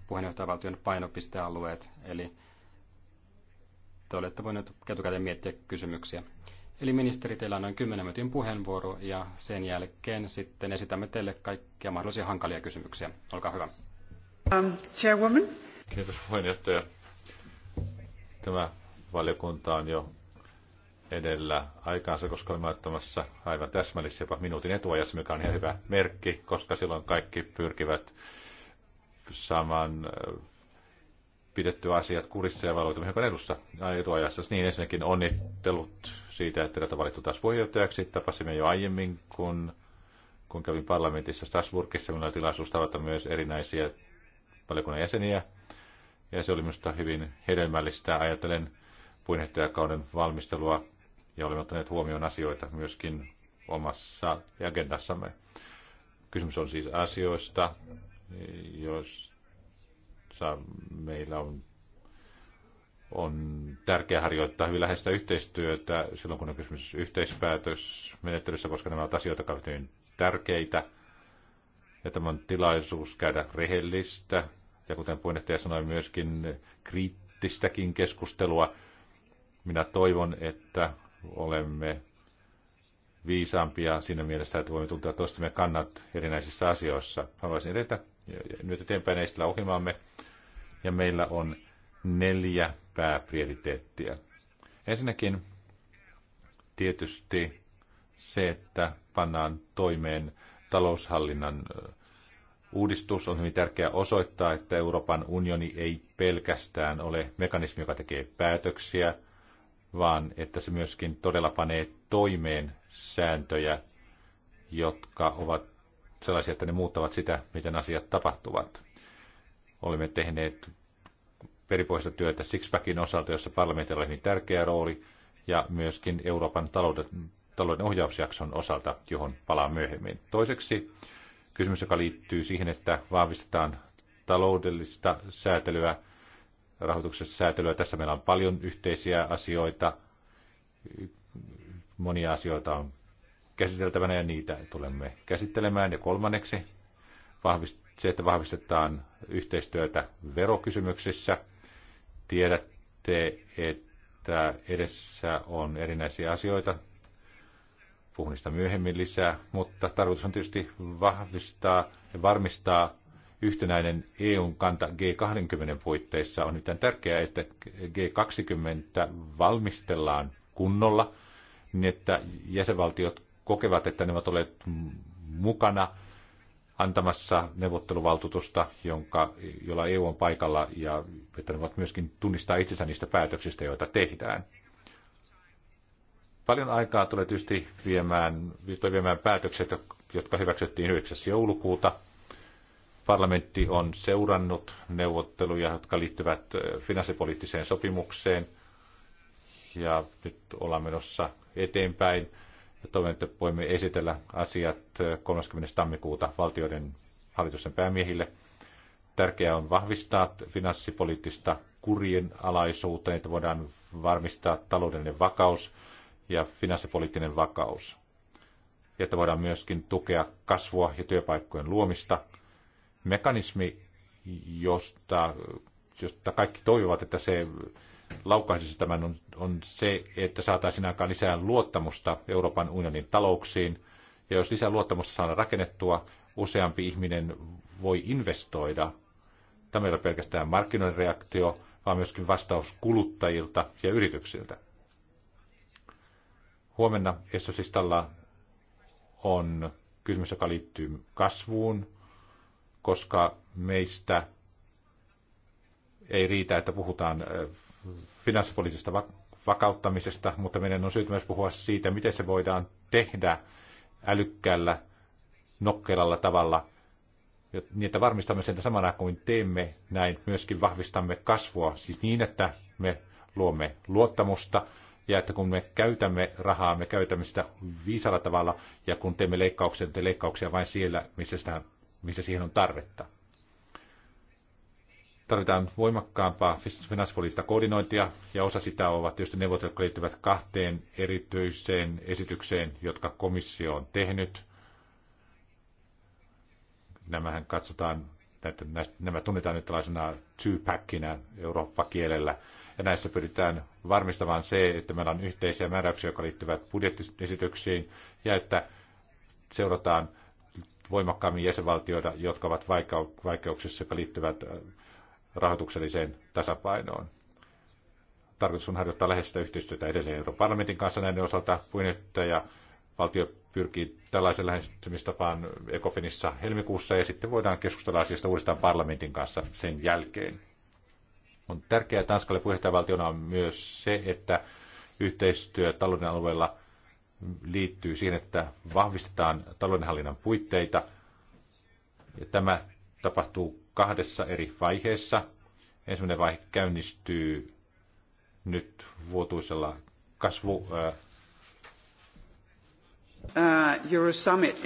puheenjohtajavaltion painopistealueet, eli te olette voineet etukäteen miettiä kysymyksiä. Eli ministeri, teillä on noin 10 minuutin puheenvuoro ja sen jälkeen sitten esitämme teille kaikkia mahdollisia hankalia kysymyksiä. Olkaa hyvä. Um, chairwoman. Kiitos puheenjohtaja. Tämä valiokunta on jo edellä aikaansa, koska olemme ottamassa aivan täsmällisesti jopa minuutin etuajassa, mikä on ihan hyvä merkki, koska silloin kaikki pyrkivät saman pidetty asiat kurissa ja valoitumisen edussa etuajassa. Niin ensinnäkin onnittelut siitä, että tätä valittu taas puheenjohtajaksi. Tapasimme jo aiemmin, kun, kun kävin parlamentissa Strasbourgissa. Minulla oli tilaisuus tavata myös erinäisiä valiokunnan jäseniä. Ja se oli minusta hyvin hedelmällistä. Ajattelen puheenjohtajakauden valmistelua ja olemme ottaneet huomioon asioita myöskin omassa agendassamme. Kysymys on siis asioista, jos jossa meillä on, on tärkeää harjoittaa hyvin läheistä yhteistyötä silloin, kun on kysymys yhteispäätösmenettelyssä, koska nämä ovat asioita, jotka ovat hyvin tärkeitä. Ja tämä on tilaisuus käydä rehellistä ja kuten puheenjohtaja sanoi, myöskin kriittistäkin keskustelua. Minä toivon, että olemme viisaampia siinä mielessä, että voimme tuntea toistamme kannat erinäisissä asioissa. Haluaisin edetä nyt eteenpäin esitellä ohjelmaamme ja meillä on neljä pääprioriteettia. Ensinnäkin tietysti se, että pannaan toimeen taloushallinnan uudistus on hyvin tärkeää osoittaa, että Euroopan unioni ei pelkästään ole mekanismi, joka tekee päätöksiä, vaan että se myöskin todella panee toimeen sääntöjä, jotka ovat sellaisia, että ne muuttavat sitä, miten asiat tapahtuvat. Olemme tehneet peripoista työtä Sixpackin osalta, jossa parlamentilla oli hyvin tärkeä rooli, ja myöskin Euroopan talouden, talouden ohjausjakson osalta, johon palaan myöhemmin. Toiseksi kysymys, joka liittyy siihen, että vahvistetaan taloudellista säätelyä, rahoituksessa säätelyä. Tässä meillä on paljon yhteisiä asioita. Monia asioita on käsiteltävänä ja niitä tulemme käsittelemään. Ja kolmanneksi vahvist- se, että vahvistetaan yhteistyötä verokysymyksissä. Tiedätte, että edessä on erinäisiä asioita. Puhun niistä myöhemmin lisää, mutta tarkoitus on tietysti vahvistaa ja varmistaa yhtenäinen EUn kanta G20 puitteissa. On nyt tärkeää, että G20 valmistellaan kunnolla, niin että jäsenvaltiot kokevat, että ne ovat olleet mukana – antamassa neuvotteluvaltuutusta, jonka, jolla EU on paikalla, ja että ne voivat myöskin tunnistaa itsensä niistä päätöksistä, joita tehdään. Paljon aikaa tulee tietysti viemään, tulee viemään päätökset, jotka hyväksyttiin 9. joulukuuta. Parlamentti on seurannut neuvotteluja, jotka liittyvät finanssipoliittiseen sopimukseen, ja nyt ollaan menossa eteenpäin ja toivon, että voimme esitellä asiat 30. tammikuuta valtioiden hallitusten päämiehille. Tärkeää on vahvistaa finanssipoliittista kurien alaisuutta, niin että voidaan varmistaa taloudellinen vakaus ja finanssipoliittinen vakaus. Ja että voidaan myöskin tukea kasvua ja työpaikkojen luomista. Mekanismi, josta, josta kaikki toivovat, että se laukaisisi tämän on, on se, että saataisiin aikaan lisää luottamusta Euroopan unionin talouksiin. Ja jos lisää luottamusta saadaan rakennettua, useampi ihminen voi investoida. Tämä ei ole pelkästään markkinoiden reaktio, vaan myöskin vastaus kuluttajilta ja yrityksiltä. Huomenna Estosistalla on kysymys, joka liittyy kasvuun, koska meistä ei riitä, että puhutaan äh, finanssipoliittisesta vakauttamisesta, mutta meidän on syytä myös puhua siitä, miten se voidaan tehdä älykkäällä, nokkelalla tavalla, niin että varmistamme sen, että samana kuin teemme näin, myöskin vahvistamme kasvua, siis niin, että me luomme luottamusta, ja että kun me käytämme rahaa, me käytämme sitä viisalla tavalla, ja kun teemme leikkauksia, teemme leikkauksia vain siellä, missä, sitä, missä siihen on tarvetta. Tarvitaan voimakkaampaa finanssipoliittista koordinointia, ja osa sitä ovat tietysti neuvot, jotka liittyvät kahteen erityiseen esitykseen, jotka komissio on tehnyt. Nämähän katsotaan, näitä, näistä, nämä tunnetaan nyt tällaisena two-packinä eurooppakielellä, ja näissä pyritään varmistamaan se, että meillä on yhteisiä määräyksiä, jotka liittyvät budjettiesityksiin, ja että seurataan voimakkaammin jäsenvaltioita, jotka ovat vaikeuksissa, jotka liittyvät äh, rahoitukselliseen tasapainoon. Tarkoitus on harjoittaa läheistä yhteistyötä edelleen Euroopan parlamentin kanssa näiden osalta. ja valtio pyrkii tällaisen lähestymistapaan Ecofinissa helmikuussa ja sitten voidaan keskustella asiasta uudestaan parlamentin kanssa sen jälkeen. On tärkeää Tanskalle puheenjohtajavaltiona on myös se, että yhteistyö talouden alueella liittyy siihen, että vahvistetaan taloudenhallinnan puitteita. Ja tämä tapahtuu kahdessa eri vaiheessa. Ensimmäinen vaihe käynnistyy nyt vuotuisella kasvu... uh, äh, Eurosummit, uh,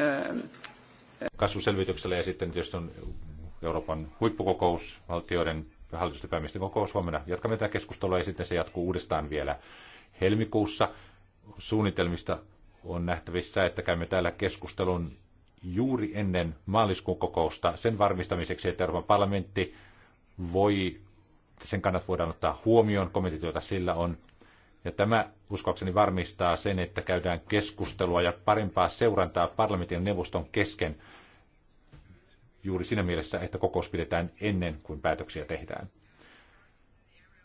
äh, uh, äh, kasvuselvityksellä ja sitten tietysti on Euroopan huippukokous, valtioiden ja hallitusten kokous huomenna. Jatkamme tätä keskustelua ja sitten se jatkuu uudestaan vielä helmikuussa. Suunnitelmista on nähtävissä, että käymme täällä keskustelun juuri ennen maaliskuun kokousta sen varmistamiseksi, että Euroopan parlamentti voi, sen kannat voidaan ottaa huomioon, kommentit, joita sillä on. Ja tämä uskoakseni varmistaa sen, että käydään keskustelua ja parempaa seurantaa parlamentin ja neuvoston kesken juuri siinä mielessä, että kokous pidetään ennen kuin päätöksiä tehdään.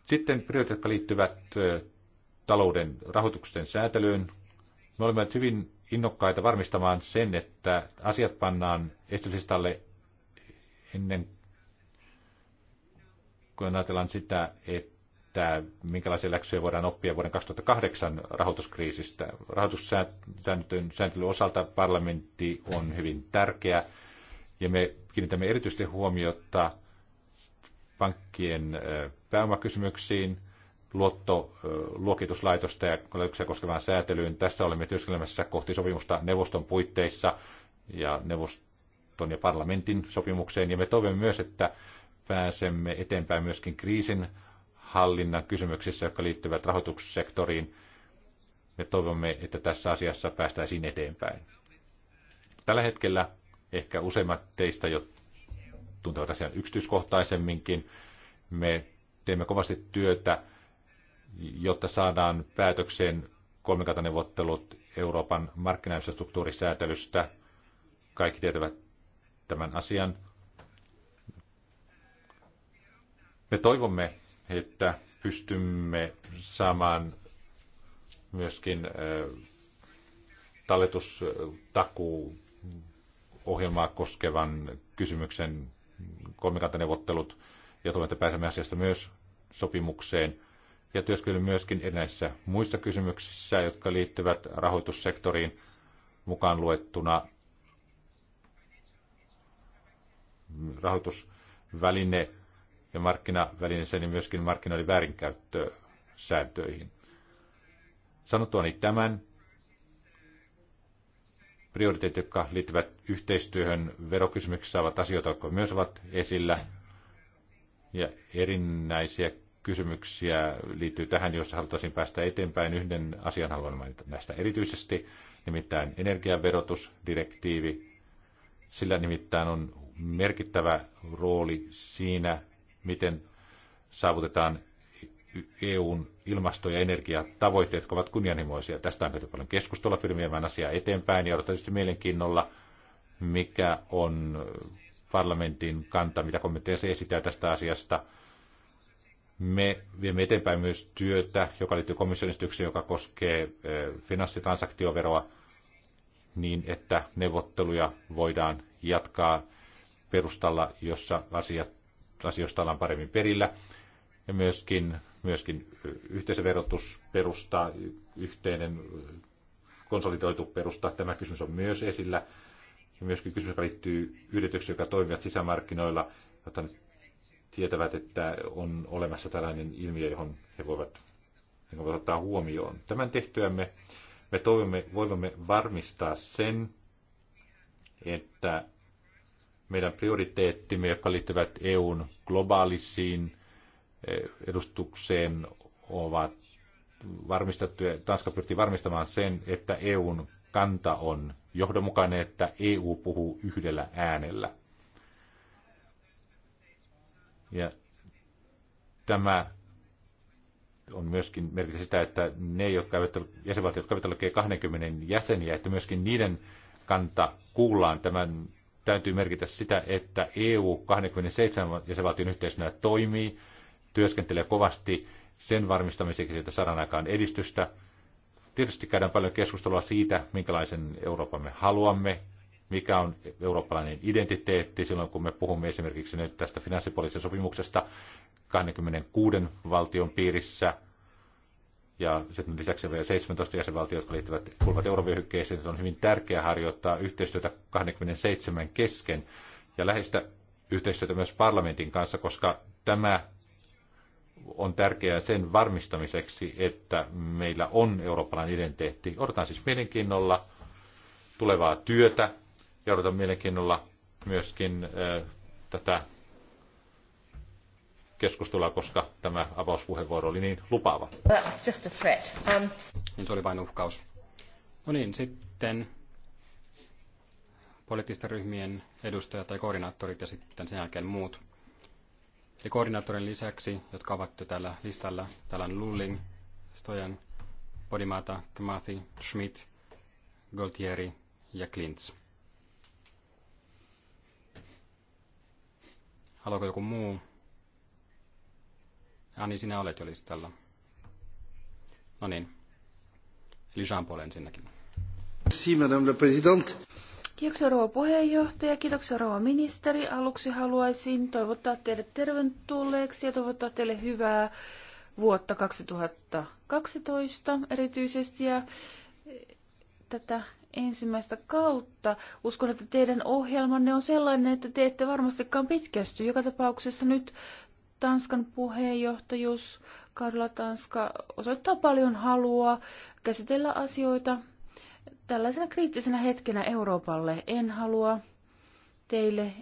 Sitten prioriteetit, jotka liittyvät talouden rahoituksen säätelyyn. Me olemme hyvin innokkaita varmistamaan sen, että asiat pannaan estyslistalle ennen kun ajatellaan sitä, että minkälaisia läksyjä voidaan oppia vuoden 2008 rahoituskriisistä. Rahoitussääntelyn osalta parlamentti on hyvin tärkeä ja me kiinnitämme erityisesti huomiota pankkien pääomakysymyksiin – luottoluokituslaitosta ja koskevaan säätelyyn. Tässä olemme työskentelemässä kohti sopimusta neuvoston puitteissa ja neuvoston ja parlamentin sopimukseen. Ja me toivomme myös, että pääsemme eteenpäin myöskin kriisin hallinnan kysymyksissä, jotka liittyvät rahoitussektoriin. Me toivomme, että tässä asiassa päästäisiin eteenpäin. Tällä hetkellä ehkä useimmat teistä jo tuntevat asian yksityiskohtaisemminkin. Me teemme kovasti työtä jotta saadaan päätökseen kolmikantaneuvottelut Euroopan markkinainfrastruktuurisäätelystä. Kaikki tietävät tämän asian. Me toivomme, että pystymme saamaan myöskin talletustakuu ohjelmaa koskevan kysymyksen kolmikantaneuvottelut ja toivon, että pääsemme asiasta myös sopimukseen ja työskennellyt myöskin erinäisissä muissa kysymyksissä, jotka liittyvät rahoitussektoriin mukaan luettuna rahoitusväline ja markkinavälineeseen niin myöskin markkinoiden väärinkäyttösääntöihin. Sanottuani tämän, prioriteetit, jotka liittyvät yhteistyöhön verokysymyksissä, ovat asioita, jotka myös ovat esillä. Ja erinäisiä kysymyksiä liittyy tähän, jos haluttaisiin päästä eteenpäin. Yhden asian haluan mainita näistä erityisesti, nimittäin energiaverotusdirektiivi. Sillä nimittäin on merkittävä rooli siinä, miten saavutetaan EUn ilmasto- ja energiatavoitteet, jotka ovat kunnianhimoisia. Tästä on käyty paljon keskustella, pyrimme asiaa eteenpäin ja odotan tietysti mielenkiinnolla, mikä on parlamentin kanta, mitä kommentteja se esittää tästä asiasta. Me viemme eteenpäin myös työtä, joka liittyy komission esitykseen, joka koskee finanssitransaktioveroa, niin että neuvotteluja voidaan jatkaa perustalla, jossa asiat, asioista ollaan paremmin perillä. Ja myöskin, myöskin yhteisöverotus perustaa yhteinen konsolidoitu perusta, tämä kysymys on myös esillä. Ja myöskin kysymys, joka liittyy yrityksiin, jotka toimivat sisämarkkinoilla, tietävät, että on olemassa tällainen ilmiö, johon he voivat, he voivat ottaa huomioon. Tämän tehtyämme me toivomme, voimme varmistaa sen, että meidän prioriteettimme, jotka liittyvät EUn globaalisiin eh, edustukseen, ovat varmistettuja. Tanska pyrkii varmistamaan sen, että EUn kanta on johdonmukainen, että EU puhuu yhdellä äänellä. Ja tämä on myöskin merkitys sitä, että ne, jotka eivät ole, jäsenvaltiot, jotka eivät ole 20 jäseniä, että myöskin niiden kanta kuullaan. Tämän täytyy merkitä sitä, että EU 27 jäsenvaltion yhteisönä toimii, työskentelee kovasti sen varmistamiseksi, että saadaan aikaan edistystä. Tietysti käydään paljon keskustelua siitä, minkälaisen Euroopan me haluamme, mikä on eurooppalainen identiteetti silloin, kun me puhumme esimerkiksi nyt tästä finanssipoliittisen sopimuksesta 26 valtion piirissä ja sitten lisäksi vielä 17 jäsenvaltiot, jotka liittyvät, kuuluvat eurovyöhykkeeseen. On hyvin tärkeää harjoittaa yhteistyötä 27 kesken ja läheistä yhteistyötä myös parlamentin kanssa, koska tämä on tärkeää sen varmistamiseksi, että meillä on eurooppalainen identiteetti. Odotan siis mielenkiinnolla tulevaa työtä ja odotan mielenkiinnolla myöskin äh, tätä keskustelua, koska tämä avauspuheenvuoro oli niin lupaava. just a Um... Niin se oli vain uhkaus. No niin, sitten poliittisten ryhmien edustajat tai koordinaattorit ja sitten sen jälkeen muut. Eli koordinaattorin lisäksi, jotka ovat jo tällä listalla, täällä on Lulling, Stojan, Podimata, Kamathi, Schmidt, Goltieri ja Klintz. Haluaako joku muu? Ah niin, sinä olet jo listalla. No niin. Eli Jean-Paul ensinnäkin. Merci, madame la présidente. Kiitoksia rouva puheenjohtaja, kiitoksia rouva ministeri. Aluksi haluaisin toivottaa teille tervetulleeksi ja toivottaa teille hyvää vuotta 2012 erityisesti ja e, tätä ensimmäistä kautta. Uskon, että teidän ohjelmanne on sellainen, että te ette varmastikaan pitkästy. Joka tapauksessa nyt Tanskan puheenjohtajuus kaudella Tanska osoittaa paljon halua käsitellä asioita tällaisena kriittisenä hetkenä Euroopalle. En halua teille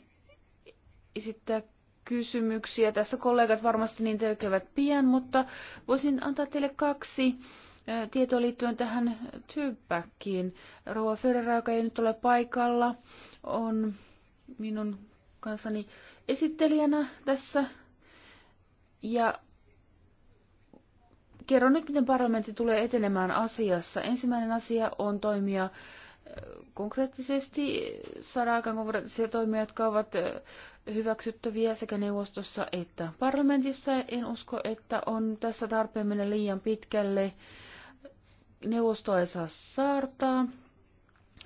esittää kysymyksiä. Tässä kollegat varmasti niin tekevät pian, mutta voisin antaa teille kaksi tietoa liittyen tähän tyyppäkkiin. Rouva Ferrara, joka ei nyt ole paikalla, on minun kanssani esittelijänä tässä. Ja kerron nyt, miten parlamentti tulee etenemään asiassa. Ensimmäinen asia on toimia konkreettisesti, saada aikaan konkreettisia toimia, jotka ovat hyväksyttäviä sekä neuvostossa että parlamentissa. En usko, että on tässä tarpeen mennä liian pitkälle neuvostoa ei saa saartaa.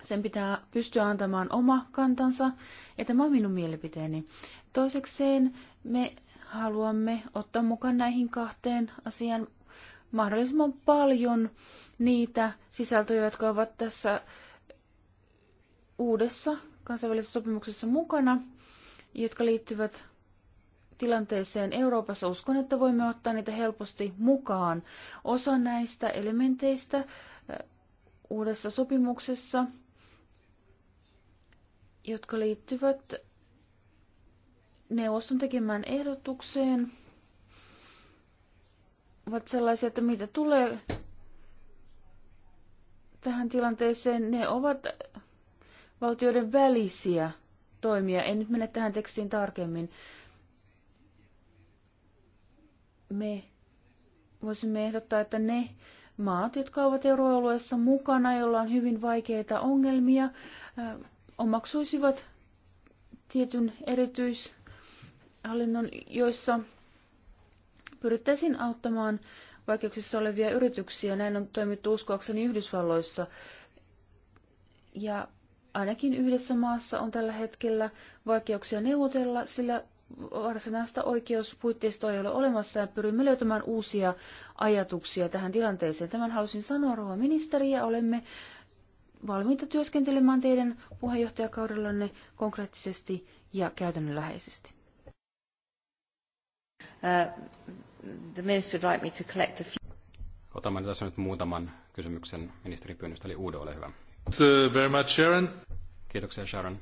Sen pitää pystyä antamaan oma kantansa, ja tämä on minun mielipiteeni. Toisekseen me haluamme ottaa mukaan näihin kahteen asian mahdollisimman paljon niitä sisältöjä, jotka ovat tässä uudessa kansainvälisessä sopimuksessa mukana, jotka liittyvät tilanteeseen Euroopassa. Uskon, että voimme ottaa niitä helposti mukaan. Osa näistä elementeistä eh, uudessa sopimuksessa, jotka liittyvät neuvoston tekemään ehdotukseen, ovat sellaisia, että mitä tulee tähän tilanteeseen, ne ovat valtioiden välisiä toimia. En nyt mene tähän tekstiin tarkemmin me voisimme ehdottaa, että ne maat, jotka ovat euroalueessa mukana, joilla on hyvin vaikeita ongelmia, omaksuisivat tietyn erityishallinnon, joissa pyrittäisiin auttamaan vaikeuksissa olevia yrityksiä. Näin on toimittu uskoakseni Yhdysvalloissa. Ja ainakin yhdessä maassa on tällä hetkellä vaikeuksia neuvotella, sillä varsinaista oikeuspuitteistoa ei ole olemassa ja pyrimme löytämään uusia ajatuksia tähän tilanteeseen. Tämän halusin sanoa, rouva ministeri, ja olemme valmiita työskentelemään teidän puheenjohtajakaudellanne konkreettisesti ja käytännönläheisesti. Uh, Otamme tässä nyt muutaman kysymyksen ministerin pyynnöstä, eli Uudo, ole hyvä. Uh, Kiitoksia, Sharon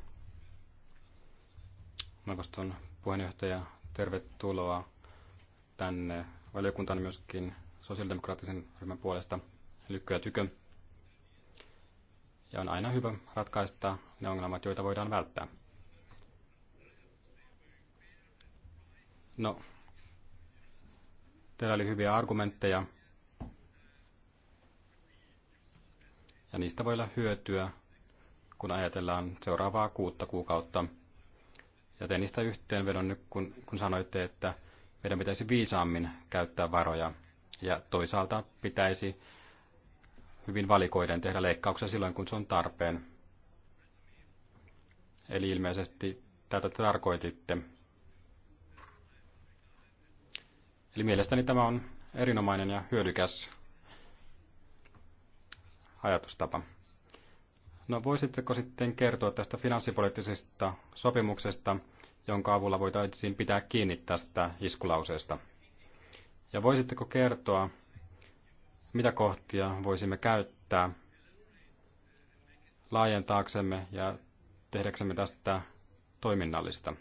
neuvoston puheenjohtaja, tervetuloa tänne valiokuntaan myöskin sosiaalidemokraattisen ryhmän puolesta ja tykö. Ja on aina hyvä ratkaista ne ongelmat, joita voidaan välttää. No, teillä oli hyviä argumentteja. Ja niistä voi olla hyötyä, kun ajatellaan seuraavaa kuutta kuukautta – ja tein niistä yhteenvedon nyt, kun, kun sanoitte, että meidän pitäisi viisaammin käyttää varoja ja toisaalta pitäisi hyvin valikoiden tehdä leikkauksia silloin, kun se on tarpeen. Eli ilmeisesti tätä te tarkoititte. Eli mielestäni tämä on erinomainen ja hyödykäs ajatustapa. No voisitteko sitten kertoa tästä finanssipoliittisesta sopimuksesta, jonka avulla voitaisiin pitää kiinni tästä iskulauseesta? Ja voisitteko kertoa, mitä kohtia voisimme käyttää laajentaaksemme ja tehdäksemme tästä toiminnallista?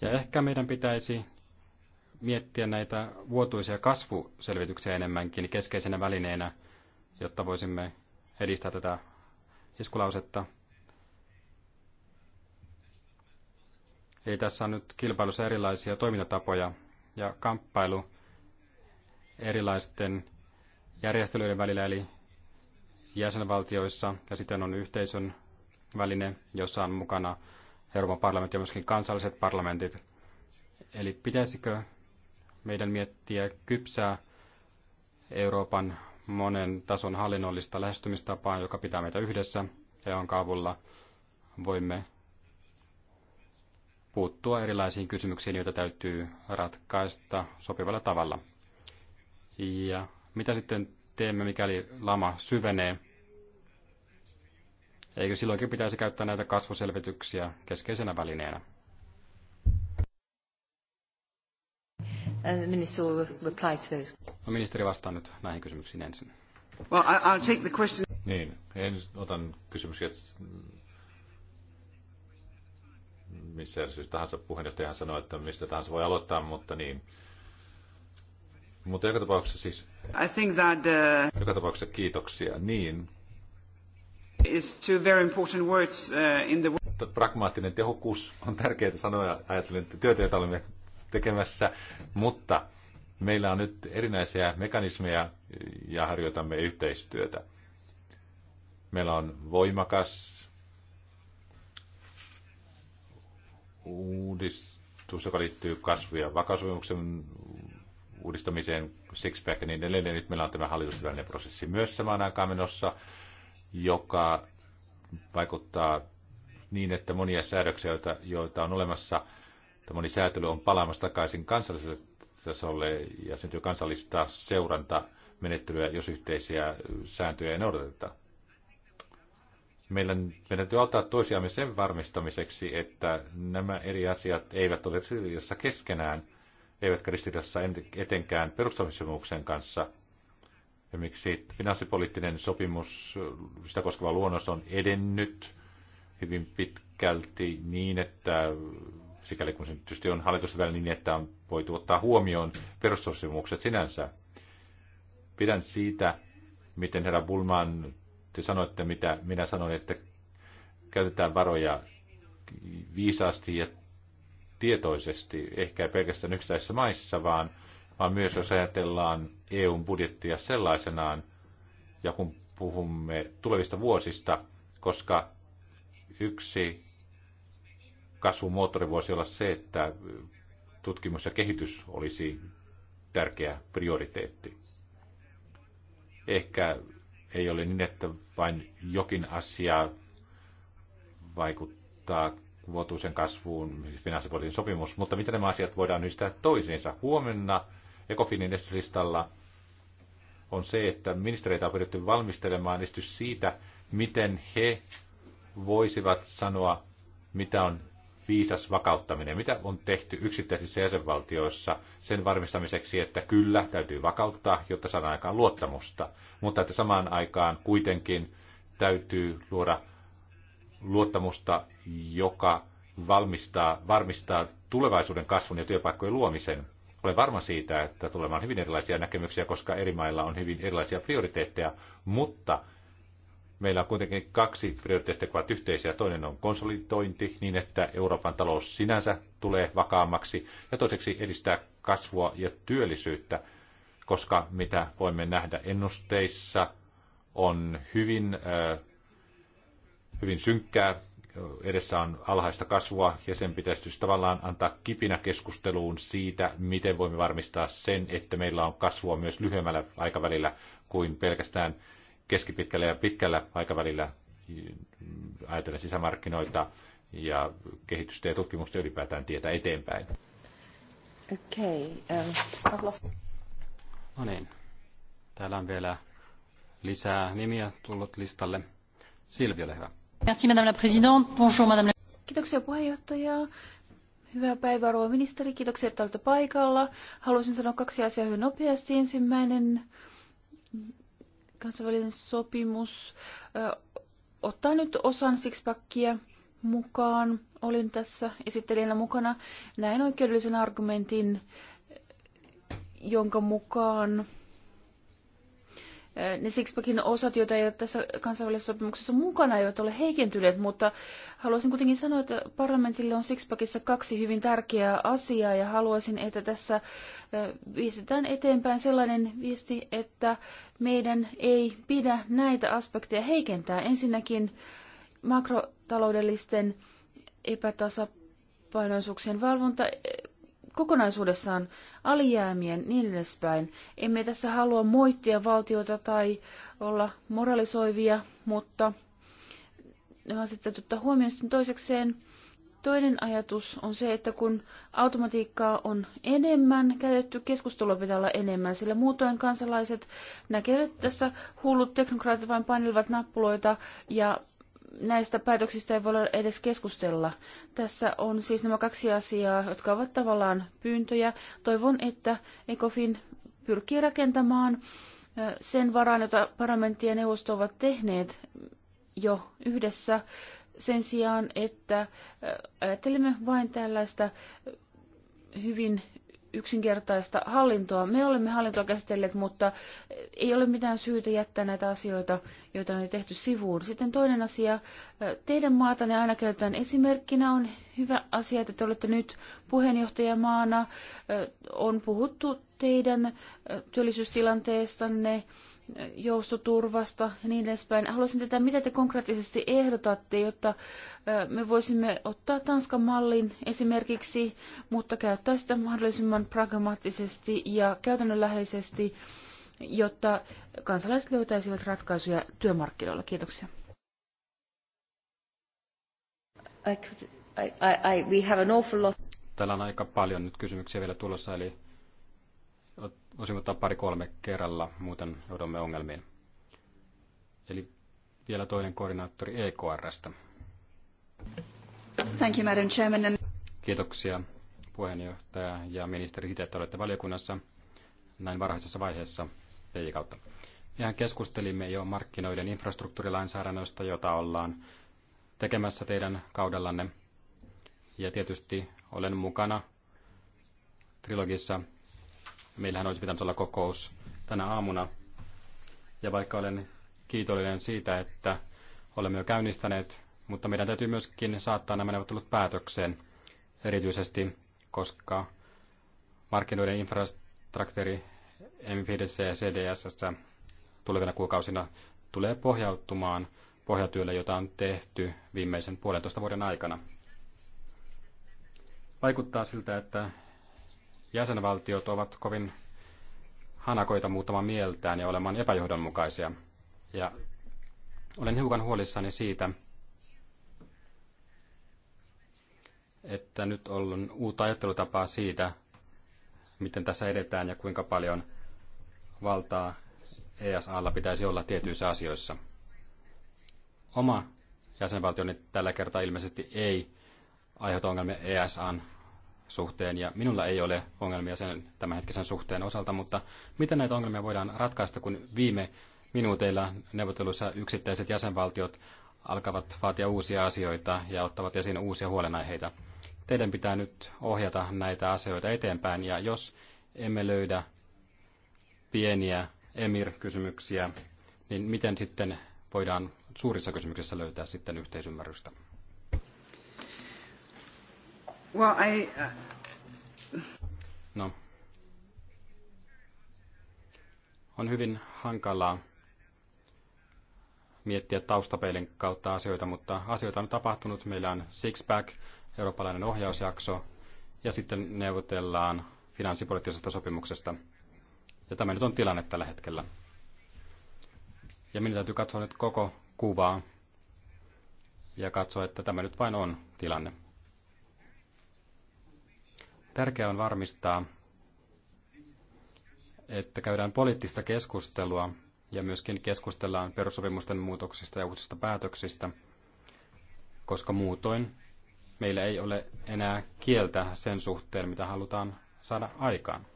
Ja ehkä meidän pitäisi miettiä näitä vuotuisia kasvuselvityksiä enemmänkin keskeisenä välineenä, jotta voisimme edistää tätä iskulausetta. Eli tässä on nyt kilpailussa erilaisia toimintatapoja ja kamppailu erilaisten järjestelyiden välillä, eli jäsenvaltioissa, ja sitten on yhteisön väline, jossa on mukana Euroopan parlamentti ja myöskin kansalliset parlamentit. Eli pitäisikö meidän miettiä kypsää Euroopan monen tason hallinnollista lähestymistapaa, joka pitää meitä yhdessä ja jonka avulla voimme puuttua erilaisiin kysymyksiin, joita täytyy ratkaista sopivalla tavalla. Ja mitä sitten teemme, mikäli lama syvenee? Eikö silloinkin pitäisi käyttää näitä kasvuselvityksiä keskeisenä välineenä? And uh, minister will reply to those. No ministeri vastaa nyt näihin kysymyksiin ensin. Well, I, I'll take the question. Niin, ensin otan kysymyksiä missä järjestys siis tahansa puheenjohtajahan sanoo, että mistä tahansa voi aloittaa, mutta niin. Mutta joka tapauksessa siis... I think that, uh, joka tapauksessa kiitoksia, niin. Is two very important words uh, in the... Pragmaattinen tehokkuus on tärkeää sanoa, ajattelen, että työtä, jota olemme tekemässä, mutta Meillä on nyt erinäisiä mekanismeja ja harjoitamme yhteistyötä. Meillä on voimakas uudistus, joka liittyy kasvu- ja vakaussopimuksen uudistamiseen, six-pack ja niin edelleen. Nyt meillä on tämä hallitusvälinen prosessi myös samaan aikaan menossa, joka vaikuttaa niin, että monia säädöksiä, joita, joita on olemassa, että moni säätely on palaamassa takaisin kansalliselle tasolle ja syntyy kansallista seurantamenettelyä, jos yhteisiä sääntöjä ei noudateta. Meillä, meidän täytyy auttaa toisiamme sen varmistamiseksi, että nämä eri asiat eivät ole ristiriidassa keskenään, eivätkä ristiriidassa etenkään perustamissopimuksen kanssa. Ja miksi finanssipoliittinen sopimus, sitä koskeva luonnos on edennyt hyvin pitkälti niin, että sikäli kun se tietysti on hallitusvälinen niin, että on voitu ottaa huomioon perustussopimukset sinänsä. Pidän siitä, miten herra Bulman, te sanoitte, mitä minä sanoin, että käytetään varoja viisaasti ja tietoisesti, ehkä ei pelkästään yksittäisissä maissa, vaan, vaan myös jos ajatellaan EUn budjettia sellaisenaan, ja kun puhumme tulevista vuosista, koska yksi kasvun moottori voisi olla se, että tutkimus ja kehitys olisi tärkeä prioriteetti. Ehkä ei ole niin, että vain jokin asia vaikuttaa vuotuisen kasvuun, siis finanssipolitiikan sopimus, mutta miten nämä asiat voidaan yhdistää toisiinsa. Huomenna Ecofinin esityslistalla on se, että ministereitä on pyritty valmistelemaan esitys siitä, miten he voisivat sanoa, mitä on viisas vakauttaminen. Mitä on tehty yksittäisissä jäsenvaltioissa sen varmistamiseksi, että kyllä, täytyy vakauttaa, jotta saadaan aikaan luottamusta, mutta että samaan aikaan kuitenkin täytyy luoda luottamusta, joka valmistaa, varmistaa tulevaisuuden kasvun ja työpaikkojen luomisen. Olen varma siitä, että tulemaan hyvin erilaisia näkemyksiä, koska eri mailla on hyvin erilaisia prioriteetteja, mutta – Meillä on kuitenkin kaksi prioriteettia, ovat yhteisiä. Toinen on konsolidointi niin, että Euroopan talous sinänsä tulee vakaammaksi ja toiseksi edistää kasvua ja työllisyyttä, koska mitä voimme nähdä ennusteissa on hyvin, äh, hyvin synkkää. Edessä on alhaista kasvua ja sen pitäisi tavallaan antaa kipinä keskusteluun siitä, miten voimme varmistaa sen, että meillä on kasvua myös lyhyemmällä aikavälillä kuin pelkästään keskipitkällä ja pitkällä aikavälillä ajatella sisämarkkinoita ja kehitystä ja tutkimusta ylipäätään tietää eteenpäin. Okei. Okay. Um, ähm, no niin. Täällä on vielä lisää nimiä tullut listalle. Silvi, ole hyvä. Merci, madame la présidente. Bonjour, madame la... Kiitoksia puheenjohtaja. Hyvää päivää, arvoa ministeri. Kiitoksia, että olette paikalla. Haluaisin sanoa kaksi asiaa hyvin nopeasti. Ensimmäinen kansainvälinen sopimus ottaa nyt osan sixpackia mukaan. Olin tässä esittelijänä mukana näin oikeudellisen argumentin, jonka mukaan ne Sixpackin osat, joita ei ole tässä kansainvälisessä sopimuksessa mukana, eivät ole heikentyneet, mutta haluaisin kuitenkin sanoa, että parlamentille on Sixpackissa kaksi hyvin tärkeää asiaa ja haluaisin, että tässä viestitään eteenpäin sellainen viesti, että meidän ei pidä näitä aspekteja heikentää. Ensinnäkin makrotaloudellisten epätasapainoisuuksien valvonta kokonaisuudessaan alijäämien niin edespäin. Emme tässä halua moittia valtiota tai olla moralisoivia, mutta ne on sitten ottaa huomioon sitten toisekseen. Toinen ajatus on se, että kun automatiikkaa on enemmän käytetty, keskustelua pitää olla enemmän, sillä muutoin kansalaiset näkevät tässä hullut teknokraatit vain painelevat nappuloita ja näistä päätöksistä ei voi edes keskustella. Tässä on siis nämä kaksi asiaa, jotka ovat tavallaan pyyntöjä. Toivon, että ECOFIN pyrkii rakentamaan sen varaan, jota parlamentti ja neuvosto ovat tehneet jo yhdessä, sen sijaan, että ajattelemme vain tällaista hyvin yksinkertaista hallintoa. Me olemme hallintoa käsitelleet, mutta ei ole mitään syytä jättää näitä asioita, joita on jo tehty sivuun. Sitten toinen asia. Teidän maatanne aina käytetään esimerkkinä. On hyvä asia, että te olette nyt puheenjohtajamaana. On puhuttu teidän työllisyystilanteestanne joustoturvasta ja niin edespäin. Haluaisin tietää, mitä te konkreettisesti ehdotatte, jotta me voisimme ottaa Tanskan mallin esimerkiksi, mutta käyttää sitä mahdollisimman pragmaattisesti ja käytännönläheisesti, jotta kansalaiset löytäisivät ratkaisuja työmarkkinoilla. Kiitoksia. I could, I, I, Täällä on aika paljon nyt kysymyksiä vielä tulossa, eli voisimme ottaa pari-kolme kerralla, muuten joudumme ongelmiin. Eli vielä toinen koordinaattori EKRstä. Thank you, Madam Chairman. Kiitoksia puheenjohtaja ja ministeri siitä, että olette valiokunnassa näin varhaisessa vaiheessa ei kautta. Mehän keskustelimme jo markkinoiden infrastruktuurilainsäädännöstä, jota ollaan tekemässä teidän kaudellanne. Ja tietysti olen mukana trilogissa Meillähän olisi pitänyt olla kokous tänä aamuna. Ja vaikka olen kiitollinen siitä, että olemme jo käynnistäneet, mutta meidän täytyy myöskin saattaa nämä neuvottelut päätökseen, erityisesti koska markkinoiden infrastruktuuri m ja CDS tulevina kuukausina tulee pohjautumaan pohjatyölle, jota on tehty viimeisen puolentoista vuoden aikana. Vaikuttaa siltä, että jäsenvaltiot ovat kovin hanakoita muuttamaan mieltään ja olemaan epäjohdonmukaisia. Ja olen hiukan huolissani siitä, että nyt on uutta ajattelutapaa siitä, miten tässä edetään ja kuinka paljon valtaa ESAlla pitäisi olla tietyissä asioissa. Oma jäsenvaltioni tällä kertaa ilmeisesti ei aiheuta ongelmia ESAn suhteen, ja minulla ei ole ongelmia sen tämänhetkisen suhteen osalta, mutta miten näitä ongelmia voidaan ratkaista, kun viime minuuteilla neuvotteluissa yksittäiset jäsenvaltiot alkavat vaatia uusia asioita ja ottavat esiin uusia huolenaiheita. Teidän pitää nyt ohjata näitä asioita eteenpäin, ja jos emme löydä pieniä emir-kysymyksiä, niin miten sitten voidaan suurissa kysymyksissä löytää sitten yhteisymmärrystä? Well, I, uh... No. On hyvin hankalaa miettiä taustapeilin kautta asioita, mutta asioita on tapahtunut. Meillä on Sixpack, eurooppalainen ohjausjakso, ja sitten neuvotellaan finanssipoliittisesta sopimuksesta. Ja tämä nyt on tilanne tällä hetkellä. Ja minun täytyy katsoa nyt koko kuvaa ja katsoa, että tämä nyt vain on tilanne. Tärkeää on varmistaa, että käydään poliittista keskustelua ja myöskin keskustellaan perussopimusten muutoksista ja uusista päätöksistä, koska muutoin meillä ei ole enää kieltä sen suhteen, mitä halutaan saada aikaan.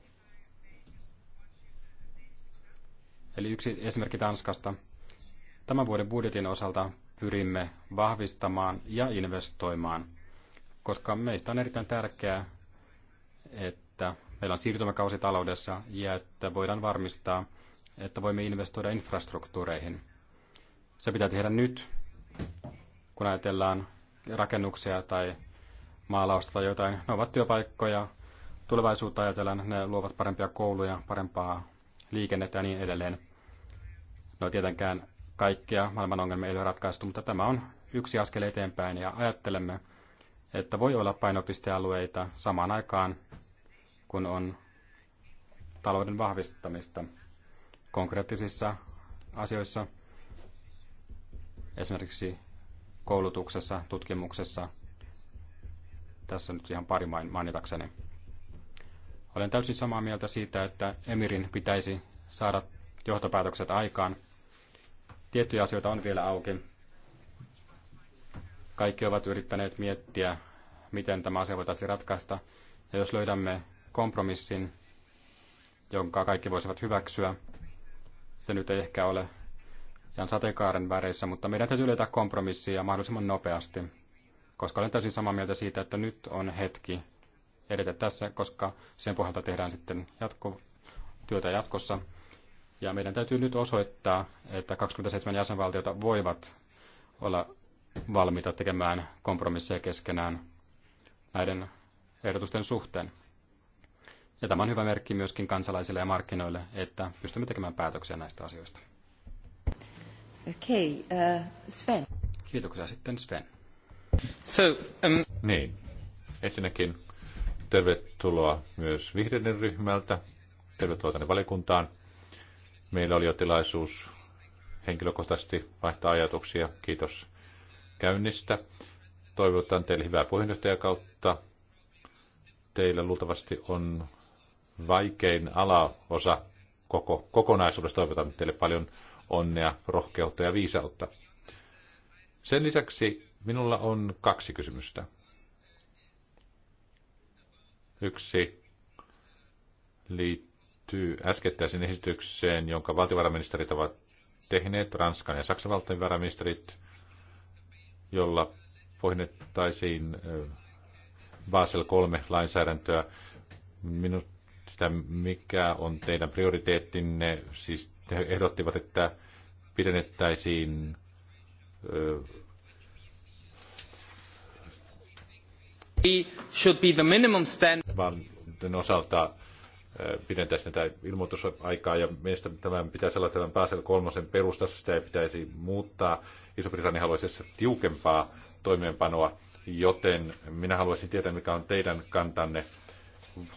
Eli yksi esimerkki Tanskasta. Tämän vuoden budjetin osalta pyrimme vahvistamaan ja investoimaan, koska meistä on erittäin tärkeää, että meillä on siirtymäkausi taloudessa ja että voidaan varmistaa, että voimme investoida infrastruktuureihin. Se pitää tehdä nyt, kun ajatellaan rakennuksia tai maalausta tai jotain. Ne ovat työpaikkoja, tulevaisuutta ajatellaan, ne luovat parempia kouluja, parempaa liikennettä ja niin edelleen. No tietenkään kaikkia maailman ongelmia ei ole ratkaistu, mutta tämä on yksi askel eteenpäin ja ajattelemme, että voi olla painopistealueita samaan aikaan, kun on talouden vahvistamista konkreettisissa asioissa, esimerkiksi koulutuksessa, tutkimuksessa. Tässä nyt ihan pari mainitakseni. Olen täysin samaa mieltä siitä, että Emirin pitäisi saada johtopäätökset aikaan. Tiettyjä asioita on vielä auki, kaikki ovat yrittäneet miettiä, miten tämä asia voitaisiin ratkaista. Ja jos löydämme kompromissin, jonka kaikki voisivat hyväksyä, se nyt ei ehkä ole ihan sateenkaaren väreissä, mutta meidän täytyy löytää kompromissia mahdollisimman nopeasti, koska olen täysin samaa mieltä siitä, että nyt on hetki edetä tässä, koska sen pohjalta tehdään sitten jatko, työtä jatkossa. Ja meidän täytyy nyt osoittaa, että 27 jäsenvaltiota voivat olla valmiita tekemään kompromisseja keskenään näiden ehdotusten suhteen. Ja tämä on hyvä merkki myöskin kansalaisille ja markkinoille, että pystymme tekemään päätöksiä näistä asioista. Okei, okay, uh, äh, Sven. Kiitoksia sitten Sven. So, um... Niin, ensinnäkin tervetuloa myös vihreiden ryhmältä. Tervetuloa tänne valiokuntaan. Meillä oli jo tilaisuus henkilökohtaisesti vaihtaa ajatuksia. Kiitos käynnistä. Toivotan teille hyvää puheenjohtajakautta. Teillä luultavasti on vaikein alaosa koko kokonaisuudessa. Toivotan teille paljon onnea, rohkeutta ja viisautta. Sen lisäksi minulla on kaksi kysymystä. Yksi liittyy äskettäisiin esitykseen, jonka valtiovarainministerit ovat tehneet, Ranskan ja Saksan valtiovarainministerit, jolla pohjennettaisiin Basel 3-lainsäädäntöä. Minusta mikä on teidän prioriteettinne? Siis he ehdottivat, että pidennettäisiin should be the minimum standard. osalta pidentää sitä ilmoitusaikaa, ja mielestäni tämän pitäisi olla tämän pääsel kolmosen perustassa, sitä ei pitäisi muuttaa. Iso-Britannia haluaisi tiukempaa toimeenpanoa, joten minä haluaisin tietää, mikä on teidän kantanne.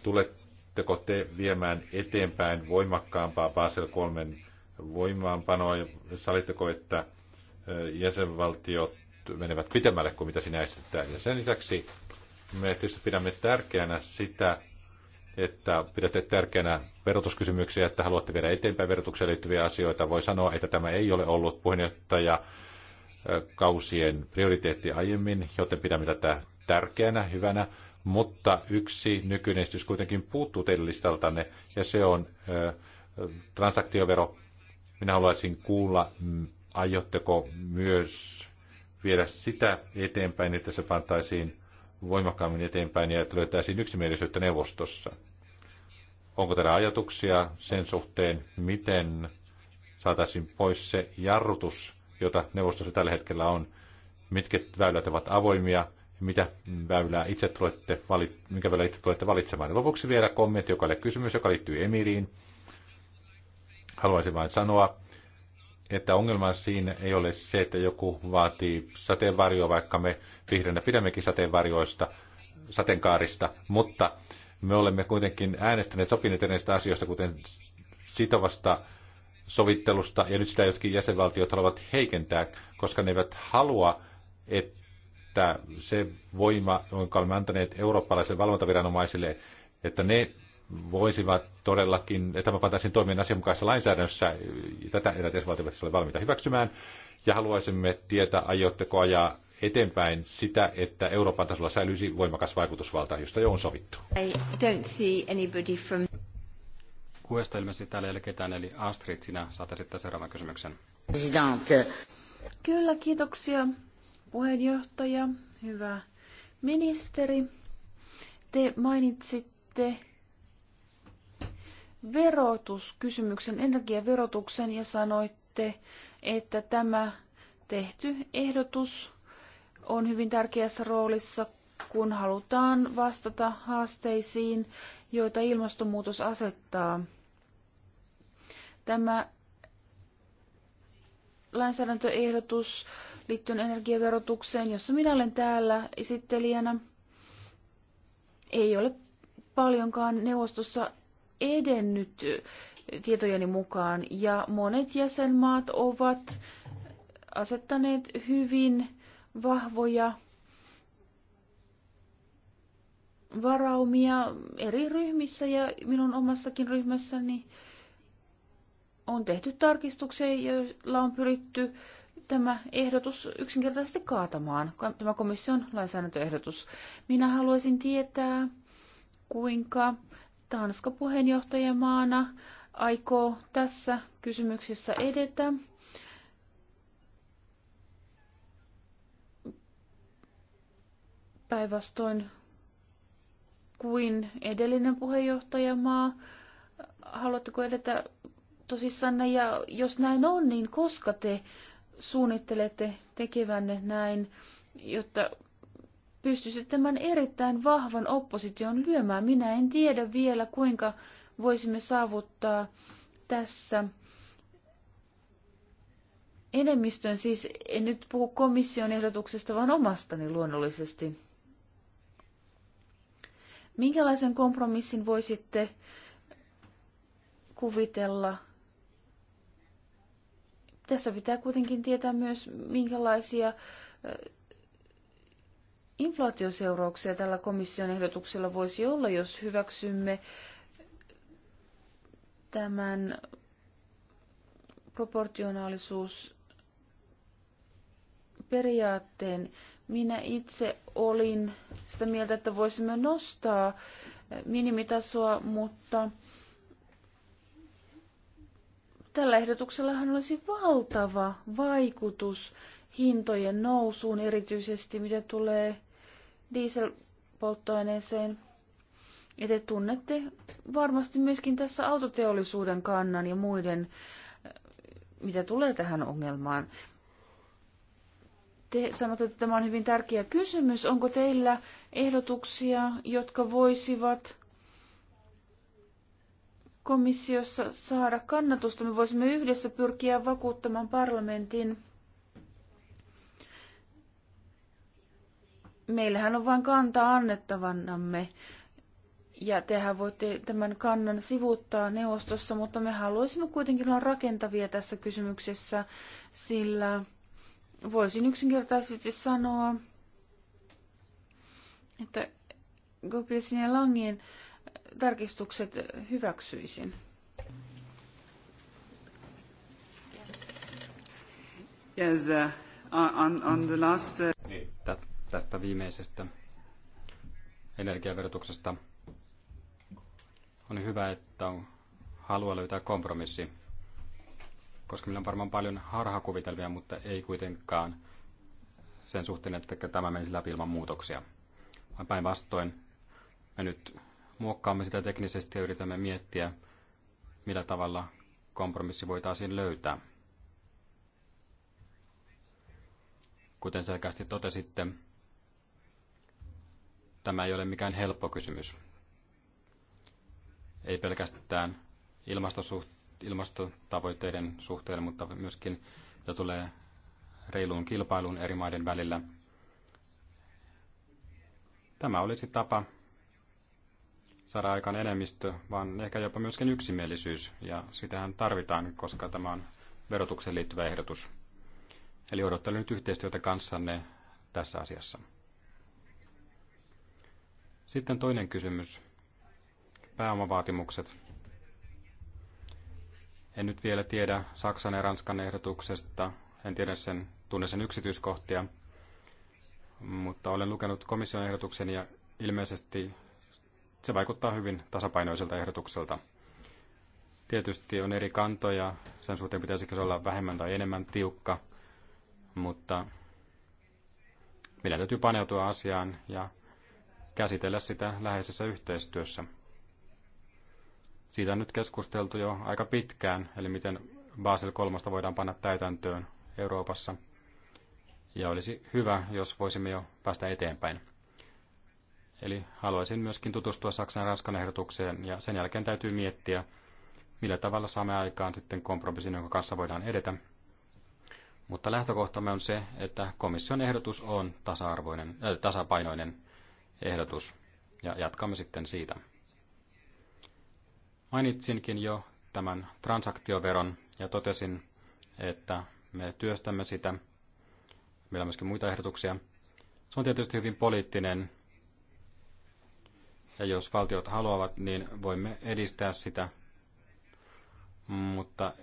Tuletteko te viemään eteenpäin voimakkaampaa Basel kolmen voimaanpanoa, ja salitteko, että jäsenvaltiot menevät pitemmälle kuin mitä sinä esitetään. Ja sen lisäksi me tietysti pidämme tärkeänä sitä, että pidätte tärkeänä verotuskysymyksiä, että haluatte viedä eteenpäin verotukseen liittyviä asioita. Voi sanoa, että tämä ei ole ollut puheenjohtaja kausien prioriteetti aiemmin, joten pidämme tätä tärkeänä, hyvänä. Mutta yksi nykyinen esitys kuitenkin puuttuu teidän listaltanne, ja se on transaktiovero. Minä haluaisin kuulla, aiotteko myös viedä sitä eteenpäin, että se pantaisiin voimakkaammin eteenpäin ja että löytäisiin yksimielisyyttä neuvostossa. Onko teillä ajatuksia sen suhteen, miten saataisiin pois se jarrutus, jota neuvostossa tällä hetkellä on, mitkä väylät ovat avoimia, mitä väylää itse tulette vali- minkä väylä itse tulette valitsemaan. Ja lopuksi vielä kommentti, joka oli kysymys, joka liittyy Emiriin. Haluaisin vain sanoa, että ongelma siinä ei ole se, että joku vaatii sateenvarjoa, vaikka me vihreänä pidämmekin sateenvarjoista, sateenkaarista, mutta me olemme kuitenkin äänestäneet sopineet näistä asioista, kuten sitovasta sovittelusta, ja nyt sitä jotkin jäsenvaltiot haluavat heikentää, koska ne eivät halua, että se voima, jonka olemme antaneet eurooppalaisille valvontaviranomaisille, että ne voisivat todellakin, että tämä pantaisiin toimien asianmukaisessa lainsäädännössä, tätä eräät jäsenvaltiot ole valmiita hyväksymään, ja haluaisimme tietää, aiotteko ajaa eteenpäin sitä, että Euroopan tasolla säilyisi voimakas vaikutusvalta, josta jo on sovittu. I don't see anybody from... Kuesta ilmeisesti täällä ei ole ketään, eli Astrid, sinä saat esittää seuraavan kysymyksen. Presidente. Kyllä, kiitoksia puheenjohtaja, hyvä ministeri. Te mainitsitte verotuskysymyksen, energiaverotuksen ja sanoitte, että tämä tehty ehdotus on hyvin tärkeässä roolissa, kun halutaan vastata haasteisiin, joita ilmastonmuutos asettaa. Tämä lainsäädäntöehdotus liittyen energiaverotukseen, jossa minä olen täällä esittelijänä, ei ole paljonkaan neuvostossa edennyt tietojeni mukaan ja monet jäsenmaat ovat asettaneet hyvin vahvoja varaumia eri ryhmissä ja minun omassakin ryhmässäni on tehty tarkistuksia, joilla on pyritty tämä ehdotus yksinkertaisesti kaatamaan, tämä komission lainsäädäntöehdotus. Minä haluaisin tietää, kuinka Tanska puheenjohtajamaana aikoo tässä kysymyksessä edetä. Päinvastoin kuin edellinen puheenjohtajamaa. Haluatteko edetä tosissanne ja jos näin on, niin koska te suunnittelette tekevänne näin, jotta pystyisi tämän erittäin vahvan opposition lyömään. Minä en tiedä vielä, kuinka voisimme saavuttaa tässä enemmistön, siis en nyt puhu komission ehdotuksesta, vaan omastani luonnollisesti. Minkälaisen kompromissin voisitte kuvitella? Tässä pitää kuitenkin tietää myös, minkälaisia inflaatioseurauksia tällä komission ehdotuksella voisi olla, jos hyväksymme tämän proportionaalisuusperiaatteen. Minä itse olin sitä mieltä, että voisimme nostaa minimitasoa, mutta tällä ehdotuksellahan olisi valtava vaikutus hintojen nousuun, erityisesti mitä tulee dieselpolttoaineeseen. Ja te tunnette varmasti myöskin tässä autoteollisuuden kannan ja muiden, äh, mitä tulee tähän ongelmaan. Te sanotte, että tämä on hyvin tärkeä kysymys. Onko teillä ehdotuksia, jotka voisivat komissiossa saada kannatusta? Me voisimme yhdessä pyrkiä vakuuttamaan parlamentin meillähän on vain kanta annettavannamme. Ja tehän voitte tämän kannan sivuuttaa neuvostossa, mutta me haluaisimme kuitenkin olla rakentavia tässä kysymyksessä, sillä voisin yksinkertaisesti sanoa, että Goblesin ja Langien tarkistukset hyväksyisin. Yes, uh, on, on the last... Uh... Niin, tästä viimeisestä energiaverotuksesta. On hyvä, että on halua löytää kompromissi, koska meillä on varmaan paljon harhakuvitelmia, mutta ei kuitenkaan sen suhteen, että tämä menisi läpi ilman muutoksia. päinvastoin me nyt muokkaamme sitä teknisesti ja yritämme miettiä, millä tavalla kompromissi voitaisiin löytää. Kuten selkeästi totesitte, Tämä ei ole mikään helppo kysymys. Ei pelkästään ilmastosuht- ilmastotavoitteiden suhteen, mutta myöskin mitä tulee reiluun kilpailuun eri maiden välillä. Tämä olisi tapa saada aikaan enemmistö, vaan ehkä jopa myöskin yksimielisyys, ja sitähän tarvitaan, koska tämä on verotukseen liittyvä ehdotus. Eli odottelen nyt yhteistyötä kanssanne tässä asiassa. Sitten toinen kysymys. Pääomavaatimukset. En nyt vielä tiedä Saksan ja Ranskan ehdotuksesta. En tiedä sen, tunne sen yksityiskohtia. Mutta olen lukenut komission ehdotuksen ja ilmeisesti se vaikuttaa hyvin tasapainoiselta ehdotukselta. Tietysti on eri kantoja, sen suhteen pitäisikö se olla vähemmän tai enemmän tiukka, mutta meidän täytyy paneutua asiaan ja käsitellä sitä läheisessä yhteistyössä. Siitä on nyt keskusteltu jo aika pitkään, eli miten Basel 3 voidaan panna täytäntöön Euroopassa. Ja olisi hyvä, jos voisimme jo päästä eteenpäin. Eli haluaisin myöskin tutustua Saksan Ranskan ehdotukseen ja sen jälkeen täytyy miettiä, millä tavalla saamme aikaan sitten kompromissin, jonka kanssa voidaan edetä. Mutta lähtökohtamme on se, että komission ehdotus on tasa-arvoinen, äh, tasapainoinen ehdotus ja jatkamme sitten siitä. Mainitsinkin jo tämän transaktioveron ja totesin, että me työstämme sitä. Meillä on myöskin muita ehdotuksia. Se on tietysti hyvin poliittinen ja jos valtiot haluavat, niin voimme edistää sitä, mutta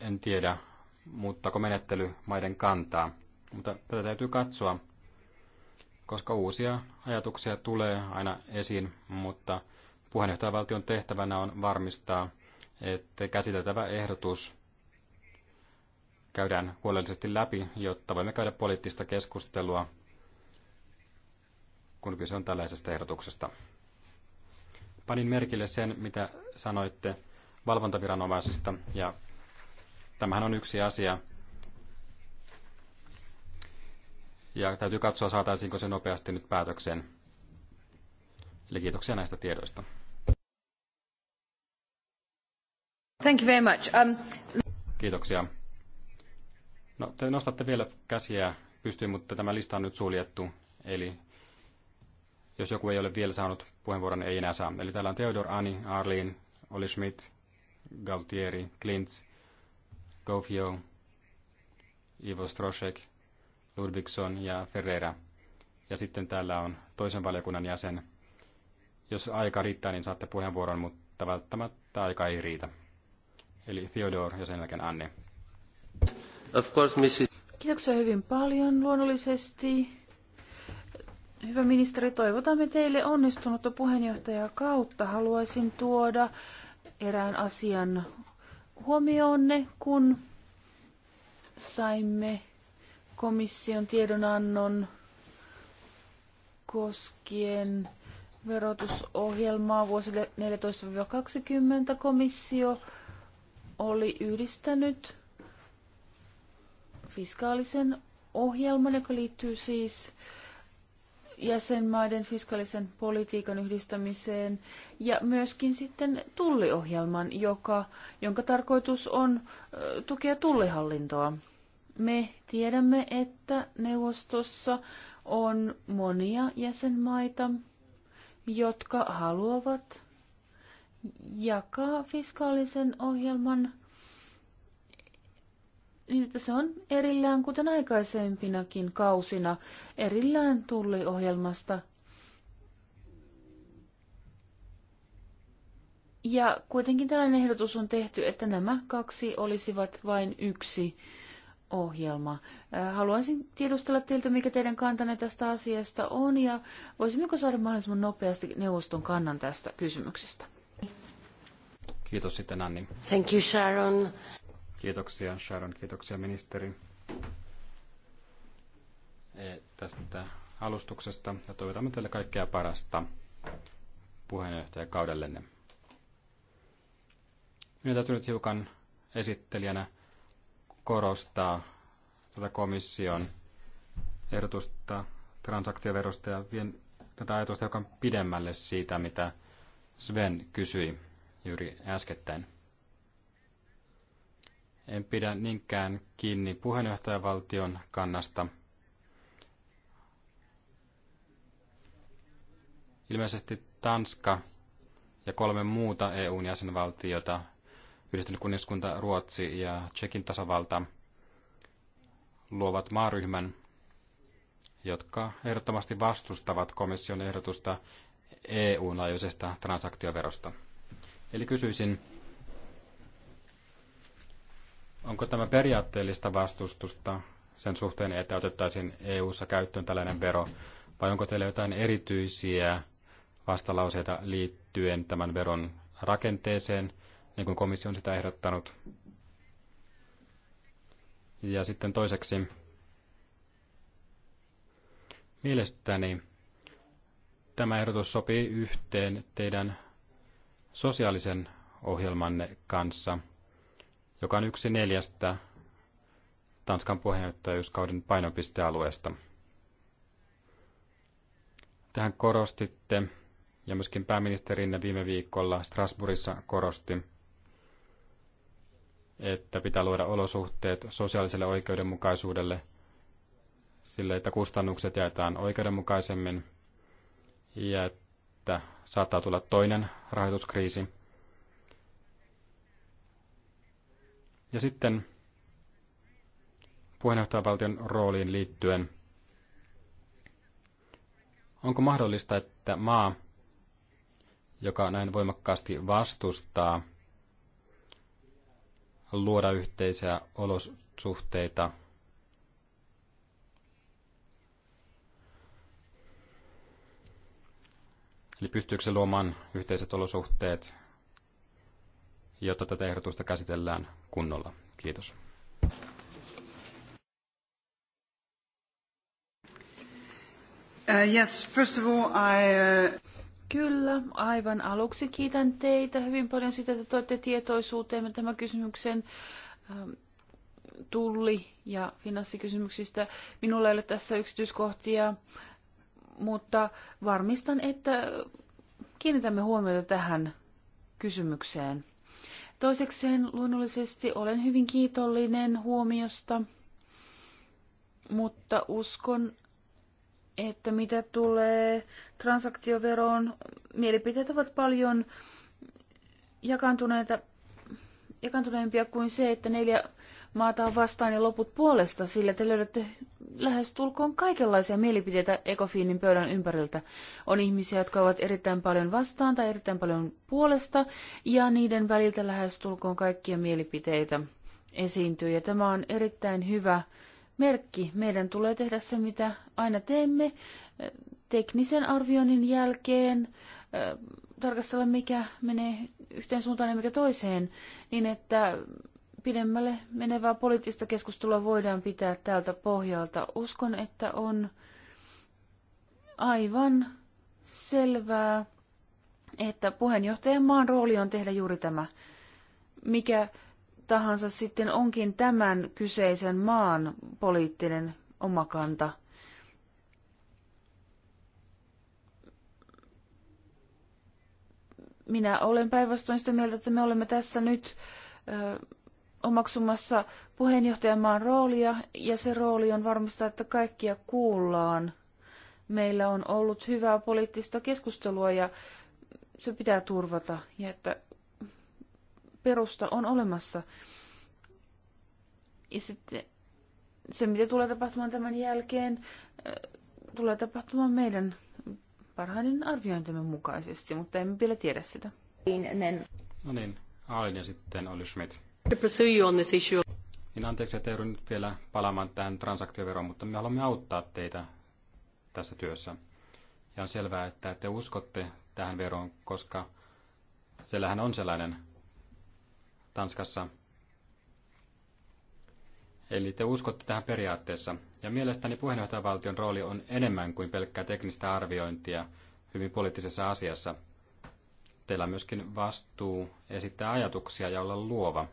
en tiedä, muuttako menettely maiden kantaa. Mutta tätä täytyy katsoa koska uusia ajatuksia tulee aina esiin, mutta puheenjohtajavaltion tehtävänä on varmistaa, että käsiteltävä ehdotus käydään huolellisesti läpi, jotta voimme käydä poliittista keskustelua, kun kyse on tällaisesta ehdotuksesta. Panin merkille sen, mitä sanoitte valvontaviranomaisista, ja tämähän on yksi asia, ja täytyy katsoa, saataisiinko se nopeasti nyt päätökseen. Eli kiitoksia näistä tiedoista. Thank you very much. Um... Kiitoksia. No, te nostatte vielä käsiä pystyyn, mutta tämä lista on nyt suljettu. Eli jos joku ei ole vielä saanut puheenvuoron, ei enää saa. Eli täällä on Theodor Ani, Arlin, Oli Schmidt, Galtieri, Klintz, Gofio, Ivo Stroshek, Ludvigsson ja Ferreira. Ja sitten täällä on toisen valiokunnan jäsen. Jos aika riittää, niin saatte puheenvuoron, mutta välttämättä aika ei riitä. Eli Theodor ja sen jälkeen Anne. Of course, Mrs. Kiitoksia hyvin paljon luonnollisesti. Hyvä ministeri, toivotamme teille onnistunutta puheenjohtajaa kautta. Haluaisin tuoda erään asian huomioonne, kun saimme komission tiedonannon koskien verotusohjelmaa vuosille 14-20 komissio oli yhdistänyt fiskaalisen ohjelman, joka liittyy siis jäsenmaiden fiskaalisen politiikan yhdistämiseen ja myöskin sitten tulliohjelman, joka, jonka tarkoitus on tukea tullihallintoa. Me tiedämme, että neuvostossa on monia jäsenmaita, jotka haluavat jakaa fiskaalisen ohjelman niin, että se on erillään, kuten aikaisempinakin kausina, erillään tulliohjelmasta. Ja kuitenkin tällainen ehdotus on tehty, että nämä kaksi olisivat vain yksi ohjelma. Äh, haluaisin tiedustella teiltä, mikä teidän kantanne tästä asiasta on, ja voisimmeko saada mahdollisimman nopeasti neuvoston kannan tästä kysymyksestä? Kiitos sitten Anni. Thank you Sharon. Kiitoksia Sharon, kiitoksia ministeri e, tästä alustuksesta ja toivotamme teille kaikkea parasta puheenjohtajakaudellenne. Minä täytyy nyt hiukan esittelijänä korostaa tätä komission ehdotusta transaktioverosta ja vien tätä ajatusta on pidemmälle siitä, mitä Sven kysyi juuri äskettäin. En pidä niinkään kiinni puheenjohtajavaltion kannasta. Ilmeisesti Tanska ja kolme muuta EUn jäsenvaltiota Yhdistynyt kuningaskunta, Ruotsi ja Tsekin tasavalta luovat maaryhmän, jotka ehdottomasti vastustavat komission ehdotusta EU-laajuisesta transaktioverosta. Eli kysyisin, onko tämä periaatteellista vastustusta sen suhteen, että otettaisiin EU-ssa käyttöön tällainen vero, vai onko teillä jotain erityisiä vastalauseita liittyen tämän veron rakenteeseen – niin kuin komissio on sitä ehdottanut. Ja sitten toiseksi, mielestäni tämä ehdotus sopii yhteen teidän sosiaalisen ohjelmanne kanssa, joka on yksi neljästä Tanskan puheenjohtajuuskauden painopistealueesta. Tähän korostitte, ja myöskin pääministerinne viime viikolla Strasbourgissa korosti, että pitää luoda olosuhteet sosiaaliselle oikeudenmukaisuudelle sille, että kustannukset jaetaan oikeudenmukaisemmin ja että saattaa tulla toinen rahoituskriisi. Ja sitten puheenjohtajavaltion rooliin liittyen. Onko mahdollista, että maa, joka näin voimakkaasti vastustaa – luoda yhteisiä olosuhteita. Eli pystyykö se luomaan yhteiset olosuhteet, jotta tätä ehdotusta käsitellään kunnolla? Kiitos. Uh, yes, first of all, I, uh... Kyllä, aivan aluksi kiitän teitä hyvin paljon sitä, että toitte tietoisuuteen tämä kysymyksen ähm, tulli- ja finanssikysymyksistä. Minulla ei ole tässä yksityiskohtia, mutta varmistan, että kiinnitämme huomiota tähän kysymykseen. Toisekseen luonnollisesti olen hyvin kiitollinen huomiosta, mutta uskon, että mitä tulee transaktioveroon, mielipiteet ovat paljon jakantuneita, jakantuneempia kuin se, että neljä maata on vastaan ja loput puolesta, sillä te löydätte lähestulkoon kaikenlaisia mielipiteitä Ekofiinin pöydän ympäriltä. On ihmisiä, jotka ovat erittäin paljon vastaan tai erittäin paljon puolesta, ja niiden väliltä lähestulkoon kaikkia mielipiteitä esiintyy. Ja tämä on erittäin hyvä merkki. Meidän tulee tehdä se, mitä aina teemme eh, teknisen arvioinnin jälkeen, eh, tarkastella mikä menee yhteen suuntaan ja mikä toiseen, niin että pidemmälle menevää poliittista keskustelua voidaan pitää tältä pohjalta. Uskon, että on aivan selvää, että puheenjohtajan maan rooli on tehdä juuri tämä, mikä tahansa sitten onkin tämän kyseisen maan poliittinen omakanta. Minä olen päinvastoin sitä mieltä, että me olemme tässä nyt ö, omaksumassa puheenjohtajamaan roolia, ja se rooli on varmistaa, että kaikkia kuullaan. Meillä on ollut hyvää poliittista keskustelua, ja se pitää turvata, ja että perusta on olemassa. Ja sitten se, mitä tulee tapahtumaan tämän jälkeen, äh, tulee tapahtumaan meidän parhaiden arviointimme mukaisesti, mutta emme vielä tiedä sitä. No niin, Aalin ja sitten oli Schmidt. Niin anteeksi, että joudun nyt vielä palaamaan tähän transaktioveroon, mutta me haluamme auttaa teitä tässä työssä. Ja on selvää, että te uskotte tähän veroon, koska siellähän on sellainen Tanskassa. Eli te uskotte tähän periaatteessa. Ja mielestäni puheenjohtajavaltion rooli on enemmän kuin pelkkää teknistä arviointia hyvin poliittisessa asiassa. Teillä on myöskin vastuu esittää ajatuksia ja olla luova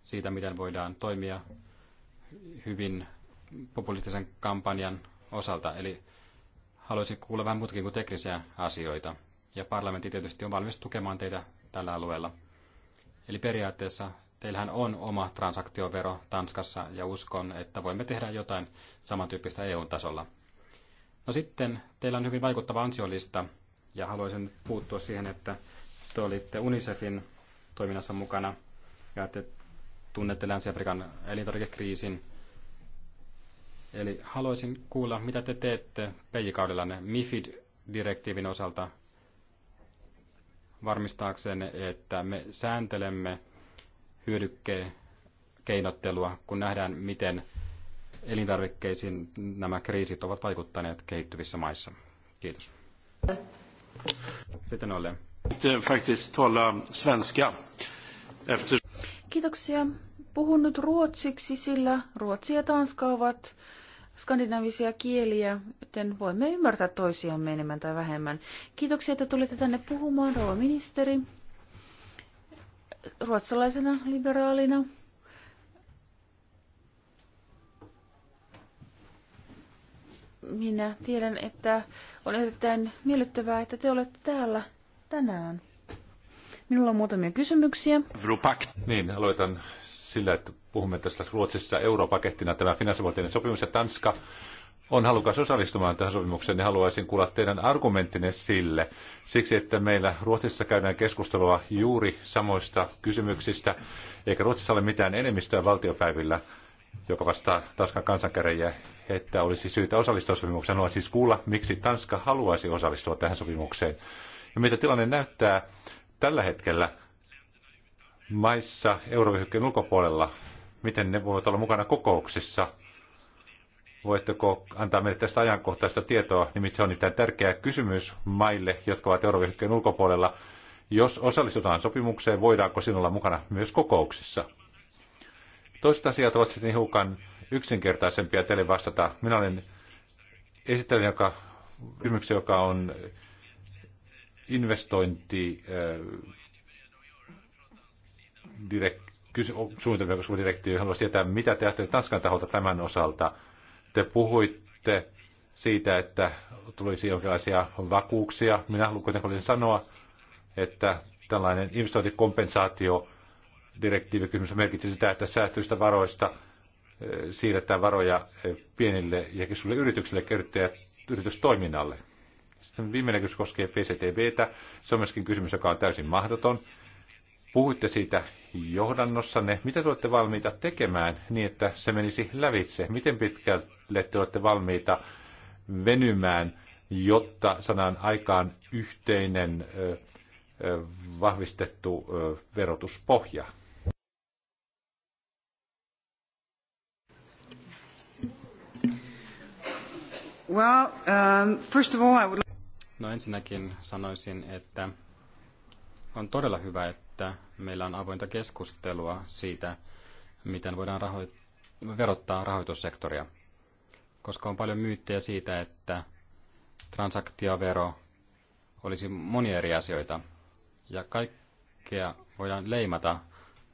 siitä, miten voidaan toimia hyvin populistisen kampanjan osalta. Eli haluaisin kuulla vähän muutakin kuin teknisiä asioita. Ja parlamentti tietysti on valmis tukemaan teitä tällä alueella. Eli periaatteessa teillähän on oma transaktiovero Tanskassa ja uskon, että voimme tehdä jotain samantyyppistä EU-tasolla. No sitten teillä on hyvin vaikuttava ansiolista ja haluaisin puuttua siihen, että te olitte UNICEFin toiminnassa mukana ja että tunnette Länsi-Afrikan elintarvikekriisin. Eli haluaisin kuulla, mitä te teette peijikaudellanne MIFID-direktiivin osalta varmistaakseen, että me sääntelemme hyödykkekeinottelua, kun nähdään, miten elintarvikkeisiin nämä kriisit ovat vaikuttaneet kehittyvissä maissa. Kiitos. Sitten Olle. Kiitoksia. Puhun nyt ruotsiksi, sillä Ruotsi ja Tanska ovat skandinaavisia kieliä, joten voimme ymmärtää toisiamme enemmän tai vähemmän. Kiitoksia, että tulitte tänne puhumaan, rouva ministeri. Ruotsalaisena liberaalina. Minä tiedän, että on erittäin miellyttävää, että te olette täällä tänään. Minulla on muutamia kysymyksiä. Niin, aloitan sillä, että puhumme tässä Ruotsissa europakettina tämä finanssivuotinen sopimus ja Tanska on halukas osallistumaan tähän sopimukseen, niin haluaisin kuulla teidän argumenttinne sille. Siksi, että meillä Ruotsissa käydään keskustelua juuri samoista kysymyksistä, eikä Ruotsissa ole mitään enemmistöä valtiopäivillä, joka vastaa Tanskan kansankäräjiä, että olisi syytä osallistua sopimukseen. Haluaisin siis kuulla, miksi Tanska haluaisi osallistua tähän sopimukseen. Ja mitä tilanne näyttää tällä hetkellä, maissa eurovyöhykkeen ulkopuolella, miten ne voivat olla mukana kokouksissa? Voitteko antaa meille tästä ajankohtaista tietoa? Nimittäin se on nimittäin tärkeä kysymys maille, jotka ovat eurovyöhykkeen ulkopuolella. Jos osallistutaan sopimukseen, voidaanko sinulla olla mukana myös kokouksissa? Toiset asiat ovat sitten hiukan yksinkertaisempia teille vastata. Minä olen esittelen joka, kysymyksen, joka on investointi äh, direk- suunnitelmia koskeva tietää, mitä te ajattelette Tanskan taholta tämän osalta. Te puhuitte siitä, että tulisi jonkinlaisia vakuuksia. Minä haluan kuitenkin sanoa, että tällainen investointikompensaatio direktiivikysymys merkitsi sitä, että säästyistä varoista eh, siirretään varoja eh, pienille ja keskisuille yrityksille kerryttäjä yritystoiminnalle. Sitten viimeinen kysymys koskee PCTBtä. Se on myöskin kysymys, joka on täysin mahdoton. Puhuitte siitä johdannossanne. Mitä te olette valmiita tekemään niin, että se menisi lävitse? Miten pitkälle te olette valmiita venymään, jotta sanan aikaan yhteinen vahvistettu verotuspohja? Well, um, first of all, I would... No ensinnäkin sanoisin, että on todella hyvä, että että meillä on avointa keskustelua siitä, miten voidaan raho- verottaa rahoitussektoria. Koska on paljon myyttejä siitä, että transaktiovero olisi monia eri asioita. Ja kaikkea voidaan leimata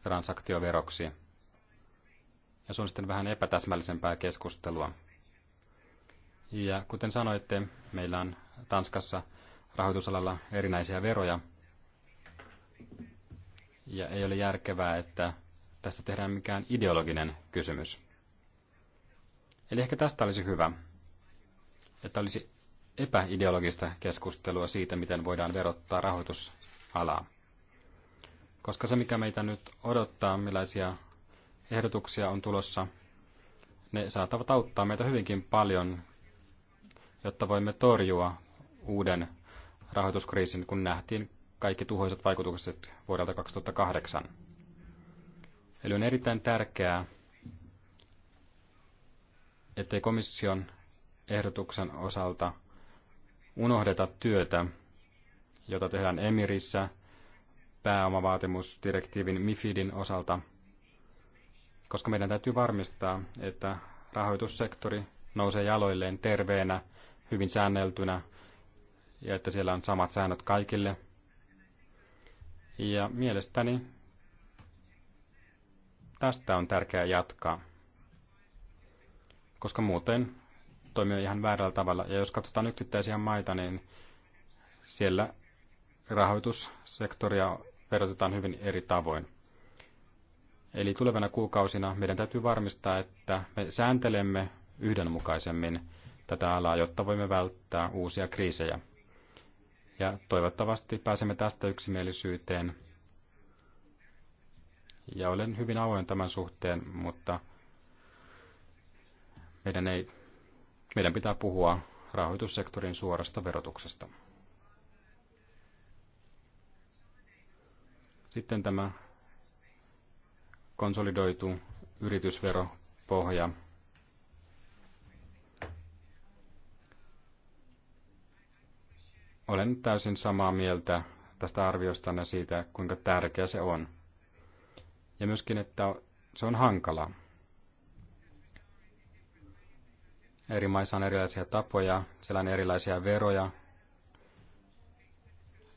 transaktioveroksi. Ja se on sitten vähän epätäsmällisempää keskustelua. Ja kuten sanoitte, meillä on Tanskassa rahoitusalalla erinäisiä veroja. Ja ei ole järkevää, että tästä tehdään mikään ideologinen kysymys. Eli ehkä tästä olisi hyvä, että olisi epäideologista keskustelua siitä, miten voidaan verottaa rahoitusalaa. Koska se, mikä meitä nyt odottaa, millaisia ehdotuksia on tulossa, ne saattavat auttaa meitä hyvinkin paljon, jotta voimme torjua uuden rahoituskriisin, kun nähtiin kaikki tuhoisat vaikutukset vuodelta 2008. Eli on erittäin tärkeää, ettei komission ehdotuksen osalta unohdeta työtä, jota tehdään Emirissä pääomavaatimusdirektiivin MIFIDin osalta, koska meidän täytyy varmistaa, että rahoitussektori nousee jaloilleen terveenä, hyvin säänneltynä ja että siellä on samat säännöt kaikille – ja mielestäni tästä on tärkeää jatkaa, koska muuten toimii ihan väärällä tavalla. Ja jos katsotaan yksittäisiä maita, niin siellä rahoitussektoria verotetaan hyvin eri tavoin. Eli tulevana kuukausina meidän täytyy varmistaa, että me sääntelemme yhdenmukaisemmin tätä alaa, jotta voimme välttää uusia kriisejä. Ja toivottavasti pääsemme tästä yksimielisyyteen. Ja olen hyvin avoin tämän suhteen, mutta meidän, ei, meidän pitää puhua rahoitussektorin suorasta verotuksesta. Sitten tämä konsolidoitu yritysveropohja. olen täysin samaa mieltä tästä arviostanne siitä, kuinka tärkeä se on. Ja myöskin, että se on hankala. Eri maissa on erilaisia tapoja, siellä on erilaisia veroja.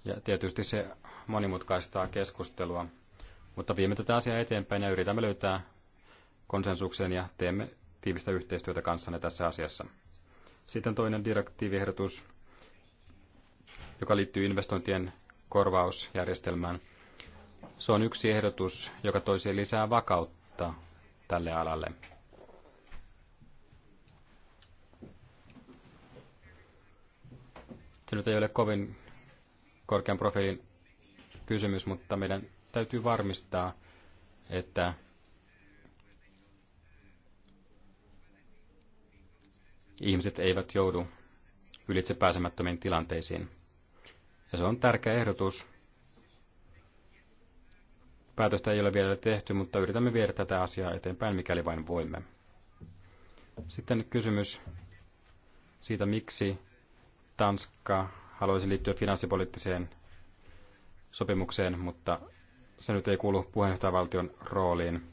Ja tietysti se monimutkaistaa keskustelua. Mutta viemme tätä asiaa eteenpäin ja yritämme löytää konsensuksen ja teemme tiivistä yhteistyötä kanssanne tässä asiassa. Sitten toinen direktiiviehdotus, joka liittyy investointien korvausjärjestelmään. Se on yksi ehdotus, joka toisi lisää vakautta tälle alalle. Se nyt ei ole kovin korkean profiilin kysymys, mutta meidän täytyy varmistaa, että ihmiset eivät joudu ylitse pääsemättömiin tilanteisiin. Ja se on tärkeä ehdotus. Päätöstä ei ole vielä tehty, mutta yritämme viedä tätä asiaa eteenpäin, mikäli vain voimme. Sitten kysymys siitä, miksi Tanska haluaisi liittyä finanssipoliittiseen sopimukseen, mutta se nyt ei kuulu puheenjohtajavaltion rooliin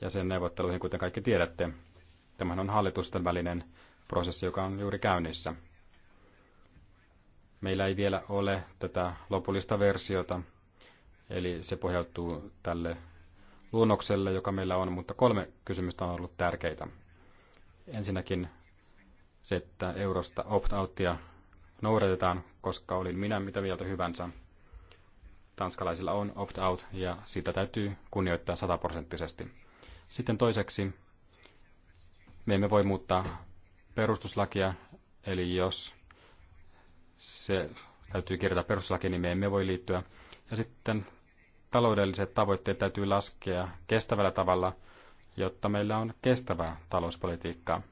ja sen neuvotteluihin, kuten kaikki tiedätte. Tämähän on hallitusten välinen prosessi, joka on juuri käynnissä. Meillä ei vielä ole tätä lopullista versiota, eli se pohjautuu tälle luonnokselle, joka meillä on, mutta kolme kysymystä on ollut tärkeitä. Ensinnäkin se, että eurosta opt-outtia noudatetaan, koska olin minä mitä mieltä hyvänsä. Tanskalaisilla on opt-out ja sitä täytyy kunnioittaa sataprosenttisesti. Sitten toiseksi, me emme voi muuttaa perustuslakia, eli jos se täytyy kirjata perustuslaki, niin me emme voi liittyä. Ja sitten taloudelliset tavoitteet täytyy laskea kestävällä tavalla, jotta meillä on kestävää talouspolitiikkaa.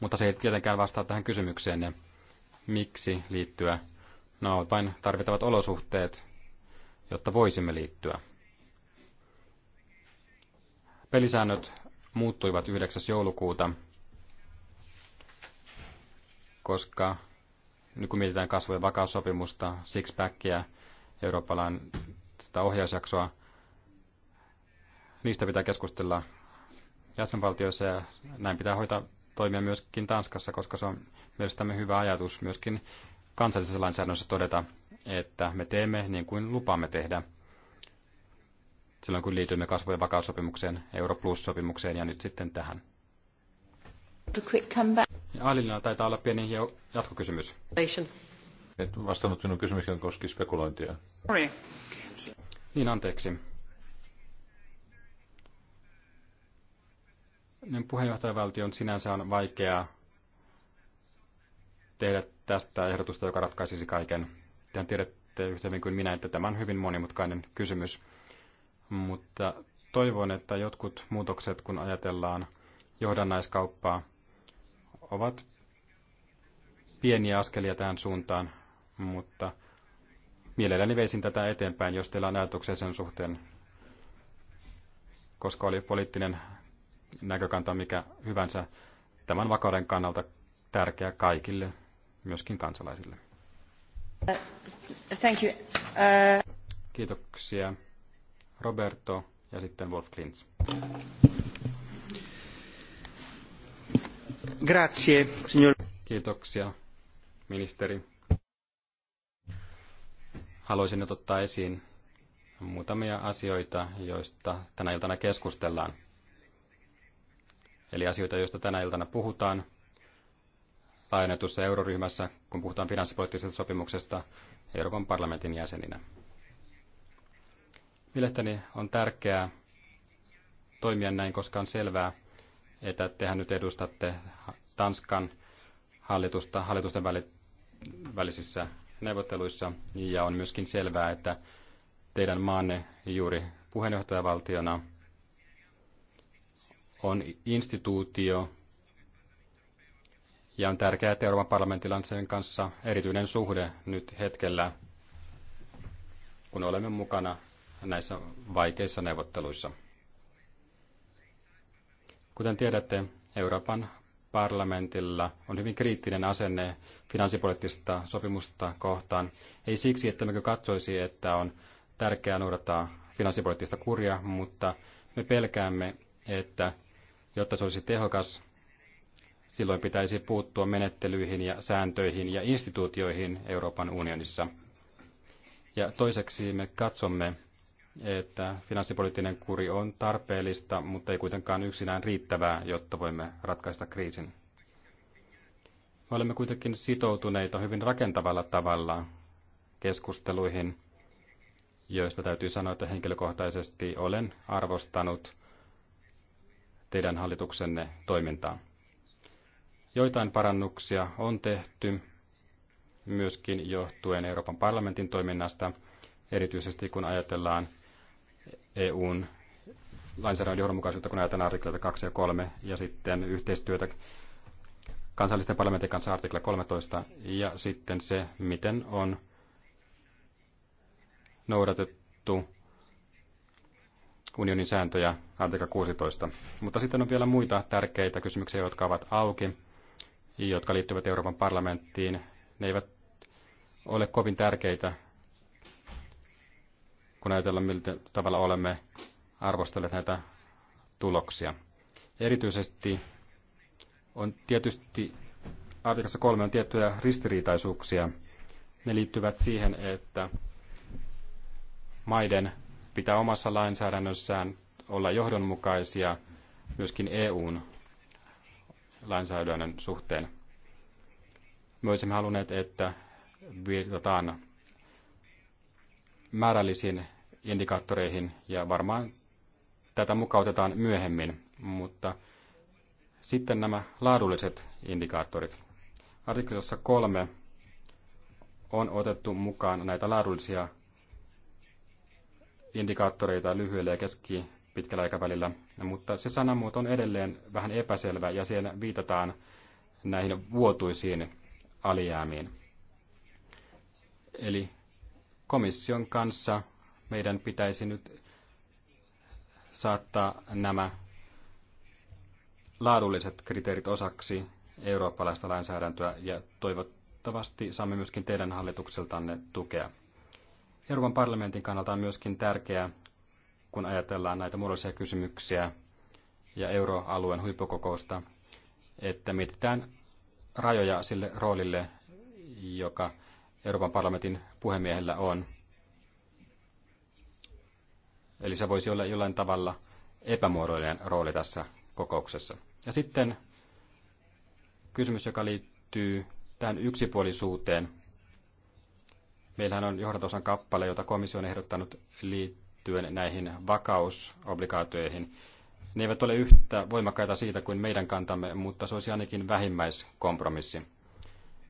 Mutta se ei tietenkään vastaa tähän kysymykseen, ja miksi liittyä. No, vain tarvittavat olosuhteet, jotta voisimme liittyä. Pelisäännöt muuttuivat 9. joulukuuta, koska nyt kun mietitään kasvu- ja vakaussopimusta, packia eurooppalainen sitä ohjausjaksoa, niistä pitää keskustella jäsenvaltioissa ja näin pitää hoitaa toimia myöskin Tanskassa, koska se on mielestämme hyvä ajatus myöskin kansallisessa lainsäädännössä todeta, että me teemme niin kuin lupaamme tehdä silloin, kun liityimme kasvu- ja vakaussopimukseen, Euro Plus-sopimukseen ja nyt sitten tähän. Alilina taitaa olla pieni jatkokysymys. Et vastannut sinun kysymykseen koski spekulointia. Sorry. Niin, anteeksi. Niin puheenjohtajavaltion sinänsä on vaikeaa tehdä tästä ehdotusta, joka ratkaisisi kaiken. Tehän tiedätte yhtä hyvin kuin minä, että tämä on hyvin monimutkainen kysymys. Mutta toivon, että jotkut muutokset, kun ajatellaan johdannaiskauppaa, ovat pieniä askelia tähän suuntaan, mutta mielelläni veisin tätä eteenpäin, jos teillä on ajatuksia sen suhteen, koska oli poliittinen näkökanta mikä hyvänsä tämän vakauden kannalta tärkeä kaikille, myöskin kansalaisille. Uh, thank you. Uh... Kiitoksia. Roberto ja sitten Wolf Klintz. Grazie, signor. Kiitoksia, ministeri. Haluaisin nyt ottaa esiin muutamia asioita, joista tänä iltana keskustellaan. Eli asioita, joista tänä iltana puhutaan laajennetussa euroryhmässä, kun puhutaan finanssipoliittisesta sopimuksesta Euroopan parlamentin jäseninä. Mielestäni on tärkeää toimia näin, koska on selvää, että tehän nyt edustatte Tanskan hallitusta hallitusten välisissä neuvotteluissa, ja on myöskin selvää, että teidän maanne juuri puheenjohtajavaltiona on instituutio, ja on tärkeää, että Euroopan parlamentilla on sen kanssa erityinen suhde nyt hetkellä, kun olemme mukana näissä vaikeissa neuvotteluissa. Kuten tiedätte, Euroopan parlamentilla on hyvin kriittinen asenne finanssipoliittista sopimusta kohtaan. Ei siksi, että me katsoisi, että on tärkeää noudattaa finanssipoliittista kuria, mutta me pelkäämme, että jotta se olisi tehokas, silloin pitäisi puuttua menettelyihin ja sääntöihin ja instituutioihin Euroopan unionissa. Ja toiseksi me katsomme, että finanssipoliittinen kuri on tarpeellista, mutta ei kuitenkaan yksinään riittävää, jotta voimme ratkaista kriisin. Me olemme kuitenkin sitoutuneita hyvin rakentavalla tavalla keskusteluihin, joista täytyy sanoa, että henkilökohtaisesti olen arvostanut teidän hallituksenne toimintaa. Joitain parannuksia on tehty myöskin johtuen Euroopan parlamentin toiminnasta, erityisesti kun ajatellaan EUn lainsäädännön johdonmukaisuutta, kun ajatellaan artikloita 2 ja 3, ja sitten yhteistyötä kansallisten parlamentin kanssa artikla 13, ja sitten se, miten on noudatettu unionin sääntöjä artikla 16. Mutta sitten on vielä muita tärkeitä kysymyksiä, jotka ovat auki, jotka liittyvät Euroopan parlamenttiin. Ne eivät ole kovin tärkeitä kun ajatellaan, miltä tavalla olemme arvostelleet näitä tuloksia. Erityisesti on tietysti artikassa kolme on tiettyjä ristiriitaisuuksia. Ne liittyvät siihen, että maiden pitää omassa lainsäädännössään olla johdonmukaisia myöskin EUn lainsäädännön suhteen. Me olisimme halunneet, että viitataan määrällisiin indikaattoreihin ja varmaan tätä mukautetaan myöhemmin, mutta sitten nämä laadulliset indikaattorit. Artiklassa kolme on otettu mukaan näitä laadullisia indikaattoreita lyhyellä ja pitkällä aikavälillä, mutta se sanamuoto on edelleen vähän epäselvä ja siellä viitataan näihin vuotuisiin alijäämiin. Eli komission kanssa meidän pitäisi nyt saattaa nämä laadulliset kriteerit osaksi eurooppalaista lainsäädäntöä ja toivottavasti saamme myöskin teidän hallitukseltanne tukea. Euroopan parlamentin kannalta on myöskin tärkeää, kun ajatellaan näitä muodollisia kysymyksiä ja euroalueen huippukokousta, että mietitään rajoja sille roolille, joka Euroopan parlamentin puhemiehellä on. Eli se voisi olla jollain tavalla epämuodollinen rooli tässä kokouksessa. Ja sitten kysymys, joka liittyy tähän yksipuolisuuteen. Meillähän on johdatosan kappale, jota komissio on ehdottanut liittyen näihin vakausobligaatioihin. Ne eivät ole yhtä voimakkaita siitä kuin meidän kantamme, mutta se olisi ainakin vähimmäiskompromissi.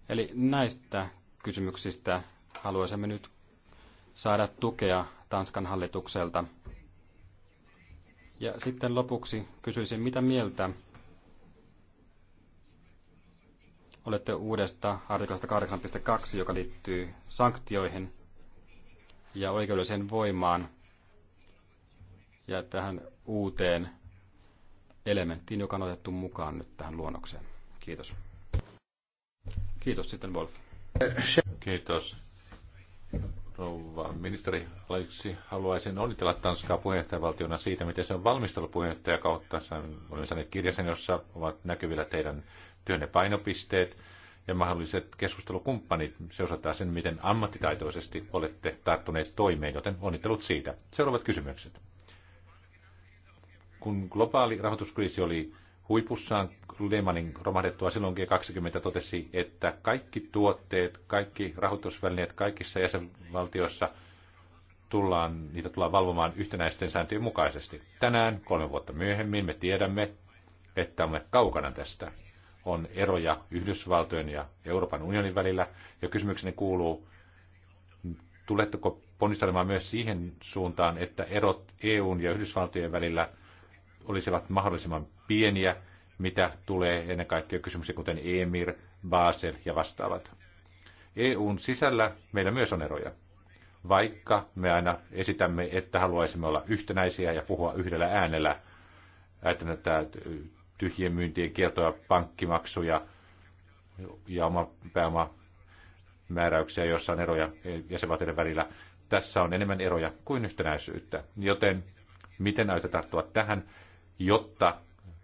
Eli näistä kysymyksistä haluaisimme nyt saada tukea Tanskan hallitukselta. Ja sitten lopuksi kysyisin, mitä mieltä olette uudesta artiklasta 8.2, joka liittyy sanktioihin ja oikeudelliseen voimaan ja tähän uuteen elementtiin, joka on otettu mukaan nyt tähän luonnokseen. Kiitos. Kiitos sitten Wolf. Kiitos. Rouva ministeri Aleksi, haluaisin onnitella Tanskaa puheenjohtajavaltiona siitä, miten se on valmistellut puheenjohtajakautta. Olemme saaneet kirjasen, jossa ovat näkyvillä teidän työnne painopisteet ja mahdolliset keskustelukumppanit. Se osoittaa sen, miten ammattitaitoisesti olette tarttuneet toimeen, joten onnittelut siitä. Seuraavat kysymykset. Kun globaali rahoituskriisi oli Huipussaan Lehmanin romahdettua silloin G20 totesi, että kaikki tuotteet, kaikki rahoitusvälineet kaikissa jäsenvaltioissa tullaan, niitä tullaan valvomaan yhtenäisten sääntöjen mukaisesti. Tänään, kolme vuotta myöhemmin, me tiedämme, että olemme kaukana tästä. On eroja Yhdysvaltojen ja Euroopan unionin välillä, ja kysymykseni kuuluu, tuletteko ponnistelemaan myös siihen suuntaan, että erot EUn ja Yhdysvaltojen välillä – olisivat mahdollisimman pieniä, mitä tulee ennen kaikkea kysymyksiä kuten EMIR, Basel ja vastaavat. EUn sisällä meillä myös on eroja. Vaikka me aina esitämme, että haluaisimme olla yhtenäisiä ja puhua yhdellä äänellä, että tätä tyhjien myyntien kieltoja, pankkimaksuja ja oma pääoma määräyksiä, joissa on eroja jäsenvaltioiden välillä. Tässä on enemmän eroja kuin yhtenäisyyttä. Joten miten näitä tarttua tähän? jotta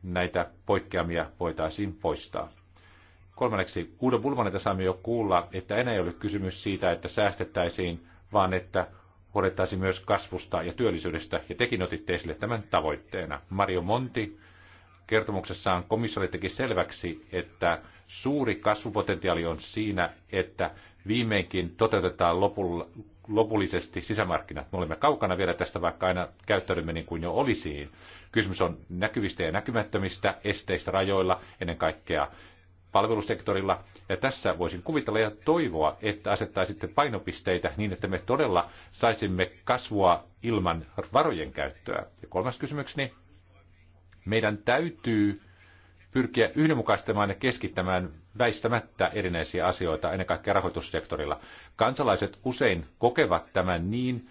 näitä poikkeamia voitaisiin poistaa. Kolmanneksi, Uudon Bulmanilta saamme jo kuulla, että enää ei ole kysymys siitä, että säästettäisiin, vaan että huolettaisiin myös kasvusta ja työllisyydestä, ja tekin otitte esille tämän tavoitteena. Mario Monti kertomuksessaan komissiolle teki selväksi, että suuri kasvupotentiaali on siinä, että viimeinkin toteutetaan lopulla, lopullisesti sisämarkkinat. Me olemme kaukana vielä tästä, vaikka aina käyttäydymme niin kuin jo olisi. Kysymys on näkyvistä ja näkymättömistä esteistä rajoilla, ennen kaikkea palvelusektorilla. Ja tässä voisin kuvitella ja toivoa, että asettaisitte painopisteitä niin, että me todella saisimme kasvua ilman varojen käyttöä. Ja kolmas kysymykseni. Meidän täytyy pyrkiä yhdenmukaistamaan ja keskittämään väistämättä erinäisiä asioita, ennen kaikkea rahoitussektorilla. Kansalaiset usein kokevat tämän niin,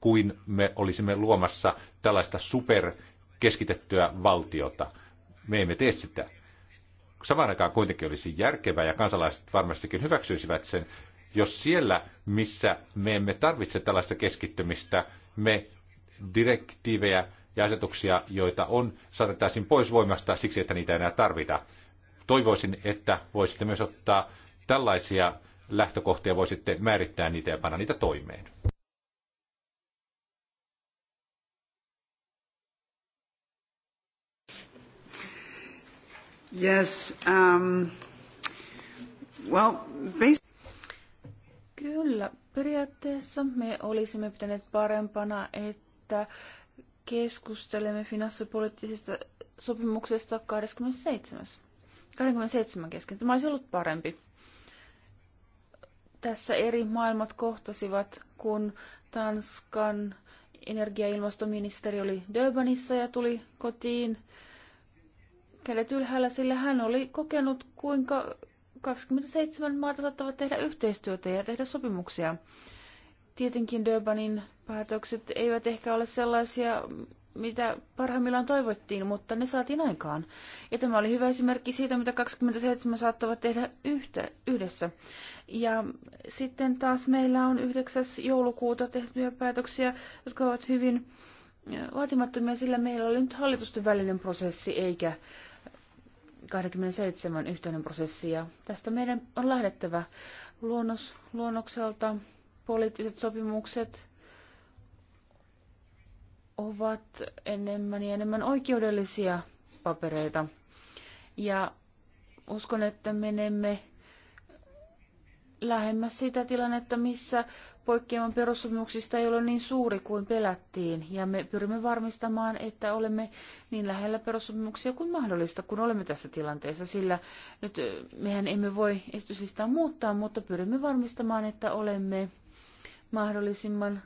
kuin me olisimme luomassa tällaista superkeskitettyä valtiota. Me emme tee sitä. Samaan aikaan kuitenkin olisi järkevää ja kansalaiset varmastikin hyväksyisivät sen, jos siellä, missä me emme tarvitse tällaista keskittymistä, me direktiivejä ja asetuksia, joita on, saatettaisiin pois voimasta siksi, että niitä ei enää tarvita toivoisin, että voisitte myös ottaa tällaisia lähtökohtia, voisitte määrittää niitä ja panna niitä toimeen. Yes, um, well, Kyllä, periaatteessa me olisimme pitäneet parempana, että keskustelemme finanssipoliittisesta sopimuksesta 27. 27 kesken. Tämä olisi ollut parempi. Tässä eri maailmat kohtasivat, kun Tanskan energia- ja ilmastoministeri oli Durbanissa ja tuli kotiin kädet ylhäällä, sillä hän oli kokenut, kuinka 27 maata saattavat tehdä yhteistyötä ja tehdä sopimuksia. Tietenkin Durbanin päätökset eivät ehkä ole sellaisia, mitä parhaimmillaan toivottiin, mutta ne saatiin aikaan. Ja tämä oli hyvä esimerkki siitä, mitä 27 saattavat tehdä yhtä, yhdessä. Ja sitten taas meillä on 9. joulukuuta tehtyjä päätöksiä, jotka ovat hyvin vaatimattomia, sillä meillä oli nyt hallitusten välinen prosessi eikä 27 yhteinen prosessi. Ja tästä meidän on lähdettävä luonnos, luonnokselta, poliittiset sopimukset – ovat enemmän ja enemmän oikeudellisia papereita. Ja uskon, että menemme lähemmäs sitä tilannetta, missä poikkeaman perussopimuksista ei ole niin suuri kuin pelättiin, ja me pyrimme varmistamaan, että olemme niin lähellä perussopimuksia kuin mahdollista, kun olemme tässä tilanteessa, sillä nyt mehän emme voi esityslistaa muuttaa, mutta pyrimme varmistamaan, että olemme mahdollisimman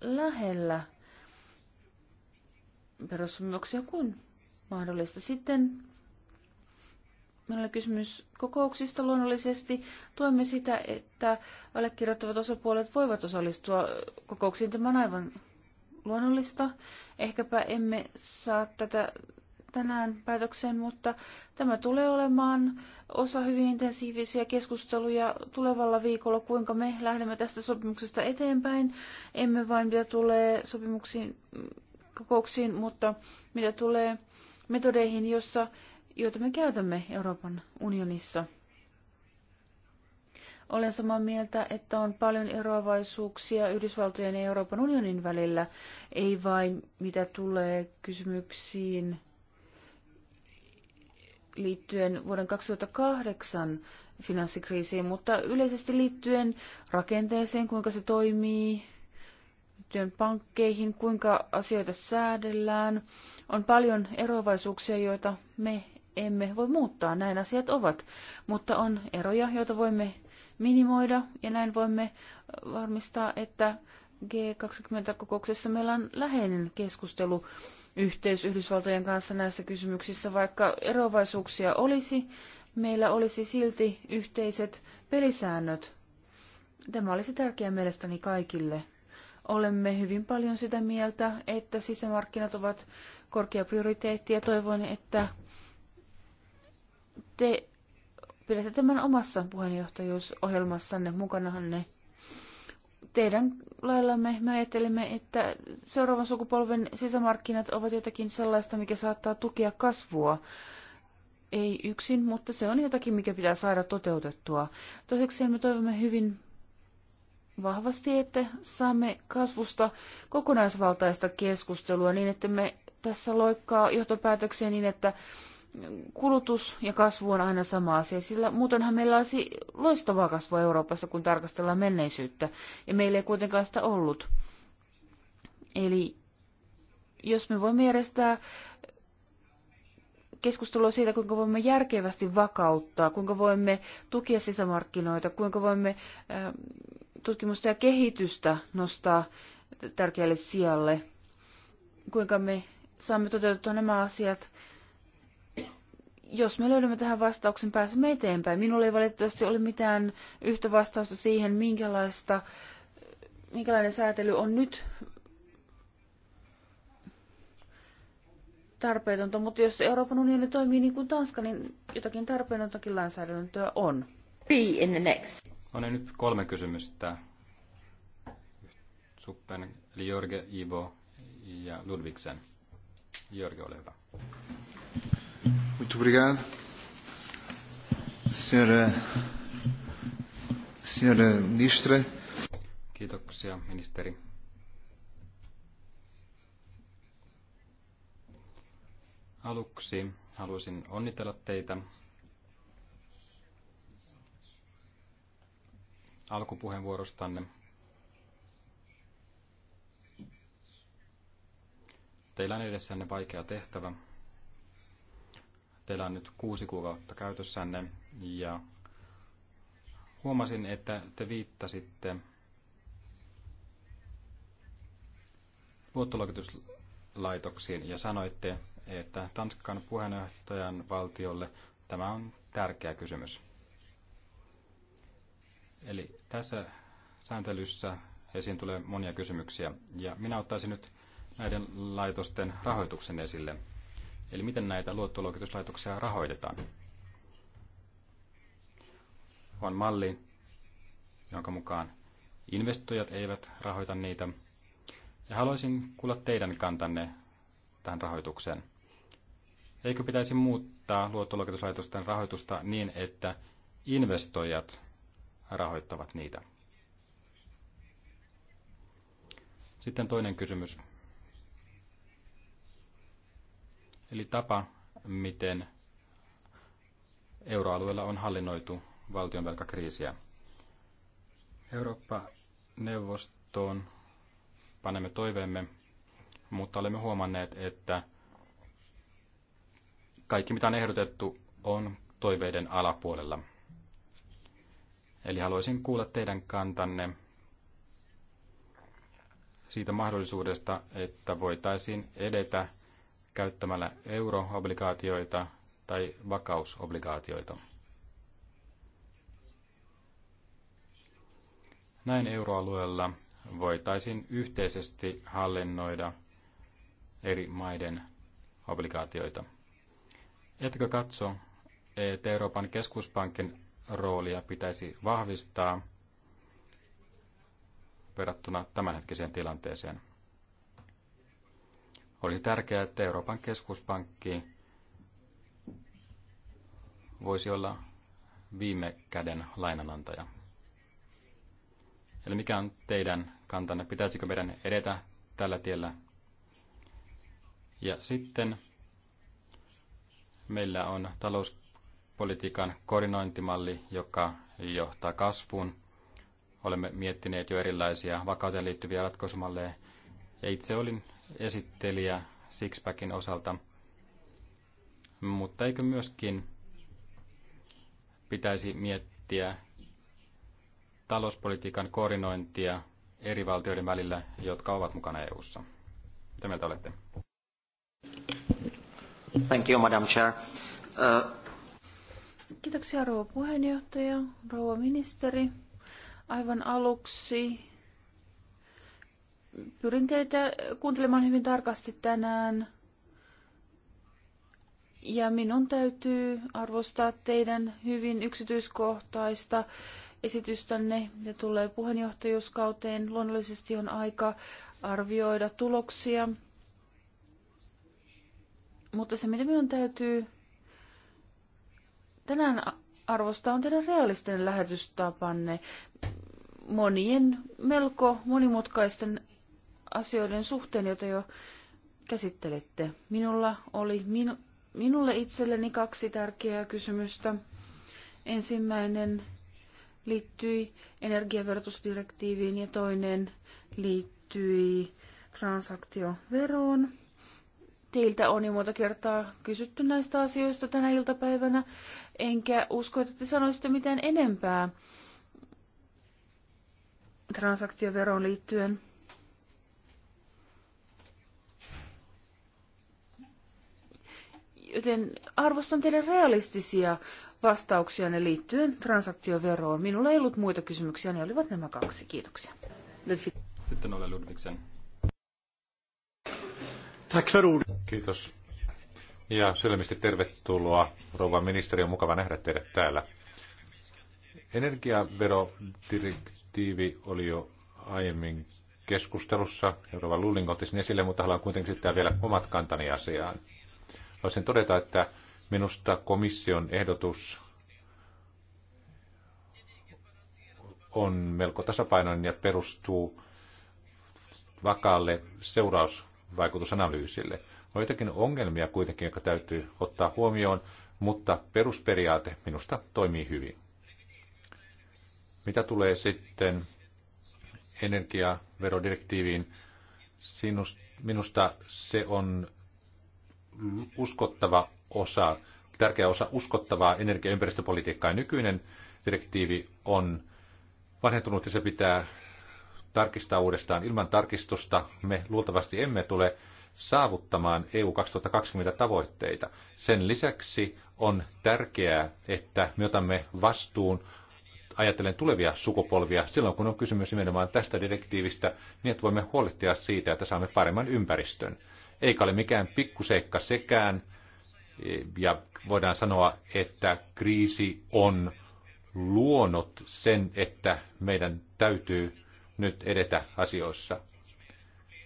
lähellä perussopimuksia kuin mahdollista. Sitten meillä oli kysymys kokouksista luonnollisesti. Tuemme sitä, että allekirjoittavat osapuolet voivat osallistua kokouksiin. Tämä on aivan luonnollista. Ehkäpä emme saa tätä tänään päätökseen, mutta tämä tulee olemaan osa hyvin intensiivisiä keskusteluja tulevalla viikolla, kuinka me lähdemme tästä sopimuksesta eteenpäin. Emme vain mitä tulee sopimuksiin kokouksiin, mutta mitä tulee metodeihin, jossa, joita me käytämme Euroopan unionissa. Olen samaa mieltä, että on paljon eroavaisuuksia Yhdysvaltojen ja Euroopan unionin välillä, ei vain mitä tulee kysymyksiin liittyen vuoden 2008 finanssikriisiin, mutta yleisesti liittyen rakenteeseen, kuinka se toimii, liittyen pankkeihin, kuinka asioita säädellään. On paljon eroavaisuuksia, joita me emme voi muuttaa, näin asiat ovat, mutta on eroja, joita voimme minimoida ja näin voimme varmistaa, että G20-kokouksessa meillä on läheinen keskustelu yhteys Yhdysvaltojen kanssa näissä kysymyksissä, vaikka eroavaisuuksia olisi, meillä olisi silti yhteiset pelisäännöt. Tämä olisi tärkeää mielestäni kaikille olemme hyvin paljon sitä mieltä, että sisämarkkinat ovat korkea prioriteetti ja toivon, että te pidätte tämän omassa puheenjohtajuusohjelmassanne mukanahanne. Teidän laillamme me ajattelemme, että seuraavan sukupolven sisämarkkinat ovat jotakin sellaista, mikä saattaa tukea kasvua. Ei yksin, mutta se on jotakin, mikä pitää saada toteutettua. Toiseksi me toivomme hyvin vahvasti, että saamme kasvusta kokonaisvaltaista keskustelua niin, että me tässä loikkaa johtopäätöksiä niin, että kulutus ja kasvu on aina sama asia, sillä muutenhan meillä olisi loistavaa kasvua Euroopassa, kun tarkastellaan menneisyyttä, ja meillä ei kuitenkaan sitä ollut. Eli jos me voimme järjestää keskustelua siitä, kuinka voimme järkevästi vakauttaa, kuinka voimme tukea sisämarkkinoita, kuinka voimme äh, tutkimusta ja kehitystä nostaa tärkeälle sijalle. Kuinka me saamme toteutettua nämä asiat? Jos me löydämme tähän vastauksen, pääsemme eteenpäin. Minulla ei valitettavasti ole mitään yhtä vastausta siihen, minkälaista, minkälainen säätely on nyt tarpeetonta, mutta jos Euroopan unioni toimii niin kuin Tanska, niin jotakin tarpeetontakin lainsäädäntöä on. Be in the next. No niin, nyt kolme kysymystä. Suppen, eli Jorge, Ivo ja Ludvigsen. Jorge, ole hyvä. Muito obrigado. Senhora, senhora ministra. Kiitoksia, ministeri. Aluksi haluaisin onnitella teitä alkupuheenvuorostanne. Teillä on edessänne vaikea tehtävä. Teillä on nyt kuusi kuukautta käytössänne ja huomasin, että te viittasitte luottoluokituslaitoksiin ja sanoitte, että Tanskan puheenjohtajan valtiolle tämä on tärkeä kysymys. Eli tässä sääntelyssä esiin tulee monia kysymyksiä, ja minä ottaisin nyt näiden laitosten rahoituksen esille. Eli miten näitä luottoluokituslaitoksia rahoitetaan? On malli, jonka mukaan investoijat eivät rahoita niitä. Ja haluaisin kuulla teidän kantanne tähän rahoitukseen. Eikö pitäisi muuttaa luottoluokituslaitosten rahoitusta niin, että investoijat rahoittavat niitä. Sitten toinen kysymys. Eli tapa, miten euroalueella on hallinnoitu valtionvelkakriisiä. Eurooppa-neuvostoon panemme toiveemme, mutta olemme huomanneet, että kaikki mitä on ehdotettu on toiveiden alapuolella. Eli haluaisin kuulla teidän kantanne siitä mahdollisuudesta, että voitaisiin edetä käyttämällä euroobligaatioita tai vakausobligaatioita. Näin euroalueella voitaisiin yhteisesti hallinnoida eri maiden obligaatioita. Etkö katso, että Euroopan keskuspankin roolia pitäisi vahvistaa verrattuna tämänhetkiseen tilanteeseen. Olisi tärkeää, että Euroopan keskuspankki voisi olla viime käden lainanantaja. Eli mikä on teidän kantanne? Pitäisikö meidän edetä tällä tiellä? Ja sitten meillä on talous politiikan koordinointimalli, joka johtaa kasvuun. Olemme miettineet jo erilaisia vakauteen liittyviä ratkaisumalleja. Ja itse olin esittelijä Sixpackin osalta. Mutta eikö myöskin pitäisi miettiä talouspolitiikan koordinointia eri valtioiden välillä, jotka ovat mukana EU:ssa. Mitä mieltä olette? Thank you, Madam Chair. Uh... Kiitoksia rouva puheenjohtaja, rouva ministeri. Aivan aluksi pyrin teitä kuuntelemaan hyvin tarkasti tänään. Ja minun täytyy arvostaa teidän hyvin yksityiskohtaista esitystänne ja tulee puheenjohtajuuskauteen. Luonnollisesti on aika arvioida tuloksia. Mutta se, mitä minun täytyy Tänään arvosta on teidän realistinen lähetystapanne monien melko monimutkaisten asioiden suhteen, joita jo käsittelette. Minulla oli minu, minulle itselleni kaksi tärkeää kysymystä. Ensimmäinen liittyi energiaverotusdirektiiviin ja toinen liittyi transaktioveroon. Teiltä on jo monta kertaa kysytty näistä asioista tänä iltapäivänä enkä usko, että te sanoisitte mitään enempää transaktioveroon liittyen. Joten arvostan teidän realistisia vastauksia ne liittyen transaktioveroon. Minulla ei ollut muita kysymyksiä, ne olivat nämä kaksi. Kiitoksia. Sitten ole Ludvigsen. Tack för Kiitos ja sydämesti tervetuloa. Rouva ministeri, on mukava nähdä teidät täällä. Energiaverodirektiivi oli jo aiemmin keskustelussa. Rouva Lulling otti sen esille, mutta haluan kuitenkin esittää vielä omat kantani asiaan. Haluaisin todeta, että minusta komission ehdotus on melko tasapainoinen ja perustuu vakaalle seurausvaikutusanalyysille. On jotakin ongelmia kuitenkin, jotka täytyy ottaa huomioon, mutta perusperiaate minusta toimii hyvin. Mitä tulee sitten energiaverodirektiiviin, minusta se on uskottava osa, tärkeä osa uskottavaa energia- ja ympäristöpolitiikkaa. Nykyinen direktiivi on vanhentunut ja se pitää tarkistaa uudestaan. Ilman tarkistusta me luultavasti emme tule saavuttamaan EU 2020 tavoitteita. Sen lisäksi on tärkeää, että me otamme vastuun ajatellen tulevia sukupolvia silloin, kun on kysymys nimenomaan tästä direktiivistä, niin että voimme huolehtia siitä, että saamme paremman ympäristön. Eikä ole mikään pikkuseikka sekään, ja voidaan sanoa, että kriisi on luonut sen, että meidän täytyy nyt edetä asioissa.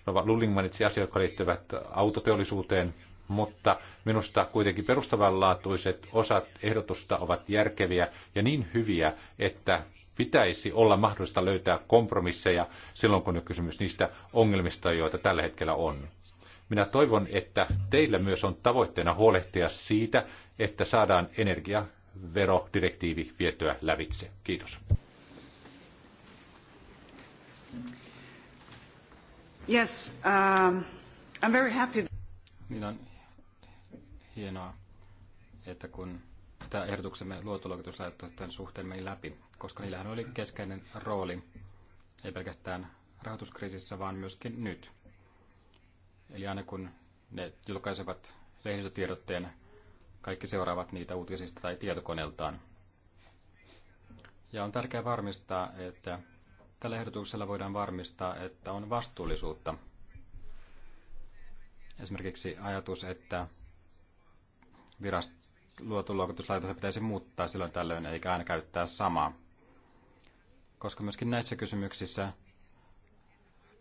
Nova Lulling mainitsi asioita, jotka liittyvät autoteollisuuteen, mutta minusta kuitenkin perustavanlaatuiset osat ehdotusta ovat järkeviä ja niin hyviä, että pitäisi olla mahdollista löytää kompromisseja silloin, kun on kysymys niistä ongelmista, joita tällä hetkellä on. Minä toivon, että teillä myös on tavoitteena huolehtia siitä, että saadaan energiaverodirektiivi vietyä lävitse. Kiitos. Yes, um, I'm very happy. Niin on hienoa, että kun tämä ehdotuksemme tämän suhteen meni läpi, koska niillähän oli keskeinen rooli, ei pelkästään rahoituskriisissä, vaan myöskin nyt. Eli aina kun ne julkaisevat lehdistötiedotteen, kaikki seuraavat niitä uutisista tai tietokoneeltaan. Ja on tärkeää varmistaa, että Tällä ehdotuksella voidaan varmistaa, että on vastuullisuutta. Esimerkiksi ajatus, että virast, luotuluokituslaitosta pitäisi muuttaa silloin tällöin, eikä aina käyttää samaa. Koska myöskin näissä kysymyksissä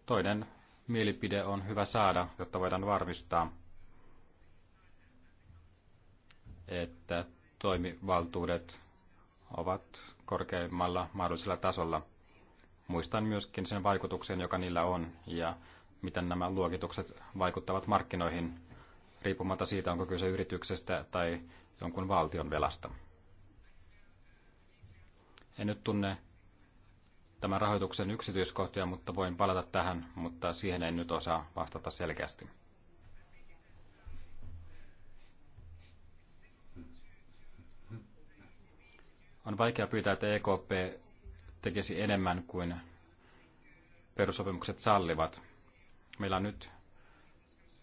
toinen mielipide on hyvä saada, jotta voidaan varmistaa, että toimivaltuudet ovat korkeimmalla mahdollisella tasolla – muistan myöskin sen vaikutuksen, joka niillä on ja miten nämä luokitukset vaikuttavat markkinoihin riippumatta siitä, onko kyse yrityksestä tai jonkun valtion velasta. En nyt tunne tämän rahoituksen yksityiskohtia, mutta voin palata tähän, mutta siihen en nyt osaa vastata selkeästi. On vaikea pyytää, että EKP tekisi enemmän kuin perussopimukset sallivat. Meillä on nyt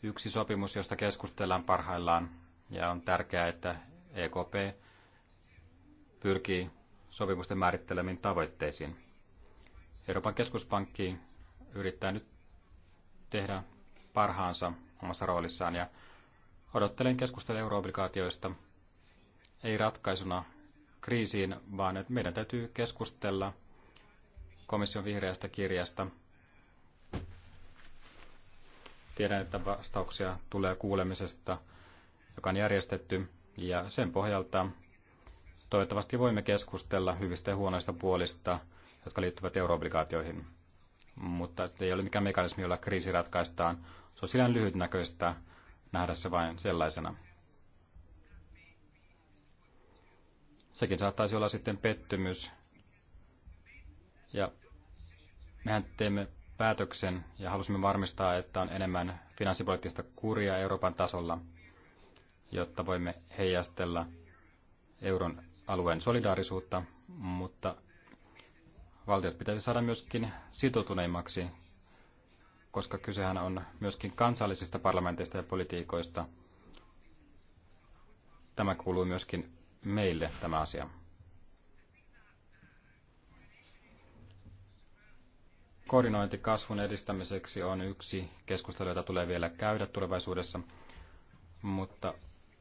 yksi sopimus, josta keskustellaan parhaillaan, ja on tärkeää, että EKP pyrkii sopimusten määrittelemiin tavoitteisiin. Euroopan keskuspankki yrittää nyt tehdä parhaansa omassa roolissaan ja odottelen keskustelua euroobligaatioista ei ratkaisuna kriisiin, vaan että meidän täytyy keskustella komission vihreästä kirjasta. Tiedän, että vastauksia tulee kuulemisesta, joka on järjestetty, ja sen pohjalta toivottavasti voimme keskustella hyvistä ja huonoista puolista, jotka liittyvät euroobligaatioihin. Mutta se ei ole mikään mekanismi, jolla kriisi ratkaistaan. Se on sillä lyhytnäköistä nähdä se vain sellaisena. Sekin saattaisi olla sitten pettymys ja mehän teemme päätöksen ja halusimme varmistaa, että on enemmän finanssipoliittista kuria Euroopan tasolla, jotta voimme heijastella euron alueen solidaarisuutta, mutta valtiot pitäisi saada myöskin sitoutuneimmaksi, koska kysehän on myöskin kansallisista parlamenteista ja politiikoista. Tämä kuuluu myöskin meille, tämä asia. koordinointi kasvun edistämiseksi on yksi keskustelu, jota tulee vielä käydä tulevaisuudessa, mutta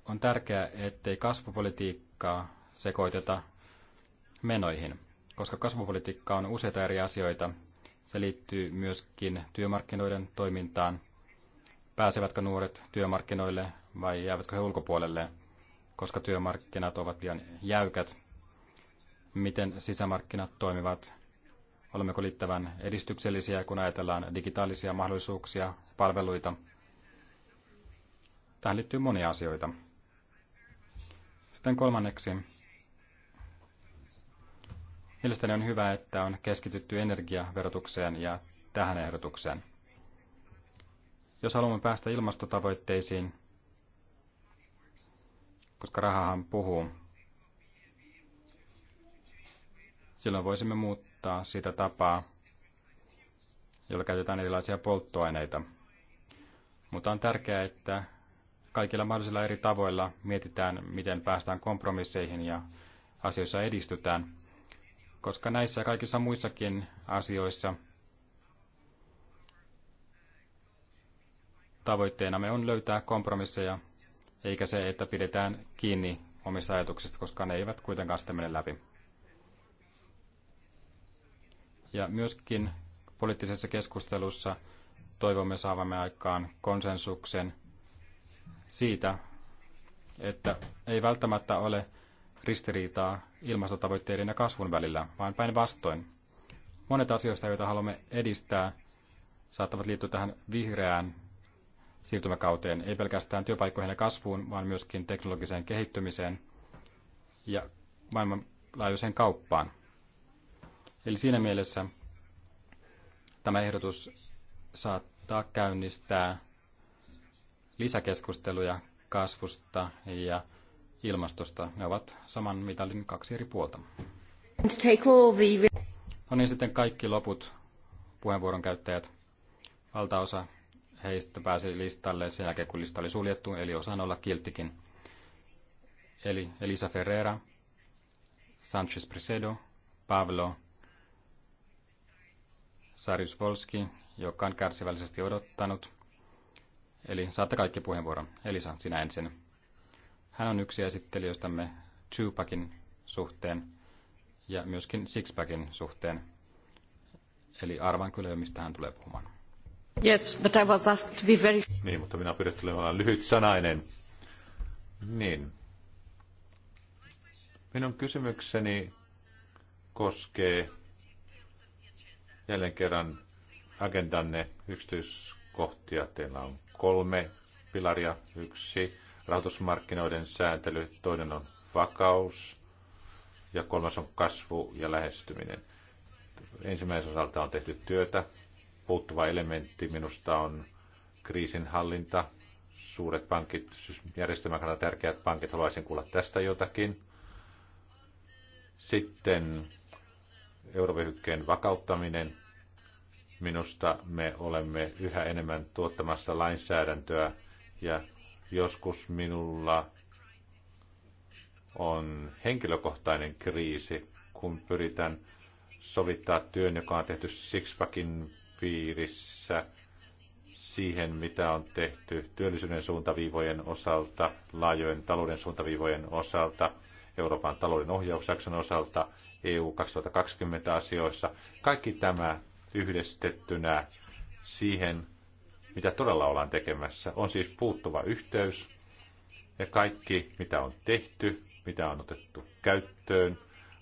on tärkeää, ettei kasvupolitiikkaa sekoiteta menoihin, koska kasvupolitiikka on useita eri asioita. Se liittyy myöskin työmarkkinoiden toimintaan. Pääsevätkö nuoret työmarkkinoille vai jäävätkö he ulkopuolelle, koska työmarkkinat ovat liian jäykät? Miten sisämarkkinat toimivat? olemmeko liittävän edistyksellisiä, kun ajatellaan digitaalisia mahdollisuuksia, palveluita. Tähän liittyy monia asioita. Sitten kolmanneksi. Mielestäni on hyvä, että on keskitytty energiaverotukseen ja tähän ehdotukseen. Jos haluamme päästä ilmastotavoitteisiin, koska rahahan puhuu, silloin voisimme muuttaa muuttaa sitä tapaa, jolla käytetään erilaisia polttoaineita. Mutta on tärkeää, että kaikilla mahdollisilla eri tavoilla mietitään, miten päästään kompromisseihin ja asioissa edistytään. Koska näissä ja kaikissa muissakin asioissa tavoitteenamme on löytää kompromisseja, eikä se, että pidetään kiinni omista ajatuksista, koska ne eivät kuitenkaan sitten mene läpi. Ja myöskin poliittisessa keskustelussa toivomme saavamme aikaan konsensuksen siitä, että ei välttämättä ole ristiriitaa ilmastotavoitteiden ja kasvun välillä, vaan päinvastoin. Monet asioista, joita haluamme edistää, saattavat liittyä tähän vihreään siirtymäkauteen, ei pelkästään työpaikkoihin ja kasvuun, vaan myöskin teknologiseen kehittymiseen ja maailmanlaajuiseen kauppaan. Eli siinä mielessä tämä ehdotus saattaa käynnistää lisäkeskusteluja kasvusta ja ilmastosta. Ne ovat saman mitalin kaksi eri puolta. No niin, sitten kaikki loput puheenvuoron käyttäjät. Valtaosa heistä pääsi listalle sen jälkeen, kun lista oli suljettu, eli osaan olla kiltikin. Eli Elisa Ferreira, Sanchez Presedo, Pablo Sarius Volski, joka on kärsivällisesti odottanut. Eli saatte kaikki puheenvuoron. Elisa, sinä ensin. Hän on yksi esittelijöistämme Tupakin suhteen ja myöskin Sixpackin suhteen. Eli arvan kyllä jo, mistä hän tulee puhumaan. Yes, but I was asked to be very... Niin, mutta minä pyydetty olemaan lyhyt sanainen. Niin. Minun kysymykseni koskee jälleen kerran agendanne yksityiskohtia. Teillä on kolme pilaria. Yksi rahoitusmarkkinoiden sääntely, toinen on vakaus ja kolmas on kasvu ja lähestyminen. Ensimmäisen osalta on tehty työtä. Puuttuva elementti minusta on kriisinhallinta. Suuret pankit, siis järjestelmän kannalta tärkeät pankit, haluaisin kuulla tästä jotakin. Sitten eurovyöhykkeen vakauttaminen. Minusta me olemme yhä enemmän tuottamassa lainsäädäntöä ja joskus minulla on henkilökohtainen kriisi, kun pyritään sovittaa työn, joka on tehty Sixpackin piirissä, siihen, mitä on tehty työllisyyden suuntaviivojen osalta, laajojen talouden suuntaviivojen osalta, Euroopan talouden ohjausjakson osalta EU 2020 asioissa. Kaikki tämä yhdistettynä siihen, mitä todella ollaan tekemässä. On siis puuttuva yhteys ja kaikki, mitä on tehty, mitä on otettu käyttöön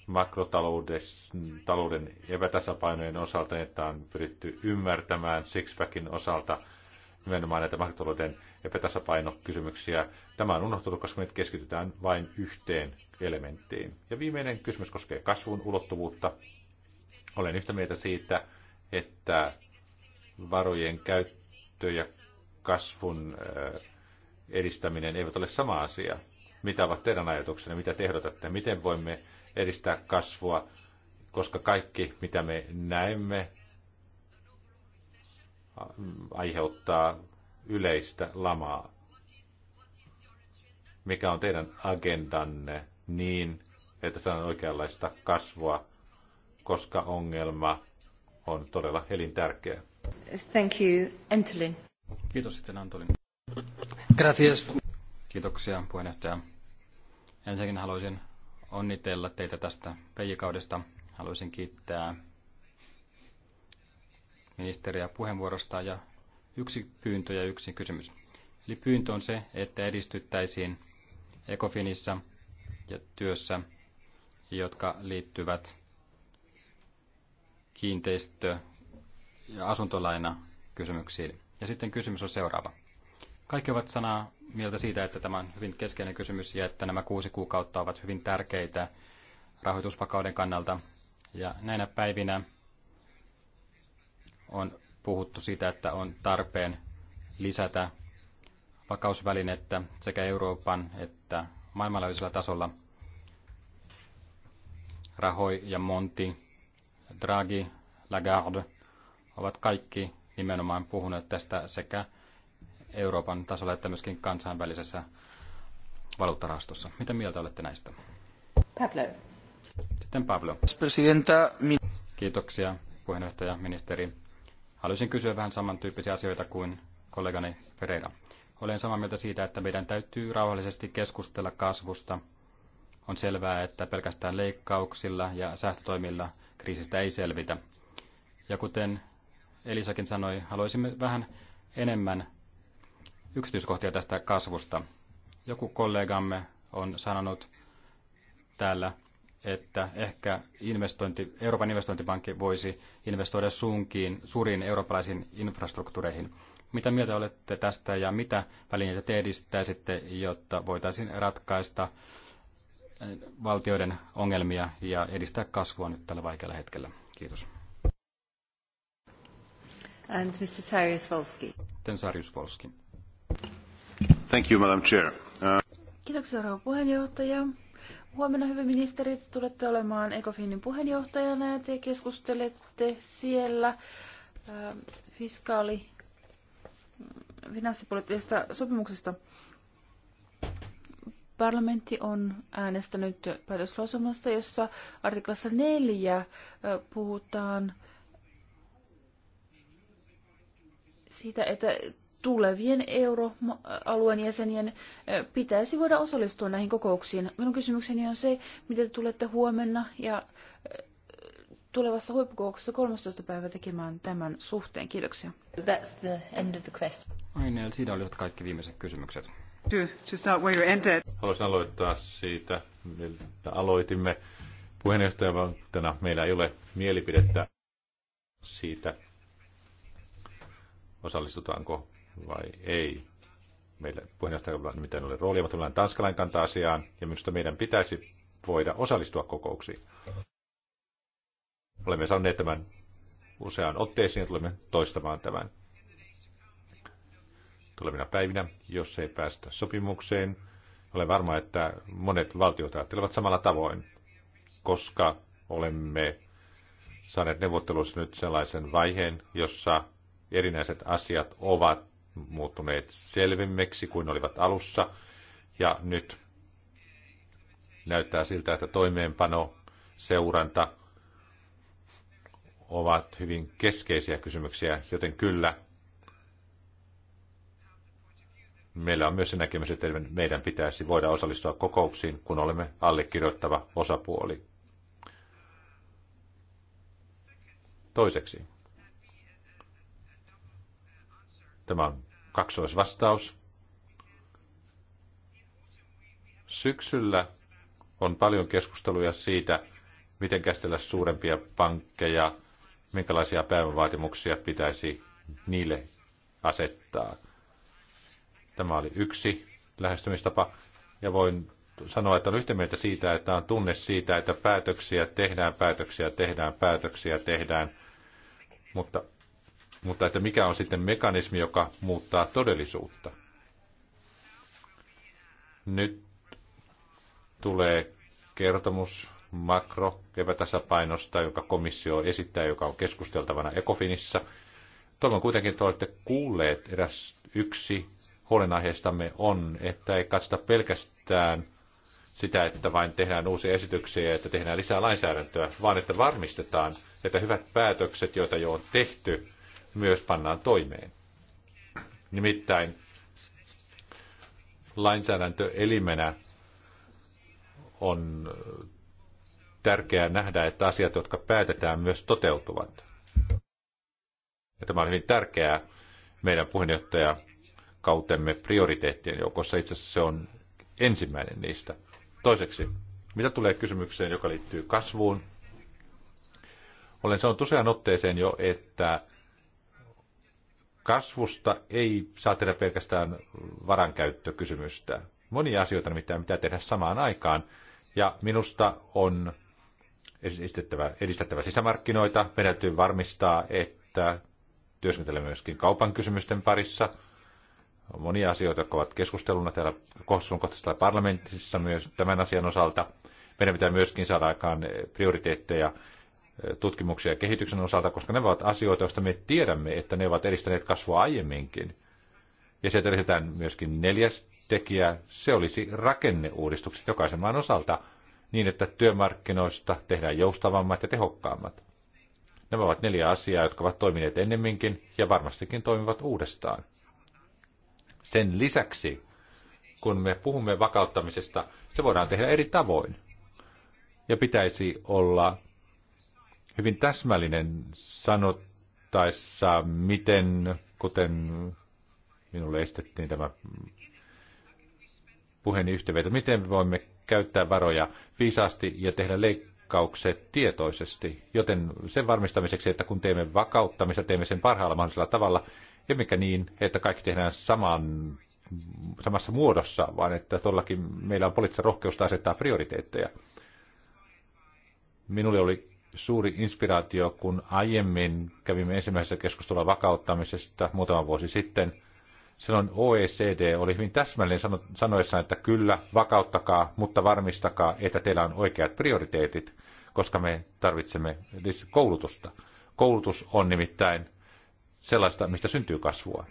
makrotalouden epätasapainojen osalta, että on pyritty ymmärtämään Sixpackin osalta nimenomaan näitä makrotalouden epätasapainokysymyksiä. Tämä on unohtunut, koska me keskitytään vain yhteen elementtiin. Ja viimeinen kysymys koskee kasvun ulottuvuutta. Olen yhtä mieltä siitä, että varojen käyttö ja kasvun äh, edistäminen eivät ole sama asia. Mitä ovat teidän ajatuksenne, mitä te ehdotatte, miten voimme edistää kasvua, koska kaikki, mitä me näemme, aiheuttaa yleistä lamaa. Mikä on teidän agendanne niin, että saadaan oikeanlaista kasvua, koska ongelma on todella elintärkeä? Thank you, Antolin. Kiitos sitten Antolin. Gracias. Kiitoksia puheenjohtaja. Ensinnäkin haluaisin onnitella teitä tästä peijikaudesta. Haluaisin kiittää ministeriä puheenvuorosta ja Yksi pyyntö ja yksi kysymys. Eli pyyntö on se, että edistyttäisiin Ecofinissa ja työssä, jotka liittyvät kiinteistö- ja asuntolaina kysymyksiin. Ja sitten kysymys on seuraava. Kaikki ovat sanaa mieltä siitä, että tämä on hyvin keskeinen kysymys ja että nämä kuusi kuukautta ovat hyvin tärkeitä rahoitusvakauden kannalta. Ja näinä päivinä on puhuttu siitä, että on tarpeen lisätä vakausvälinettä sekä Euroopan että maailmanlaajuisella tasolla. Rahoi ja Monti, Draghi, Lagarde ovat kaikki nimenomaan puhuneet tästä sekä Euroopan tasolla että myöskin kansainvälisessä valuuttarahastossa. Mitä mieltä olette näistä? Pablo. Sitten Pablo. Presidenta. Kiitoksia puheenjohtaja, ministeri. Haluaisin kysyä vähän samantyyppisiä asioita kuin kollegani Ferreira. Olen samaa mieltä siitä, että meidän täytyy rauhallisesti keskustella kasvusta. On selvää, että pelkästään leikkauksilla ja säästötoimilla kriisistä ei selvitä. Ja kuten Elisakin sanoi, haluaisimme vähän enemmän yksityiskohtia tästä kasvusta. Joku kollegamme on sanonut täällä, että ehkä investointi, Euroopan investointipankki voisi investoida suunkiin, suuriin eurooppalaisiin infrastruktuureihin. Mitä mieltä olette tästä ja mitä välineitä te edistäisitte, jotta voitaisiin ratkaista eh, valtioiden ongelmia ja edistää kasvua nyt tällä vaikealla hetkellä? Kiitos. And Mr. Sarius Volski. Ten Sarius Volski. Thank you, Madam Chair. Uh... Kiitoksia, rouva puheenjohtaja. Huomenna, hyvä ministeri, tulette olemaan Ecofinin puheenjohtajana ja te keskustelette siellä ähm, fiskaali mm, finanssipoliittisesta sopimuksesta. Parlamentti on äänestänyt päätöslausumasta, jossa artiklassa 4 äh, puhutaan siitä, että tulevien euroalueen jäsenien pitäisi voida osallistua näihin kokouksiin. Minun kysymykseni on se, miten te tulette huomenna ja tulevassa huippukokouksessa 13. päivä tekemään tämän suhteen. Kiitoksia. That's the end of the question. Niin, siinä olivat kaikki viimeiset kysymykset. To, start where you ended. Haluaisin aloittaa siitä, miltä aloitimme. Puheenjohtajavaltana meillä ei ole mielipidettä siitä, osallistutaanko vai ei. Meillä puheenjohtajalla mitään ole roolia, mutta meillä on tanskalainen kanta asiaan, ja minusta meidän pitäisi voida osallistua kokouksiin. Olemme saaneet tämän useaan otteeseen ja tulemme toistamaan tämän tulevina päivinä, jos ei päästä sopimukseen. Olen varma, että monet valtiot ajattelevat samalla tavoin, koska olemme saaneet neuvottelussa nyt sellaisen vaiheen, jossa erinäiset asiat ovat muuttuneet selvemmiksi kuin olivat alussa. Ja nyt näyttää siltä, että toimeenpano, seuranta ovat hyvin keskeisiä kysymyksiä, joten kyllä meillä on myös se näkemys, että meidän pitäisi voida osallistua kokouksiin, kun olemme allekirjoittava osapuoli. Toiseksi. Tämä on kaksoisvastaus. Syksyllä on paljon keskusteluja siitä, miten käsitellä suurempia pankkeja, minkälaisia päivävaatimuksia pitäisi niille asettaa. Tämä oli yksi lähestymistapa, ja voin sanoa, että on yhtä mieltä siitä, että on tunne siitä, että päätöksiä tehdään, päätöksiä tehdään, päätöksiä tehdään, mutta mutta että mikä on sitten mekanismi, joka muuttaa todellisuutta. Nyt tulee kertomus makro epätasapainosta, joka komissio esittää, joka on keskusteltavana Ecofinissa. Toivon kuitenkin, että olette kuulleet eräs yksi huolenaiheistamme on, että ei katsota pelkästään sitä, että vain tehdään uusia esityksiä ja että tehdään lisää lainsäädäntöä, vaan että varmistetaan, että hyvät päätökset, joita jo on tehty, myös pannaan toimeen. Nimittäin lainsäädäntöelimenä on tärkeää nähdä, että asiat, jotka päätetään, myös toteutuvat. Ja tämä on hyvin tärkeää meidän kautemme prioriteettien joukossa. Itse asiassa se on ensimmäinen niistä. Toiseksi, mitä tulee kysymykseen, joka liittyy kasvuun? Olen sanonut usean otteeseen jo, että kasvusta ei saa tehdä pelkästään varankäyttökysymystä. Monia asioita nimittäin pitää tehdä samaan aikaan. Ja minusta on edistettävä, edistettävä sisämarkkinoita. Meidän täytyy varmistaa, että työskentelemme myöskin kaupan kysymysten parissa. On monia asioita, jotka ovat keskusteluna täällä kohtaisessa parlamentissa myös tämän asian osalta. Meidän pitää myöskin saada aikaan prioriteetteja tutkimuksen ja kehityksen osalta, koska ne ovat asioita, joista me tiedämme, että ne ovat edistäneet kasvua aiemminkin. Ja sieltä edistetään myöskin neljäs tekijä, se olisi rakenneuudistukset jokaisen maan osalta, niin että työmarkkinoista tehdään joustavammat ja tehokkaammat. Nämä ovat neljä asiaa, jotka ovat toimineet ennemminkin ja varmastikin toimivat uudestaan. Sen lisäksi, kun me puhumme vakauttamisesta, se voidaan tehdä eri tavoin. Ja pitäisi olla hyvin täsmällinen sanottaessa, miten, kuten minulle estettiin tämä puheen yhteenveto, miten voimme käyttää varoja viisaasti ja tehdä leikkaukset tietoisesti, joten sen varmistamiseksi, että kun teemme vakauttamista, teemme sen parhaalla mahdollisella tavalla, emmekä niin, että kaikki tehdään saman, samassa muodossa, vaan että todellakin meillä on poliittista rohkeusta asettaa prioriteetteja. Minulle oli suuri inspiraatio, kun aiemmin kävimme ensimmäisessä keskustelua vakauttamisesta muutama vuosi sitten. Silloin OECD oli hyvin täsmällinen sanoessaan, että kyllä, vakauttakaa, mutta varmistakaa, että teillä on oikeat prioriteetit, koska me tarvitsemme koulutusta. Koulutus on nimittäin sellaista, mistä syntyy kasvua.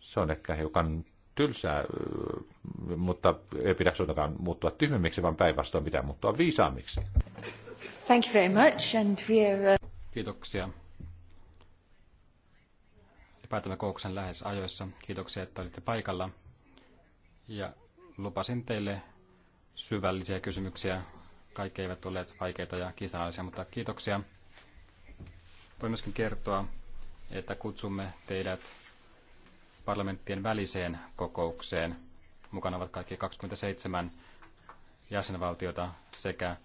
Se on ehkä hiukan tylsää, mutta ei pidä suinkaan muuttua tyhmemmiksi, vaan päinvastoin pitää muuttua viisaammiksi. Thank you very much and we're... Uh, kiitoksia. Päätämme kokouksen lähes ajoissa. Kiitoksia, että olitte paikalla. Ja lupasin teille syvällisiä kysymyksiä. Kaikki eivät olleet vaikeita ja kiistanalaisia, mutta kiitoksia. Voin myöskin kertoa, että kutsumme teidät parlamenttien väliseen kokoukseen. Mukana ovat kaikki 27 jäsenvaltiota sekä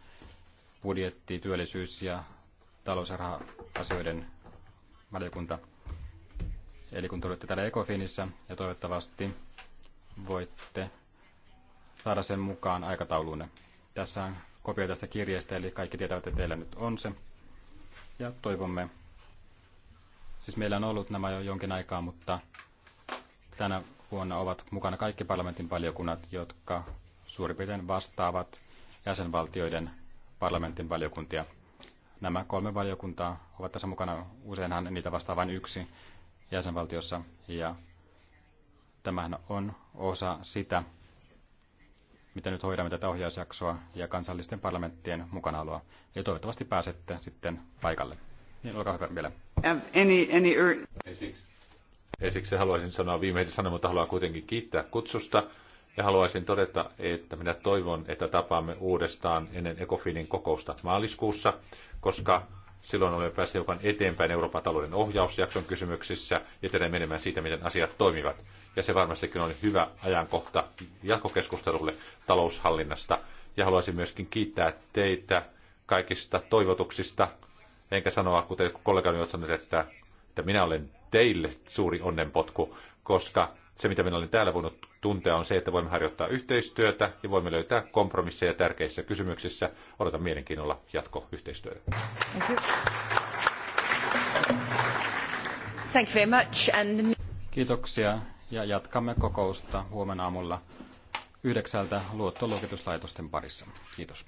budjetti, työllisyys ja talous- ja raha-asioiden valiokunta. Eli kun tulette täällä Ecofinissa ja toivottavasti voitte saada sen mukaan aikatauluunne. Tässä on kopio tästä kirjeestä, eli kaikki tietävät, että teillä nyt on se. Ja toivomme, siis meillä on ollut nämä jo jonkin aikaa, mutta tänä vuonna ovat mukana kaikki parlamentin valiokunnat, jotka suurin piirtein vastaavat jäsenvaltioiden parlamentin valiokuntia. Nämä kolme valiokuntaa ovat tässä mukana. Useinhan niitä vastaa vain yksi jäsenvaltiossa. Ja tämähän on osa sitä, miten nyt hoidamme tätä ohjausjaksoa ja kansallisten parlamenttien mukanaoloa. Ja toivottavasti pääsette sitten paikalle. Niin, olkaa hyvä vielä. Any, any Esiksi. Esiksi haluaisin sanoa viimeisen sanan, mutta haluan kuitenkin kiittää kutsusta. Ja haluaisin todeta, että minä toivon, että tapaamme uudestaan ennen Ecofinin kokousta maaliskuussa, koska silloin olemme päässeet hiukan eteenpäin Euroopan talouden ohjausjakson kysymyksissä ja tehdään menemään siitä, miten asiat toimivat. Ja se varmastikin on hyvä ajankohta jatkokeskustelulle taloushallinnasta. Ja haluaisin myöskin kiittää teitä kaikista toivotuksista. Enkä sanoa, kuten kollegani ovat sanoneet, että, että minä olen teille suuri onnenpotku, koska se, mitä minä olen täällä voinut tuntea, on se, että voimme harjoittaa yhteistyötä ja voimme löytää kompromisseja tärkeissä kysymyksissä. Odotan mielenkiinnolla jatkoyhteistyötä. Thank you very much. And... Kiitoksia ja jatkamme kokousta huomenna aamulla yhdeksältä luottoluokituslaitosten parissa. Kiitos.